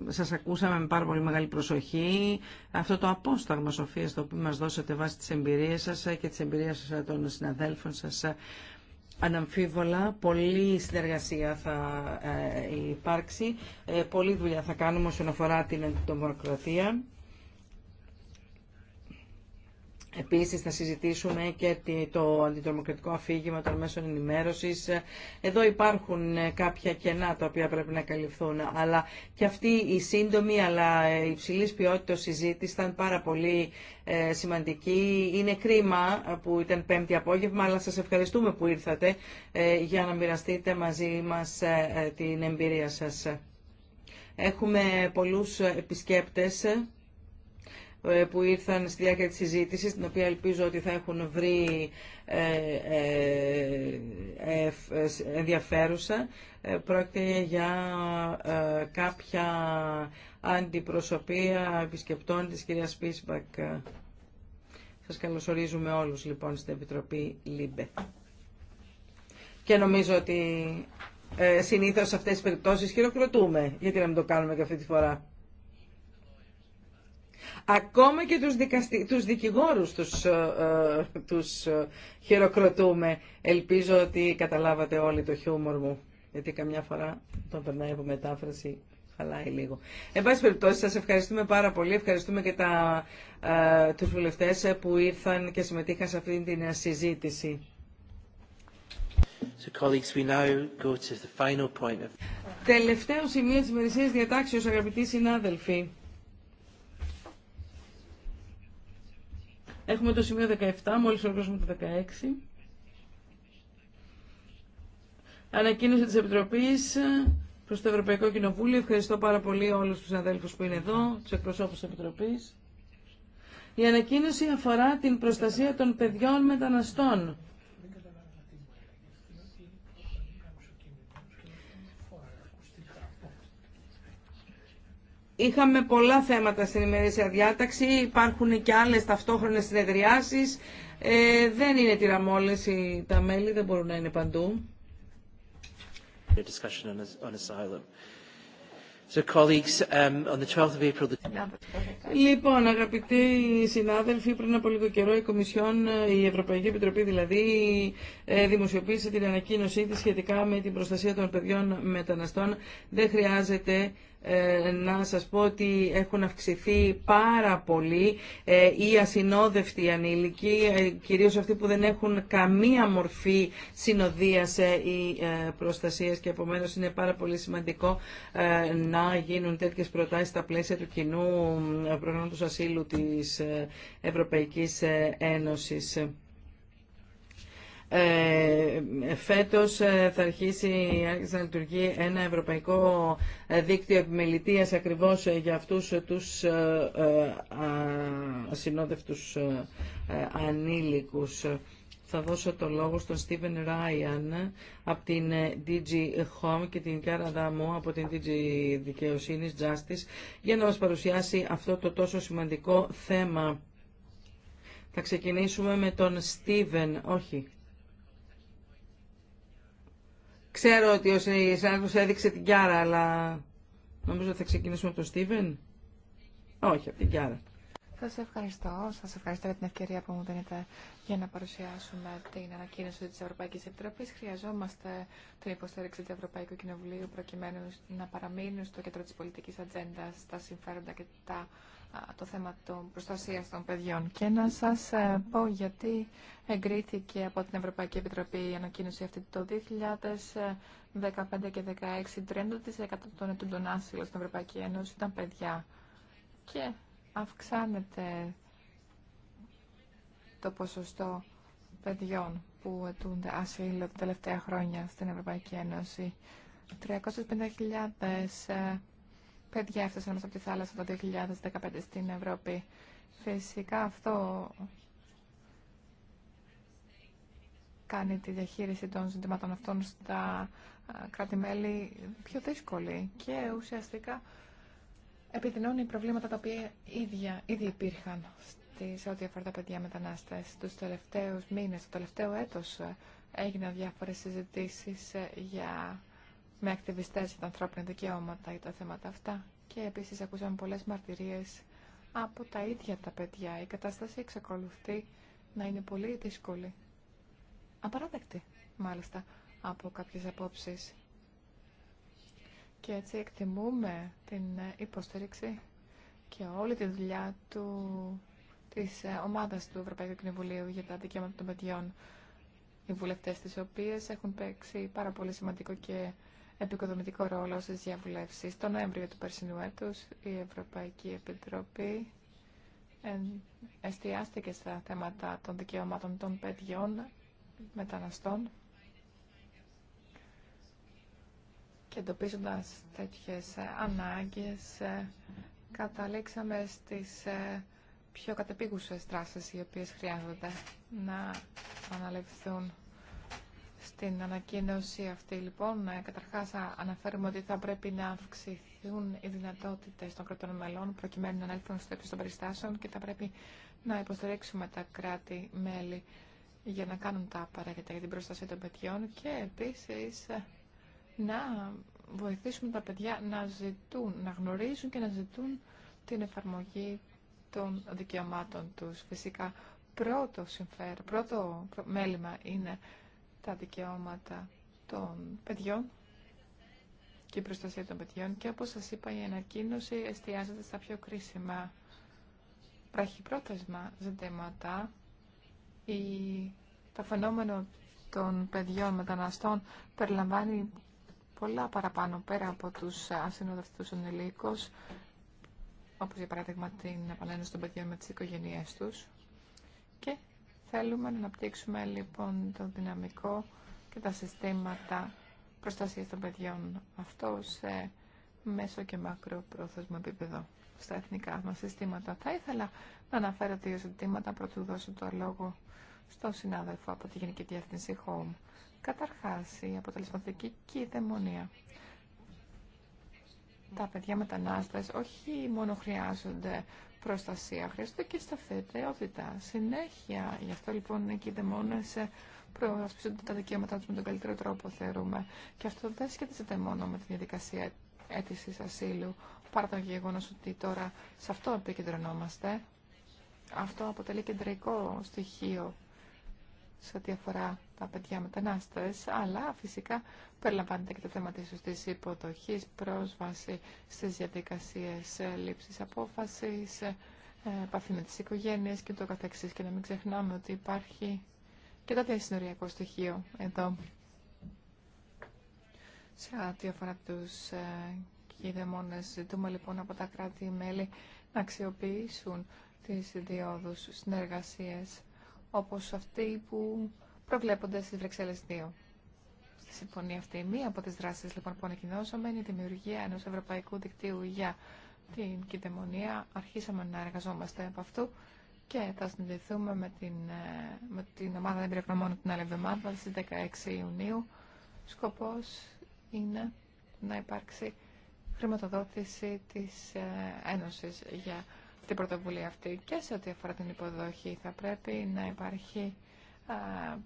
S2: σας ακούσαμε με πάρα πολύ μεγάλη προσοχή. Αυτό το απόσταγμα σοφίας το οποίο μας δώσατε βάσει τις εμπειρίες σας και τις εμπειρίες ε, των συναδέλφων σας ε. Αναμφίβολα, πολλή συνεργασία θα ε, υπάρξει, πολλή δουλειά θα κάνουμε όσον αφορά την αντιτομοκρατία. Επίσης θα συζητήσουμε και το αντιτρομοκρατικό αφήγημα των μέσων ενημέρωσης. Εδώ υπάρχουν ε, κάποια κενά τα οποία πρέπει να καλυφθούν, αλλά και αυτή η σύντομη αλλά υψηλής ποιότητα συζήτηση ήταν πάρα πολύ ε, σημαντική. Είναι κρίμα που ήταν πέμπτη απόγευμα, αλλά σας ευχαριστούμε που ήρθατε ε, για να μοιραστείτε μαζί μας την εμπειρία σας. Έχουμε πολλούς επισκέπτες ε, που ήρθαν στη διάρκεια της συζήτησης, την οποία ελπίζω ότι θα έχουν βρει ε, ε, ενδιαφέρουσα. Πρόκειται για κάποια αντιπροσωπεία επισκεπτών της κυρία Πίσμπακ. Σας καλωσορίζουμε όλους λοιπόν στην Επιτροπή ΛΥΜΠΕ. Και νομίζω ότι ε, συνήθως σε αυτές τις περιπτώσεις χειροκροτούμε. Γιατί να μην το κάνουμε και αυτή τη φορά. Ακόμα και τους, δικαστη... τους δικηγόρους τους, ε, ε, τους ε, χειροκροτούμε. Ελπίζω ότι καταλάβατε όλοι το χιούμορ μου, γιατί καμιά φορά τον περνάει από μετάφραση χαλάει λίγο. Εν πάση περιπτώσει, σας ευχαριστούμε πάρα πολύ. Ευχαριστούμε και τα, ε, τους βουλευτές που ήρθαν και συμμετείχαν σε αυτή την συζήτηση.
S1: So, colleagues, we go to the final
S2: point of... Τελευταίο σημείο της μερισσία διατάξεως, αγαπητοί συνάδελφοι. Έχουμε το σημείο 17, μόλις ολοκληρώσουμε το 16. Ανακοίνωση της Επιτροπής προς το Ευρωπαϊκό Κοινοβούλιο. Ευχαριστώ πάρα πολύ όλους τους αδέλφους που είναι εδώ, τους εκπροσώπους της Επιτροπής. Η ανακοίνωση αφορά την προστασία των παιδιών μεταναστών. Είχαμε πολλά θέματα στην ημερήσια διάταξη, υπάρχουν και άλλες ταυτόχρονες συνεδριάσεις. Ε, δεν είναι τυραμόλες τα μέλη, δεν μπορούν να είναι παντού. Λοιπόν, αγαπητοί συνάδελφοι, πριν από λίγο καιρό η Κομισιόν, η Ευρωπαϊκή Επιτροπή δηλαδή, ε, δημοσιοποίησε την ανακοίνωσή της σχετικά με την προστασία των παιδιών μεταναστών. Δεν χρειάζεται ε, να σας πω ότι έχουν αυξηθεί πάρα πολύ ε, οι ασυνόδευτοι ανήλικοι, ε, κυρίως αυτοί που δεν έχουν καμία μορφή συνοδείας ή προστασίας και επομένως είναι πάρα πολύ σημαντικό να γίνουν τέτοιες προτάσεις στα πλαίσια του κοινού προγράμματος ασύλου της Ευρωπαϊκής Ένωσης. Ε, φέτος ε, θα αρχίσει να λειτουργεί ένα ευρωπαϊκό ε, δίκτυο επιμελητίας ακριβώς για αυτούς τους ασυνόδευτους ανήλικους. Θα δώσω το λόγο στον Στίβεν Ράιαν από την DG Home και την Κάρα Δάμο από την DG Δικαιοσύνης Justice για να μας παρουσιάσει αυτό το τόσο σημαντικό θέμα. Θα ξεκινήσουμε με τον Στίβεν, όχι, Ξέρω ότι ο συνάδελφος έδειξε την Κιάρα, αλλά νομίζω θα ξεκινήσουμε από τον Στίβεν. Όχι, από την Κιάρα.
S3: Σα ευχαριστώ. Σα ευχαριστώ για την ευκαιρία που μου δίνετε για να παρουσιάσουμε την ανακοίνωση τη Ευρωπαϊκή Επιτροπή. Χρειαζόμαστε την υποστήριξη του Ευρωπαϊκού Κοινοβουλίου προκειμένου να παραμείνουν στο κέντρο τη πολιτική ατζέντα τα συμφέροντα και τα το θέμα των προστασίας των παιδιών και να σας ε, πω γιατί εγκρίθηκε από την Ευρωπαϊκή Επιτροπή η ανακοίνωση αυτή το 2015 και 2016 30% των ετούντων άσυλων στην Ευρωπαϊκή Ένωση ήταν παιδιά και αυξάνεται το ποσοστό παιδιών που ετούνται άσυλο τα τελευταία χρόνια στην Ευρωπαϊκή Ένωση. 350.000 παιδιά έφτασαν μέσα από τη θάλασσα το 2015 στην Ευρώπη. Φυσικά αυτό κάνει τη διαχείριση των ζητημάτων αυτών στα κράτη-μέλη πιο δύσκολη και ουσιαστικά επιδεινώνει προβλήματα τα οποία ίδια, ήδη υπήρχαν σε ό,τι αφορά τα παιδιά μετανάστες. Τους τελευταίους μήνες, το τελευταίο έτος ε, έγιναν διάφορες συζητήσεις ε, για με ακτιβιστέ για τα ανθρώπινα δικαιώματα για τα θέματα αυτά και επίσης ακούσαμε πολλές μαρτυρίες από τα ίδια τα παιδιά. Η κατάσταση εξακολουθεί να είναι πολύ δύσκολη. Απαράδεκτη, μάλιστα, από κάποιες απόψεις. Και έτσι εκτιμούμε την ε, υποστήριξη και όλη τη δουλειά του, της ε, ομάδας του Ευρωπαϊκού Κοινοβουλίου για τα δικαιώματα των παιδιών. Οι βουλευτές της οποίας έχουν παίξει πάρα πολύ σημαντικό και επικοδομητικό ρόλο στις διαβουλεύσεις. Τον Νοέμβριο του περσινού έτους η Ευρωπαϊκή Επιτροπή εστιάστηκε στα θέματα των δικαιωμάτων των παιδιών μεταναστών και εντοπίζοντα τέτοιες ανάγκες ε, καταλήξαμε στις ε, πιο κατεπίγουσες δράσεις οι οποίες χρειάζονται να αναλευθούν. Στην ανακοίνωση αυτή λοιπόν, ε, καταρχάς αναφέρουμε ότι θα πρέπει να αυξηθούν οι δυνατότητες των κρατών μελών προκειμένου να ανέλθουν στο ύψος των περιστάσεων και θα πρέπει να υποστηρίξουμε τα κράτη-μέλη για να κάνουν τα απαραίτητα για την προστασία των παιδιών και επίσης ε, να βοηθήσουμε τα παιδιά να ζητούν, να γνωρίζουν και να ζητούν την εφαρμογή των δικαιωμάτων τους. Φυσικά πρώτο συμφέρον, πρώτο μέλημα είναι τα δικαιώματα των παιδιών και η προστασία των παιδιών και όπως σας είπα η ανακοίνωση εστιάζεται στα πιο κρίσιμα πραχυπρόθεσμα ζητήματα η... το φαινόμενο των παιδιών μεταναστών περιλαμβάνει πολλά παραπάνω πέρα από τους ασυνοδευτούς ενηλίκους όπως για παράδειγμα την επανένωση των παιδιών με τις οικογένειές τους και Θέλουμε να αναπτύξουμε λοιπόν το δυναμικό και τα συστήματα προστασίας των παιδιών. Αυτό σε μέσο και μακρό πρόθεσμο επίπεδο στα εθνικά μας συστήματα. Θα ήθελα να αναφέρω δύο ζητήματα πρωτού δώσω το λόγο στον συνάδελφο από τη Γενική Διεύθυνση Home. Καταρχάς, η αποτελεσματική και η Τα παιδιά μετανάστες όχι μόνο χρειάζονται προστασία. Χρειάζεται και σταθερότητα, συνέχεια. Γι' αυτό λοιπόν μόνο σε προασπίζονται τα δικαιώματά του με τον καλύτερο τρόπο, θεωρούμε. Και αυτό δεν σχετίζεται μόνο με τη διαδικασία αίτηση ασύλου, παρά το γεγονό ότι τώρα σε αυτό επικεντρωνόμαστε. Αυτό αποτελεί κεντρικό στοιχείο σε ό,τι αφορά τα παιδιά μετανάστες, αλλά φυσικά περιλαμβάνεται και το θέμα της σωστής πρόσβαση στις διαδικασίες ε, λήψης απόφασης, ε, επαφή με τις οικογένειες και το καθεξής. Και να μην ξεχνάμε ότι υπάρχει και το διασυνοριακό στοιχείο εδώ. Σε ό,τι αφορά τους ε, κυδεμόνες, ζητούμε λοιπόν από τα κράτη-μέλη να αξιοποιήσουν τις ιδιώδους συνεργασίες όπως αυτή που Προβλέποντα στις Βρυξέλλες 2. Στη συμφωνία αυτή, μία από τις δράσεις λοιπόν, που ανακοινώσαμε είναι η δημιουργία ενός ευρωπαϊκού δικτύου για την κυδαιμονία. Αρχίσαμε να εργαζόμαστε από αυτού και θα συνδεθούμε με την, ε, με την ομάδα εμπειρογνωμών την άλλη εβδομάδα στις 16 Ιουνίου. Σκοπός είναι να υπάρξει χρηματοδότηση της ε, Ένωσης για την πρωτοβουλία αυτή και σε ό,τι αφορά την υποδοχή θα πρέπει να υπάρχει ε,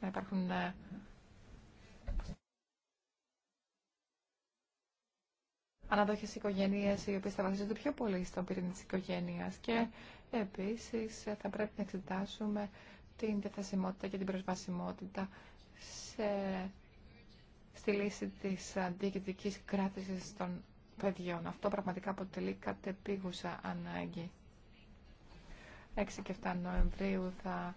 S3: να υπάρχουν ε, αναδόχες οικογένειες οι οποίες θα βασίζονται πιο πολύ στον πυρήνα της οικογένειας και επίσης ε, θα πρέπει να εξετάσουμε την διαθεσιμότητα και την προσβασιμότητα σε, στη λύση της αντικειτικής κράτησης των παιδιών. Αυτό πραγματικά αποτελεί κατεπίγουσα ανάγκη. 6 και 7 Νοεμβρίου θα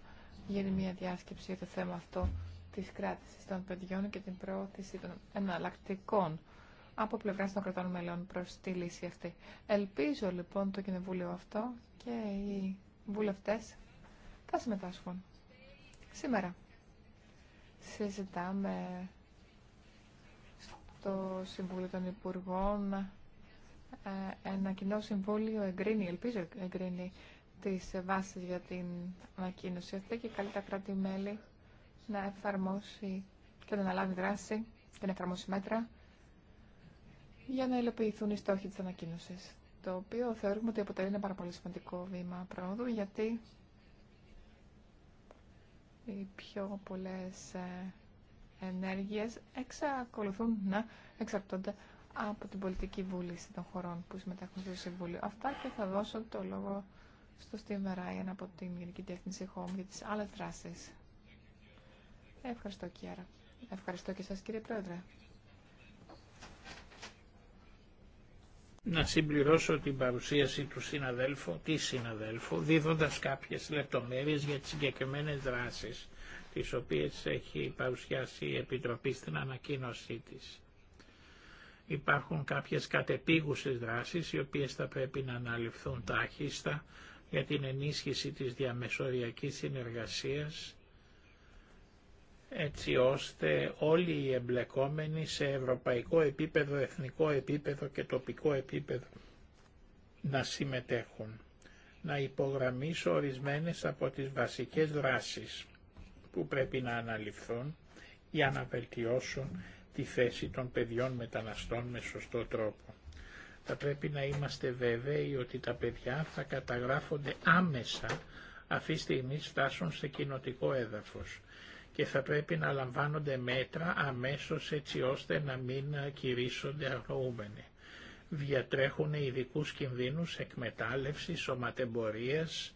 S3: γίνει μια διάσκεψη για το θέμα αυτό της κράτησης των παιδιών και την προώθηση των εναλλακτικών από πλευρά των κρατών μελών προς τη λύση αυτή. Ελπίζω λοιπόν το κοινοβούλιο αυτό και οι βουλευτές θα συμμετάσχουν. Σήμερα συζητάμε στο Συμβούλιο των Υπουργών ε, ένα κοινό συμβούλιο εγκρίνει, ελπίζω εγκρίνει τις βάσεις για την ανακοίνωση αυτή και καλεί τα κράτη-μέλη να εφαρμόσει και να αναλάβει δράση και να εφαρμόσει μέτρα για να υλοποιηθούν οι στόχοι της ανακοίνωσης. Το οποίο θεωρούμε ότι αποτελεί ένα πάρα πολύ σημαντικό βήμα πρόοδου γιατί οι πιο πολλές ε, ενέργειες εξακολουθούν να εξαρτώνται από την πολιτική βούληση των χωρών που συμμετέχουν στο Συμβούλιο. Αυτά και θα δώσω το λόγο στο Στίβεν Ράιεν από την Γενική Διεύθυνση Home για τις άλλες δράσεις. Ευχαριστώ, κιέρα. Ευχαριστώ και σας, κύριε Πρόεδρε.
S4: Να συμπληρώσω την παρουσίαση του συναδέλφου, τη συναδέλφου, δίδοντας κάποιες λεπτομέρειες για τις συγκεκριμένες δράσεις, τις οποίες έχει παρουσιάσει η Επιτροπή στην ανακοίνωσή της. Υπάρχουν κάποιες κατεπίγουσες δράσεις, οι οποίες θα πρέπει να αναλυφθούν τάχιστα, για την ενίσχυση της διαμεσοριακής συνεργασίας έτσι ώστε όλοι οι εμπλεκόμενοι σε ευρωπαϊκό επίπεδο, εθνικό επίπεδο και τοπικό επίπεδο να συμμετέχουν. Να υπογραμμίσω ορισμένες από τις βασικές δράσεις που πρέπει να αναλυφθούν για να βελτιώσουν τη θέση των παιδιών μεταναστών με σωστό τρόπο. Θα πρέπει να είμαστε βέβαιοι ότι τα παιδιά θα καταγράφονται άμεσα αυτή τη στιγμή φτάσουν σε κοινοτικό έδαφος και θα πρέπει να λαμβάνονται μέτρα αμέσως έτσι ώστε να μην κηρύσσονται αγνοούμενοι. Διατρέχουν ειδικού κινδύνους εκμετάλλευση σωματεμπορίας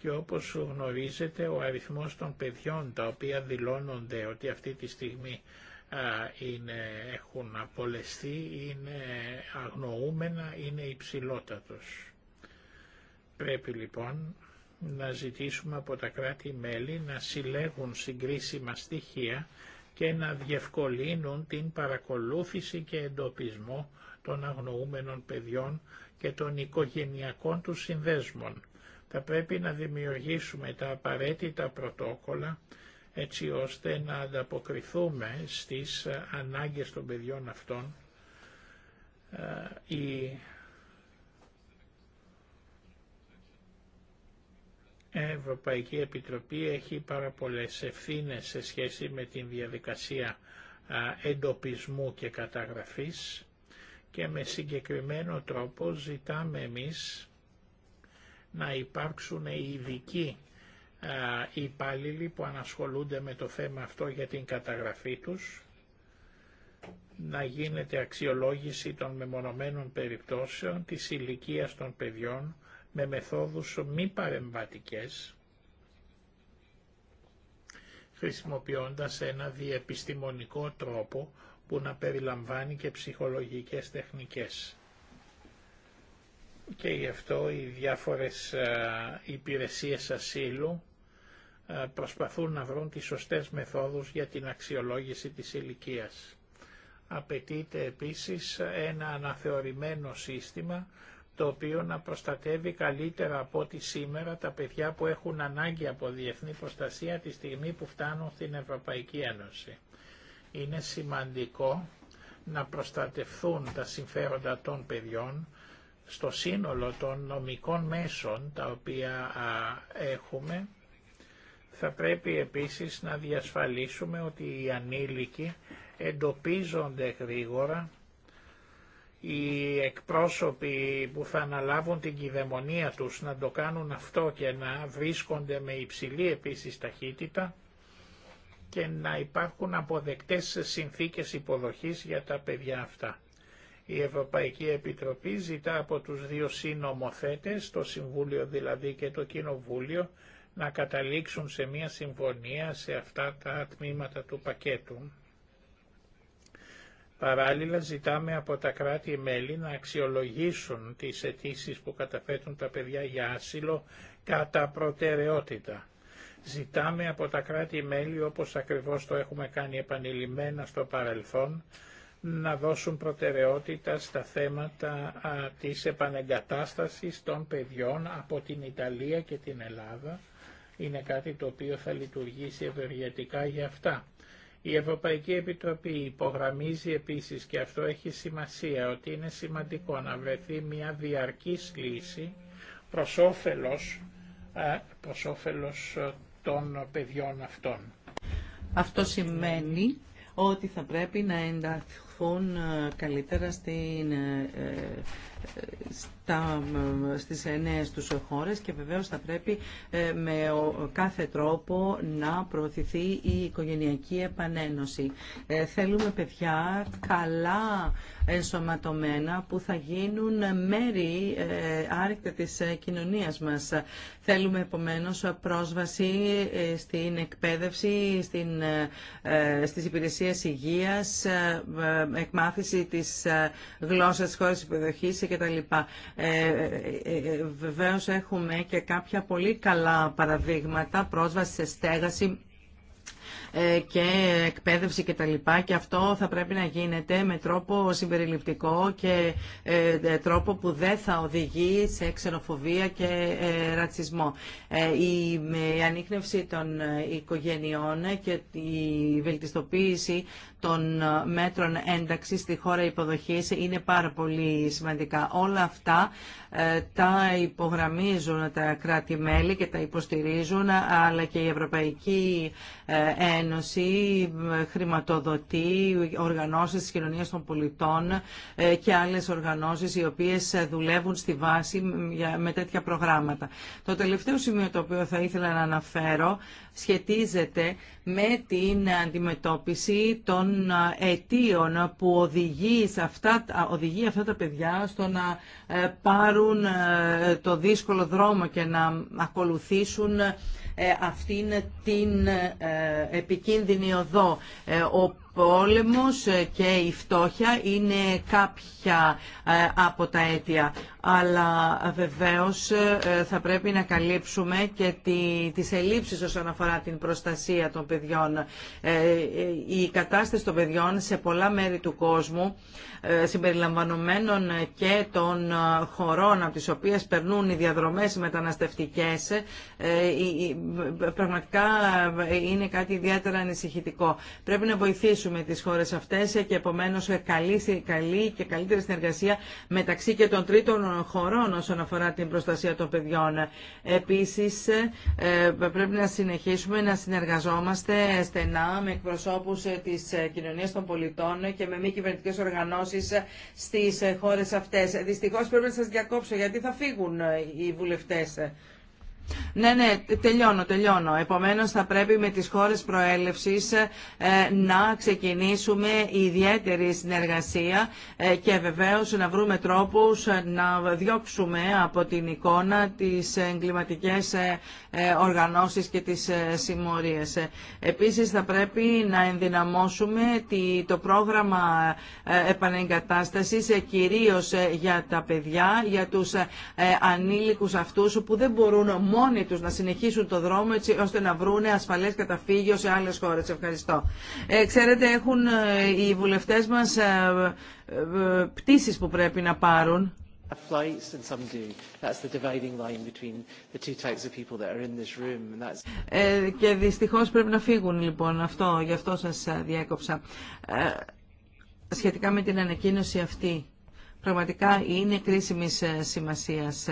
S4: και όπως γνωρίζετε ο αριθμός των παιδιών τα οποία δηλώνονται ότι αυτή τη στιγμή ε, είναι, έχουν απολεστεί είναι αγνοούμενα, είναι υψηλότατος. Πρέπει λοιπόν να ζητήσουμε από τα κράτη-μέλη να συλλέγουν συγκρίσιμα στοιχεία και να διευκολύνουν την παρακολούθηση και εντοπισμό των αγνοούμενων παιδιών και των οικογενειακών του συνδέσμων. Θα πρέπει να δημιουργήσουμε τα απαραίτητα πρωτόκολλα έτσι ώστε να ανταποκριθούμε στις ανάγκες των παιδιών αυτών ε, η Ευρωπαϊκή Επιτροπή έχει πάρα πολλές ευθύνες σε σχέση με την διαδικασία ε, εντοπισμού και καταγραφής και με συγκεκριμένο τρόπο ζητάμε εμείς να υπάρξουν ειδικοί οι υπάλληλοι που ανασχολούνται με το θέμα αυτό για την καταγραφή τους, να γίνεται αξιολόγηση των μεμονωμένων περιπτώσεων της ηλικία των παιδιών με μεθόδους μη παρεμβατικές, χρησιμοποιώντας ένα διεπιστημονικό τρόπο που να περιλαμβάνει και ψυχολογικές τεχνικές και γι' αυτό οι διάφορες ε, υπηρεσίες ασύλου ε, προσπαθούν να βρουν τις σωστές μεθόδους για την αξιολόγηση της ηλικία. Απαιτείται επίσης ένα αναθεωρημένο σύστημα το οποίο να προστατεύει καλύτερα από ό,τι σήμερα τα παιδιά που έχουν ανάγκη από διεθνή προστασία τη στιγμή που φτάνουν στην Ευρωπαϊκή Ένωση. Είναι σημαντικό να προστατευθούν τα συμφέροντα των παιδιών στο σύνολο των νομικών μέσων τα οποία έχουμε θα πρέπει επίσης να διασφαλίσουμε ότι οι ανήλικοι εντοπίζονται γρήγορα οι εκπρόσωποι που θα αναλάβουν την κυδαιμονία τους να το κάνουν αυτό και να βρίσκονται με υψηλή επίσης ταχύτητα και να υπάρχουν αποδεκτές συνθήκες υποδοχής για τα παιδιά αυτά. Η Ευρωπαϊκή Επιτροπή ζητά από τους δύο συνομοθέτες, το Συμβούλιο δηλαδή και το Κοινοβούλιο, να καταλήξουν σε μια συμφωνία σε αυτά τα τμήματα του πακέτου. Παράλληλα ζητάμε από τα κράτη-μέλη να αξιολογήσουν τις αιτήσει που καταφέτουν τα παιδιά για άσυλο κατά προτεραιότητα. Ζητάμε από τα κράτη-μέλη, όπως ακριβώς το έχουμε κάνει επανειλημμένα στο παρελθόν, να δώσουν προτεραιότητα στα θέματα της επανεγκατάστασης των παιδιών από την Ιταλία και την Ελλάδα. Είναι κάτι το οποίο θα λειτουργήσει ευεργετικά για αυτά. Η Ευρωπαϊκή Επιτροπή υπογραμμίζει επίσης, και αυτό έχει σημασία, ότι είναι σημαντικό να βρεθεί μια διαρκής λύση προς όφελος, των παιδιών αυτών.
S2: Αυτό σημαίνει ότι θα πρέπει να ενταχθούν ενταχθούν ε, καλύτερα στην ε, ε, στα, στις νέες τους χώρες και βεβαίως θα πρέπει ε, με κάθε τρόπο να προωθηθεί η οικογενειακή επανένωση. Ε, θέλουμε παιδιά καλά ενσωματωμένα που θα γίνουν μέρη ε, άρρηκτα της κοινωνίας μας. Θέλουμε επομένως πρόσβαση στην εκπαίδευση, στην, στις υπηρεσίες υγείας, εκμάθηση της γλώσσας της χώρας και κτλ. Ε, ε, ε, Βεβαίω έχουμε και κάποια πολύ καλά παραδείγματα, πρόσβαση σε στέγαση και εκπαίδευση και τα και αυτό θα πρέπει να γίνεται με τρόπο συμπεριληπτικό και τρόπο που δεν θα οδηγεί σε ξενοφοβία και ρατσισμό. Η ανείχνευση των οικογενειών και η βελτιστοποίηση των ε, μέτρων ένταξης στη χώρα υποδοχής είναι πάρα πολύ σημαντικά. Όλα αυτά ε, τα υπογραμμίζουν τα κράτη-μέλη και τα υποστηρίζουν, αλλά και η Ευρωπαϊκή ε, Ένωση χρηματοδοτεί οργανώσεις της κοινωνίας των πολιτών και άλλες οργανώσεις οι οποίες δουλεύουν στη βάση με τέτοια προγράμματα. Το τελευταίο σημείο το οποίο θα ήθελα να αναφέρω σχετίζεται με την αντιμετώπιση των αιτίων που οδηγεί, σε αυτά, οδηγεί αυτά τα παιδιά στο να ε, πάρουν ε, το δύσκολο δρόμο και να ακολουθήσουν ε, αυτήν την επικίνδυνη οδό. Ο πόλεμος και η φτώχεια είναι κάποια από τα αίτια αλλά βεβαίως ε, θα πρέπει να καλύψουμε και τις ελλείψεις όσον αφορά την προστασία των παιδιών. Ε, η κατάσταση των παιδιών σε πολλά μέρη του κόσμου, ε, συμπεριλαμβανομένων και των χωρών από τις οποίες περνούν οι διαδρομές μεταναστευτικές, πραγματικά είναι κάτι ιδιαίτερα ανησυχητικό. Πρέπει να βοηθήσουμε τις χώρες αυτές και επομένως καλή, καλή και καλύτερη συνεργασία μεταξύ και των τρίτων χωρών όσον αφορά την προστασία των παιδιών. Επίσης, ε, πρέπει να συνεχίσουμε να συνεργαζόμαστε στενά με εκπροσώπους ε, της ε, κοινωνίας των πολιτών και με μη κυβερνητικέ οργανώσεις στις χώρες αυτές. Δυστυχώς πρέπει να σας διακόψω γιατί θα φύγουν οι βουλευτές. Ναι, ναι, τελειώνω, τελειώνω. Επομένως θα πρέπει με τις χώρες προέλευσης ε, να ξεκινήσουμε ιδιαίτερη συνεργασία ε, και βεβαίως να βρούμε τρόπους ε, να διώξουμε από την εικόνα τις εγκληματικέ οργανώσεις και τις συμμορίες. Επίσης θα πρέπει να ενδυναμώσουμε το πρόγραμμα επανεγκατάστασης κυρίως για τα παιδιά, για τους ανήλικους αυτούς που δεν μπορούν μόνοι του να συνεχίσουν το δρόμο έτσι ώστε να βρούνε ασφαλές καταφύγιο σε άλλες χώρες. Ευχαριστώ. Ε, ξέρετε, έχουν ε, οι βουλευτέ μας ε, ε, πτήσεις που πρέπει να πάρουν. Και δυστυχώς πρέπει να φύγουν λοιπόν αυτό, γι' αυτό σα διέκοψα. Σχετικά με την ανακοίνωση αυτή, πραγματικά είναι κρίσιμη σημασίας.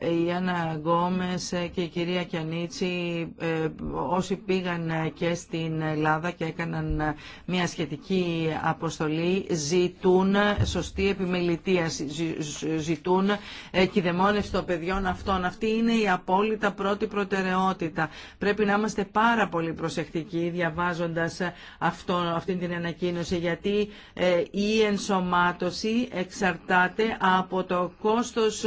S2: η Άννα Γκόμες και η κυρία Κιανίτσι ε, όσοι πήγαν και στην Ελλάδα και έκαναν μια σχετική αποστολή ζητούν σωστή επιμελητία, ζητούν κυδεμόνευση των παιδιών αυτών. Αυτή είναι η απόλυτα πρώτη προτεραιότητα. Πρέπει να είμαστε πάρα πολύ προσεκτικοί διαβάζοντας αυτή την ανακοίνωση γιατί ε, η ενσωμάτωση εξαρτάται από το κόστος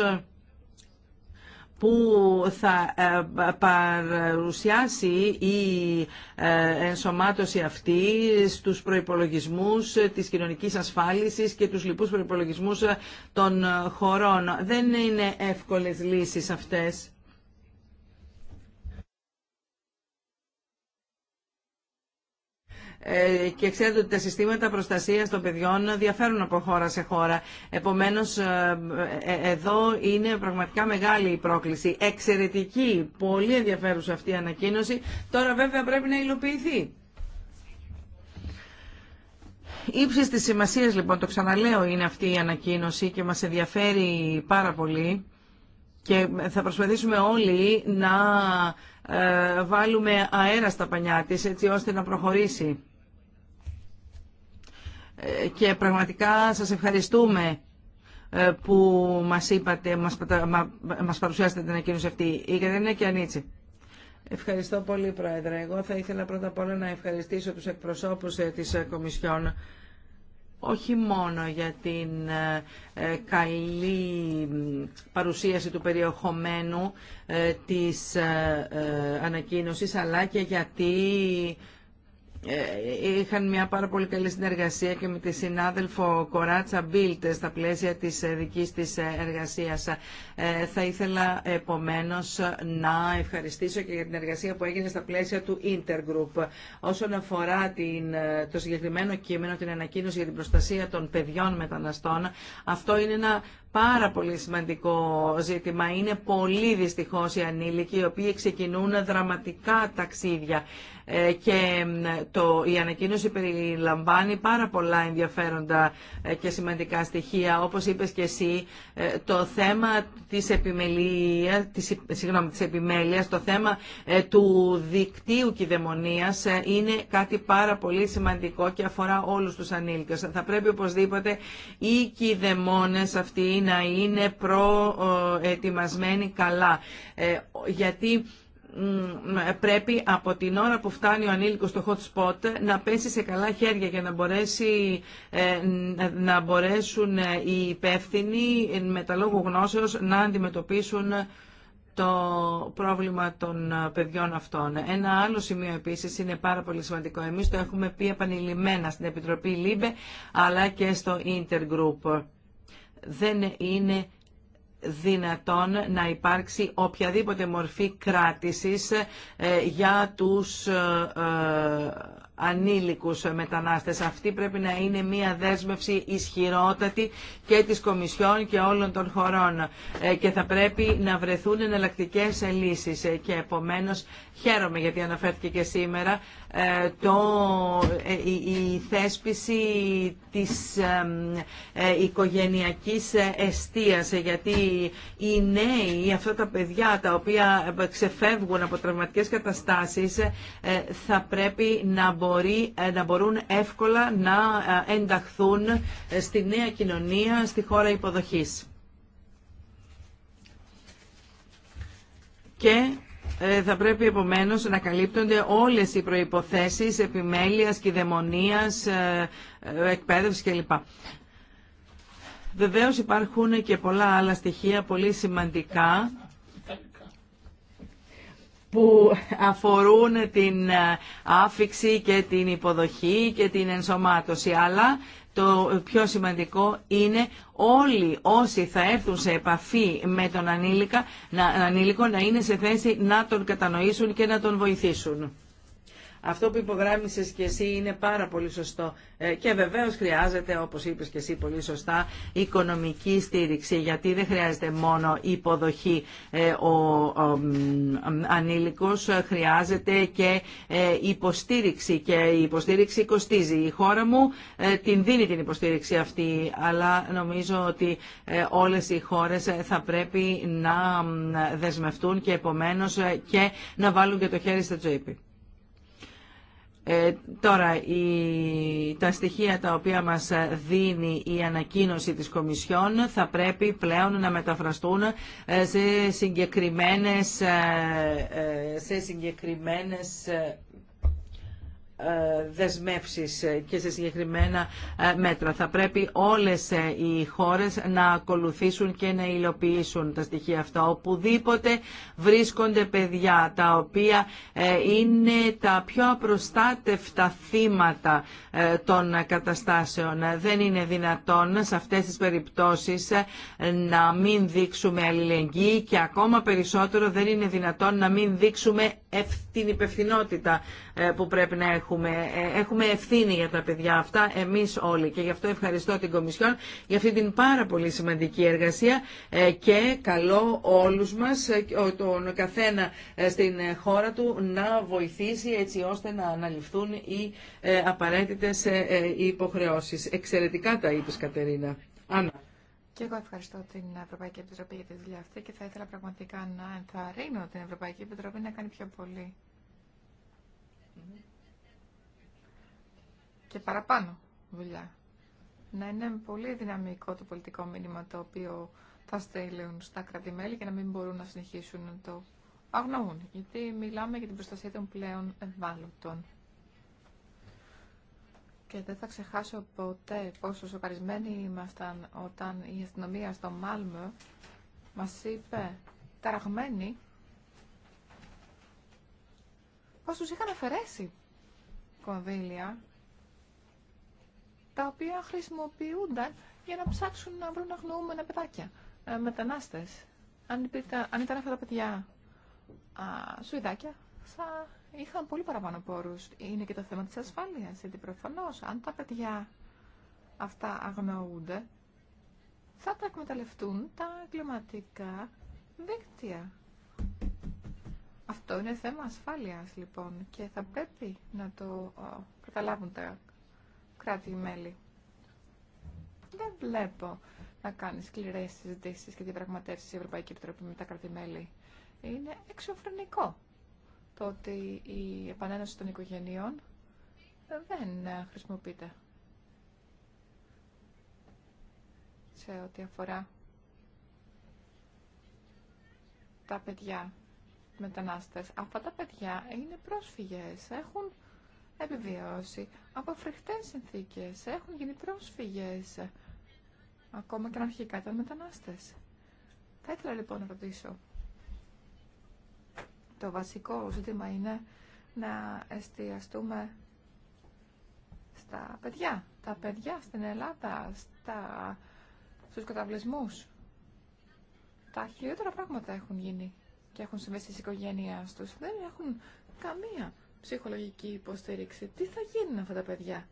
S2: που θα ε, παρουσιάσει η ε, ενσωμάτωση αυτή στους προϋπολογισμούς της κοινωνικής ασφάλισης και τους λοιπούς προϋπολογισμούς των χωρών. Δεν είναι εύκολες λύσεις αυτές. Ε, και ξέρετε ότι τα συστήματα προστασίας των παιδιών διαφέρουν από χώρα σε χώρα. Επομένως, ε, ε, εδώ είναι πραγματικά μεγάλη η πρόκληση. Εξαιρετική, πολύ ενδιαφέρουσα αυτή η ανακοίνωση. Τώρα βέβαια πρέπει να υλοποιηθεί. Ήψη τη σημασία λοιπόν, το ξαναλέω, είναι αυτή η ανακοίνωση και μα ενδιαφέρει πάρα πολύ και θα προσπαθήσουμε όλοι να ε, βάλουμε αέρα στα πανιά της έτσι ώστε να προχωρήσει. Ε, και πραγματικά σας ευχαριστούμε ε, που μας είπατε, μας, μας παρουσιάσατε την ανακοίνωση αυτή. Η Κατερίνα Ανίτσι. Ευχαριστώ πολύ, Πρόεδρε. Εγώ θα ήθελα πρώτα απ' όλα να ευχαριστήσω τους εκπροσώπους της Κομισιόν όχι μόνο για την ε, ε, καλή παρουσίαση του περιεχομένου ε, της ανακοίνωσης, αλλά και γιατί ε, είχαν μια πάρα πολύ καλή συνεργασία και με τη συνάδελφο Κοράτσα Μπίλτ στα πλαίσια της ε, δικής της ε, εργασίας. Θα ήθελα επομένως να ευχαριστήσω και για την εργασία που έγινε στα πλαίσια του Intergroup. Όσον αφορά την, το συγκεκριμένο κείμενο, την ανακοίνωση για την προστασία των παιδιών μεταναστών, αυτό είναι ένα πάρα πολύ σημαντικό ζήτημα. Είναι πολύ δυστυχώ οι ανήλικοι οι οποίοι ξεκινούν δραματικά ταξίδια ε, και το, η ανακοίνωση περιλαμβάνει πάρα πολλά ενδιαφέροντα ε, και σημαντικά στοιχεία. Όπως είπες και εσύ, ε, το θέμα της, επιμελίας, της, συγγνώμη, της επιμέλειας, το θέμα του δικτύου κυδαιμονίας είναι κάτι πάρα πολύ σημαντικό και αφορά όλους τους ανήλικους. Θα πρέπει οπωσδήποτε οι κυδαιμόνες αυτοί να είναι προετοιμασμένοι καλά. Ε, γιατί πρέπει από την ώρα που φτάνει ο ανήλικος στο hot spot να πέσει σε καλά χέρια για να, μπορέσει, ε, να μπορέσουν οι υπεύθυνοι με τα λόγου γνώσεως να αντιμετωπίσουν το πρόβλημα των παιδιών αυτών. Ένα άλλο σημείο επίσης είναι πάρα πολύ σημαντικό. Εμείς το έχουμε πει επανειλημμένα στην Επιτροπή ΛΥΜΠΕ αλλά και στο Intergroup δεν είναι δυνατόν να υπάρξει οποιαδήποτε μορφή κράτησης ε, για τους ε, ε, ανήλικους μετανάστες. Αυτή πρέπει να είναι μια δέσμευση ισχυρότατη και της Κομισιόν και όλων των χωρών και θα πρέπει να βρεθούν εναλλακτικέ λύσεις και επομένως χαίρομαι γιατί αναφέρθηκε και σήμερα ε, το, ε, η θέσπιση της ε, οικογενειακής εστίας γιατί οι νέοι, αυτά τα παιδιά τα οποία ξεφεύγουν από τραυματικές καταστάσεις θα πρέπει να, μπορεί, να μπορούν εύκολα να ενταχθούν στη νέα κοινωνία, στη χώρα υποδοχής. Και ε, θα πρέπει επομένως να καλύπτονται όλες οι προϋποθέσεις επιμέλειας, κυδαιμονίας, ε, ε, εκπαίδευσης κλπ. Βεβαίως υπάρχουν και πολλά άλλα στοιχεία πολύ σημαντικά που αφορούν την άφηξη και την υποδοχή και την ενσωμάτωση. Αλλά το πιο σημαντικό είναι όλοι όσοι θα έρθουν σε επαφή με τον ανήλικα, να, ανήλικο να είναι σε θέση να τον κατανοήσουν και να τον βοηθήσουν. Αυτό που υπογράμμισες και εσύ είναι πάρα πολύ σωστό ε, και βεβαίως χρειάζεται, όπως είπες και εσύ πολύ σωστά, οικονομική στήριξη, γιατί δεν χρειάζεται μόνο υποδοχή. Ε, ο, ο ανήλικος χρειάζεται και ε, υποστήριξη και η υποστήριξη κοστίζει. Η χώρα μου την δίνει την υποστήριξη αυτή, αλλά νομίζω ότι όλες οι χώρες θα πρέπει να δεσμευτούν και επομένως και να βάλουν και το χέρι στα τσέπη. Ε, τώρα, η, τα στοιχεία τα οποία μας δίνει η ανακοίνωση της Κομισιόν θα πρέπει πλέον να μεταφραστούν ε, σε συγκεκριμένες, ε, σε συγκεκριμένες ε, δεσμεύσεις και σε συγκεκριμένα ε, μέτρα. Θα πρέπει όλες ε, οι χώρες να ακολουθήσουν και να υλοποιήσουν τα στοιχεία αυτά. Οπουδήποτε βρίσκονται παιδιά τα οποία είναι τα πιο απροστάτευτα θύματα των καταστάσεων. Δεν είναι δυνατόν σε αυτές τις περιπτώσεις να μην δείξουμε αλληλεγγύη και ακόμα περισσότερο δεν είναι δυνατόν να μην δείξουμε την υπευθυνότητα ε, που πρέπει να έχουμε. Ε, έχουμε ευθύνη για τα παιδιά αυτά, εμείς όλοι. Και γι' αυτό ευχαριστώ την Κομισιόν για αυτή την πάρα πολύ σημαντική εργασία ε, και καλό όλους μας, τον καθένα στην χώρα του, να βοηθήσει έτσι ώστε να αναλυφθούν οι απαραίτητες υποχρεώσεις. Εξαιρετικά τα είπες, Κατερίνα. Άννα.
S3: Και εγώ ευχαριστώ την Ευρωπαϊκή Επιτροπή για τη δουλειά αυτή και θα ήθελα πραγματικά να ενθαρρύνω την Ευρωπαϊκή Επιτροπή να κάνει πιο πολύ. Και παραπάνω δουλειά. Να είναι πολύ δυναμικό το πολιτικό μήνυμα το οποίο θα στέλνουν στα κρατημέλη και να μην μπορούν να συνεχίσουν να το αγνοούν. Γιατί μιλάμε για την προστασία των πλέον ευάλωτων. Και δεν θα ξεχάσω ποτέ πόσο σοκαρισμένοι ήμασταν όταν η αστυνομία στο Μάλμο μας είπε ταραγμένοι πως τους είχαν αφαιρέσει κονδύλια τα οποία χρησιμοποιούνταν για να ψάξουν να βρουν αγνοούμενα παιδάκια, ε, μετανάστες. Αν, αν ήταν αυτά τα παιδιά α, σουηδάκια, θα είχαν πολύ παραπάνω πόρους. Είναι και το θέμα της ασφάλειας, γιατί προφανώς αν τα παιδιά αυτά αγνοούνται, θα τα εκμεταλλευτούν τα εγκληματικά δίκτυα. Αυτό είναι θέμα ασφάλειας λοιπόν και θα πρέπει να το καταλάβουν τα κράτη-μέλη. Δεν βλέπω να κάνει σκληρές συζητήσει και διαπραγματεύσει η Ευρωπαϊκή Επιτροπή με τα κράτη-μέλη. Είναι εξωφρενικό το ότι η επανένωση των οικογενειών δεν χρησιμοποιείται σε ό,τι αφορά τα παιδιά μετανάστες. Αυτά τα παιδιά είναι πρόσφυγες, έχουν επιβιώσει από φρικτές συνθήκες, έχουν γίνει πρόσφυγες, ακόμα και αρχικά ήταν μετανάστες. Θα ήθελα λοιπόν να ρωτήσω, το βασικό ζήτημα είναι να εστιαστούμε στα παιδιά, τα παιδιά στην Ελλάδα, στα, στους καταβλισμούς. Τα χειρότερα πράγματα έχουν γίνει και έχουν συμβεί στις οικογένειές τους. Δεν έχουν καμία ψυχολογική υποστήριξη. Τι θα γίνουν αυτά τα παιδιά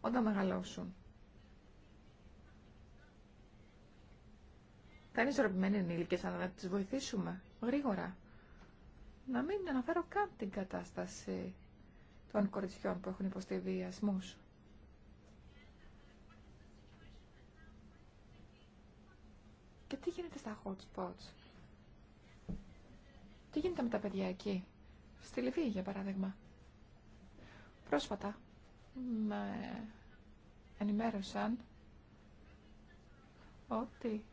S3: όταν μεγαλώσουν. θα είναι ισορροπημένοι ενήλικες, αλλά να τις βοηθήσουμε γρήγορα. Να μην αναφέρω καν την κατάσταση των κοριτσιών που έχουν υποστεί βιασμούς. Και τι γίνεται στα hot spots. Τι γίνεται με τα παιδιά εκεί. Στη Λιβύη, για παράδειγμα. Πρόσφατα με ενημέρωσαν ότι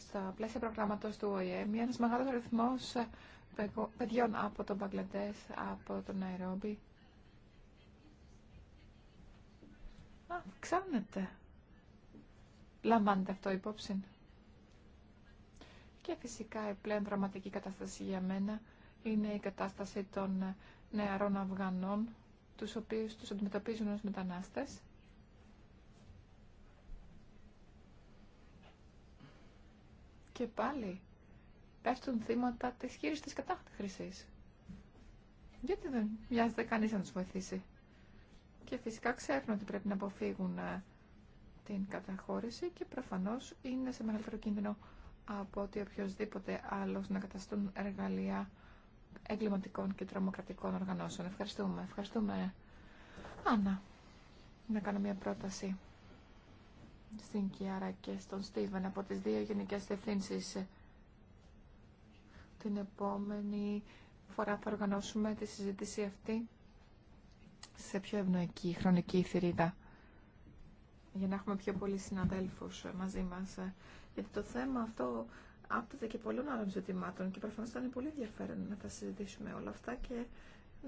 S3: στα πλαίσια προγράμματος του ΟΗΕ, ένα μεγάλο αριθμό ε, παιδιών από τον Παγκλαντές, από τον Ναϊρόμπι. Αυξάνεται. Λαμβάνεται αυτό υπόψη. Και φυσικά η πλέον δραματική κατάσταση για μένα είναι η κατάσταση των νεαρών Αφγανών, τους οποίους τους αντιμετωπίζουν ως μετανάστες και πάλι πέφτουν θύματα τη χείρη τη κατάχρηση. Γιατί δεν μοιάζεται κανεί να του βοηθήσει. Και φυσικά ξέρουν ότι πρέπει να αποφύγουν ε, την καταχώρηση και προφανώς είναι σε μεγαλύτερο κίνδυνο από ότι οποιοδήποτε άλλος να καταστούν εργαλεία εγκληματικών και τρομοκρατικών οργανώσεων. Ευχαριστούμε. Ευχαριστούμε, Άννα, να κάνω μια πρόταση στην Κιάρα και στον Στίβεν από τις δύο γενικές διευθύνσεις. Την επόμενη φορά θα οργανώσουμε τη συζήτηση αυτή σε πιο ευνοϊκή χρονική θηρίδα για να έχουμε πιο πολλοί συναδέλφους μαζί μας. Γιατί το θέμα αυτό άπτεται και πολλών άλλων ζητημάτων και προφανώς θα είναι πολύ ενδιαφέρον να τα συζητήσουμε όλα αυτά και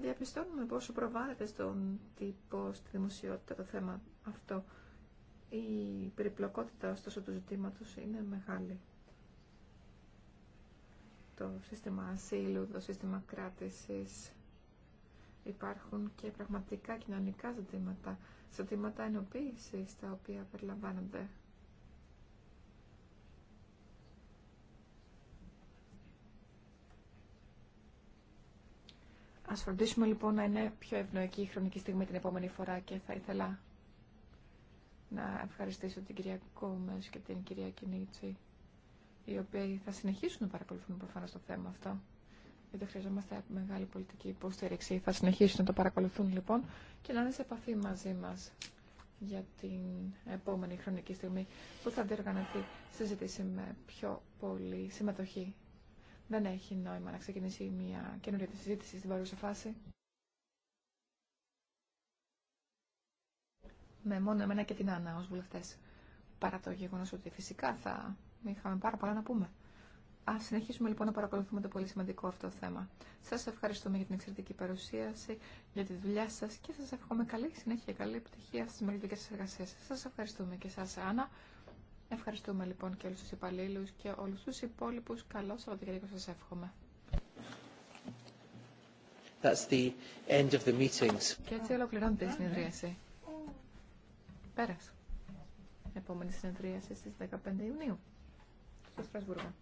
S3: διαπιστώνουμε πόσο προβάλλεται στον τύπο, στη δημοσιότητα το θέμα αυτό. Η περιπλοκότητα ωστόσο του ζητήματος είναι μεγάλη. Το σύστημα ασύλου, το σύστημα κράτησης, υπάρχουν και πραγματικά κοινωνικά ζητήματα, ζητήματα ενοποίησης τα οποία περιλαμβάνονται. Ας φροντίσουμε λοιπόν να είναι πιο ευνοϊκή η χρονική στιγμή την επόμενη φορά και θα ήθελα να ευχαριστήσω την κυρία Κόμες και την κυρία Κινίτσι, οι οποίοι θα συνεχίσουν να παρακολουθούν προφανώς το θέμα αυτό. Γιατί χρειαζόμαστε μεγάλη πολιτική υποστήριξη. Θα συνεχίσουν να το παρακολουθούν λοιπόν και να είναι σε επαφή μαζί μας για την επόμενη χρονική στιγμή που θα διοργανωθεί συζήτηση με πιο πολύ συμμετοχή. Δεν έχει νόημα να ξεκινήσει μια καινούργια συζήτηση στην παρούσα φάση. με μόνο εμένα και την Άννα ως βουλευτές. Παρά το γεγονός ότι φυσικά θα είχαμε πάρα πολλά να πούμε. Ας συνεχίσουμε λοιπόν να παρακολουθούμε το πολύ σημαντικό αυτό θέμα. Σας ευχαριστούμε για την εξαιρετική παρουσίαση, για τη δουλειά σας και σας ευχόμαι καλή συνέχεια και καλή επιτυχία στις μελλοντικές σας εργασίες. Σας ευχαριστούμε και σας Άννα. Ευχαριστούμε λοιπόν και όλους τους υπαλλήλους και όλους τους υπόλοιπους. Καλό Σαββατοκύριακο σας εύχομαι.
S1: That's the end of the meetings. Και
S5: έτσι ολοκληρώνεται η συνεδρίαση.
S3: Πέρας. Επόμενη συνεδρίαση στις 15 Ιουνίου στο Στρασβούργο.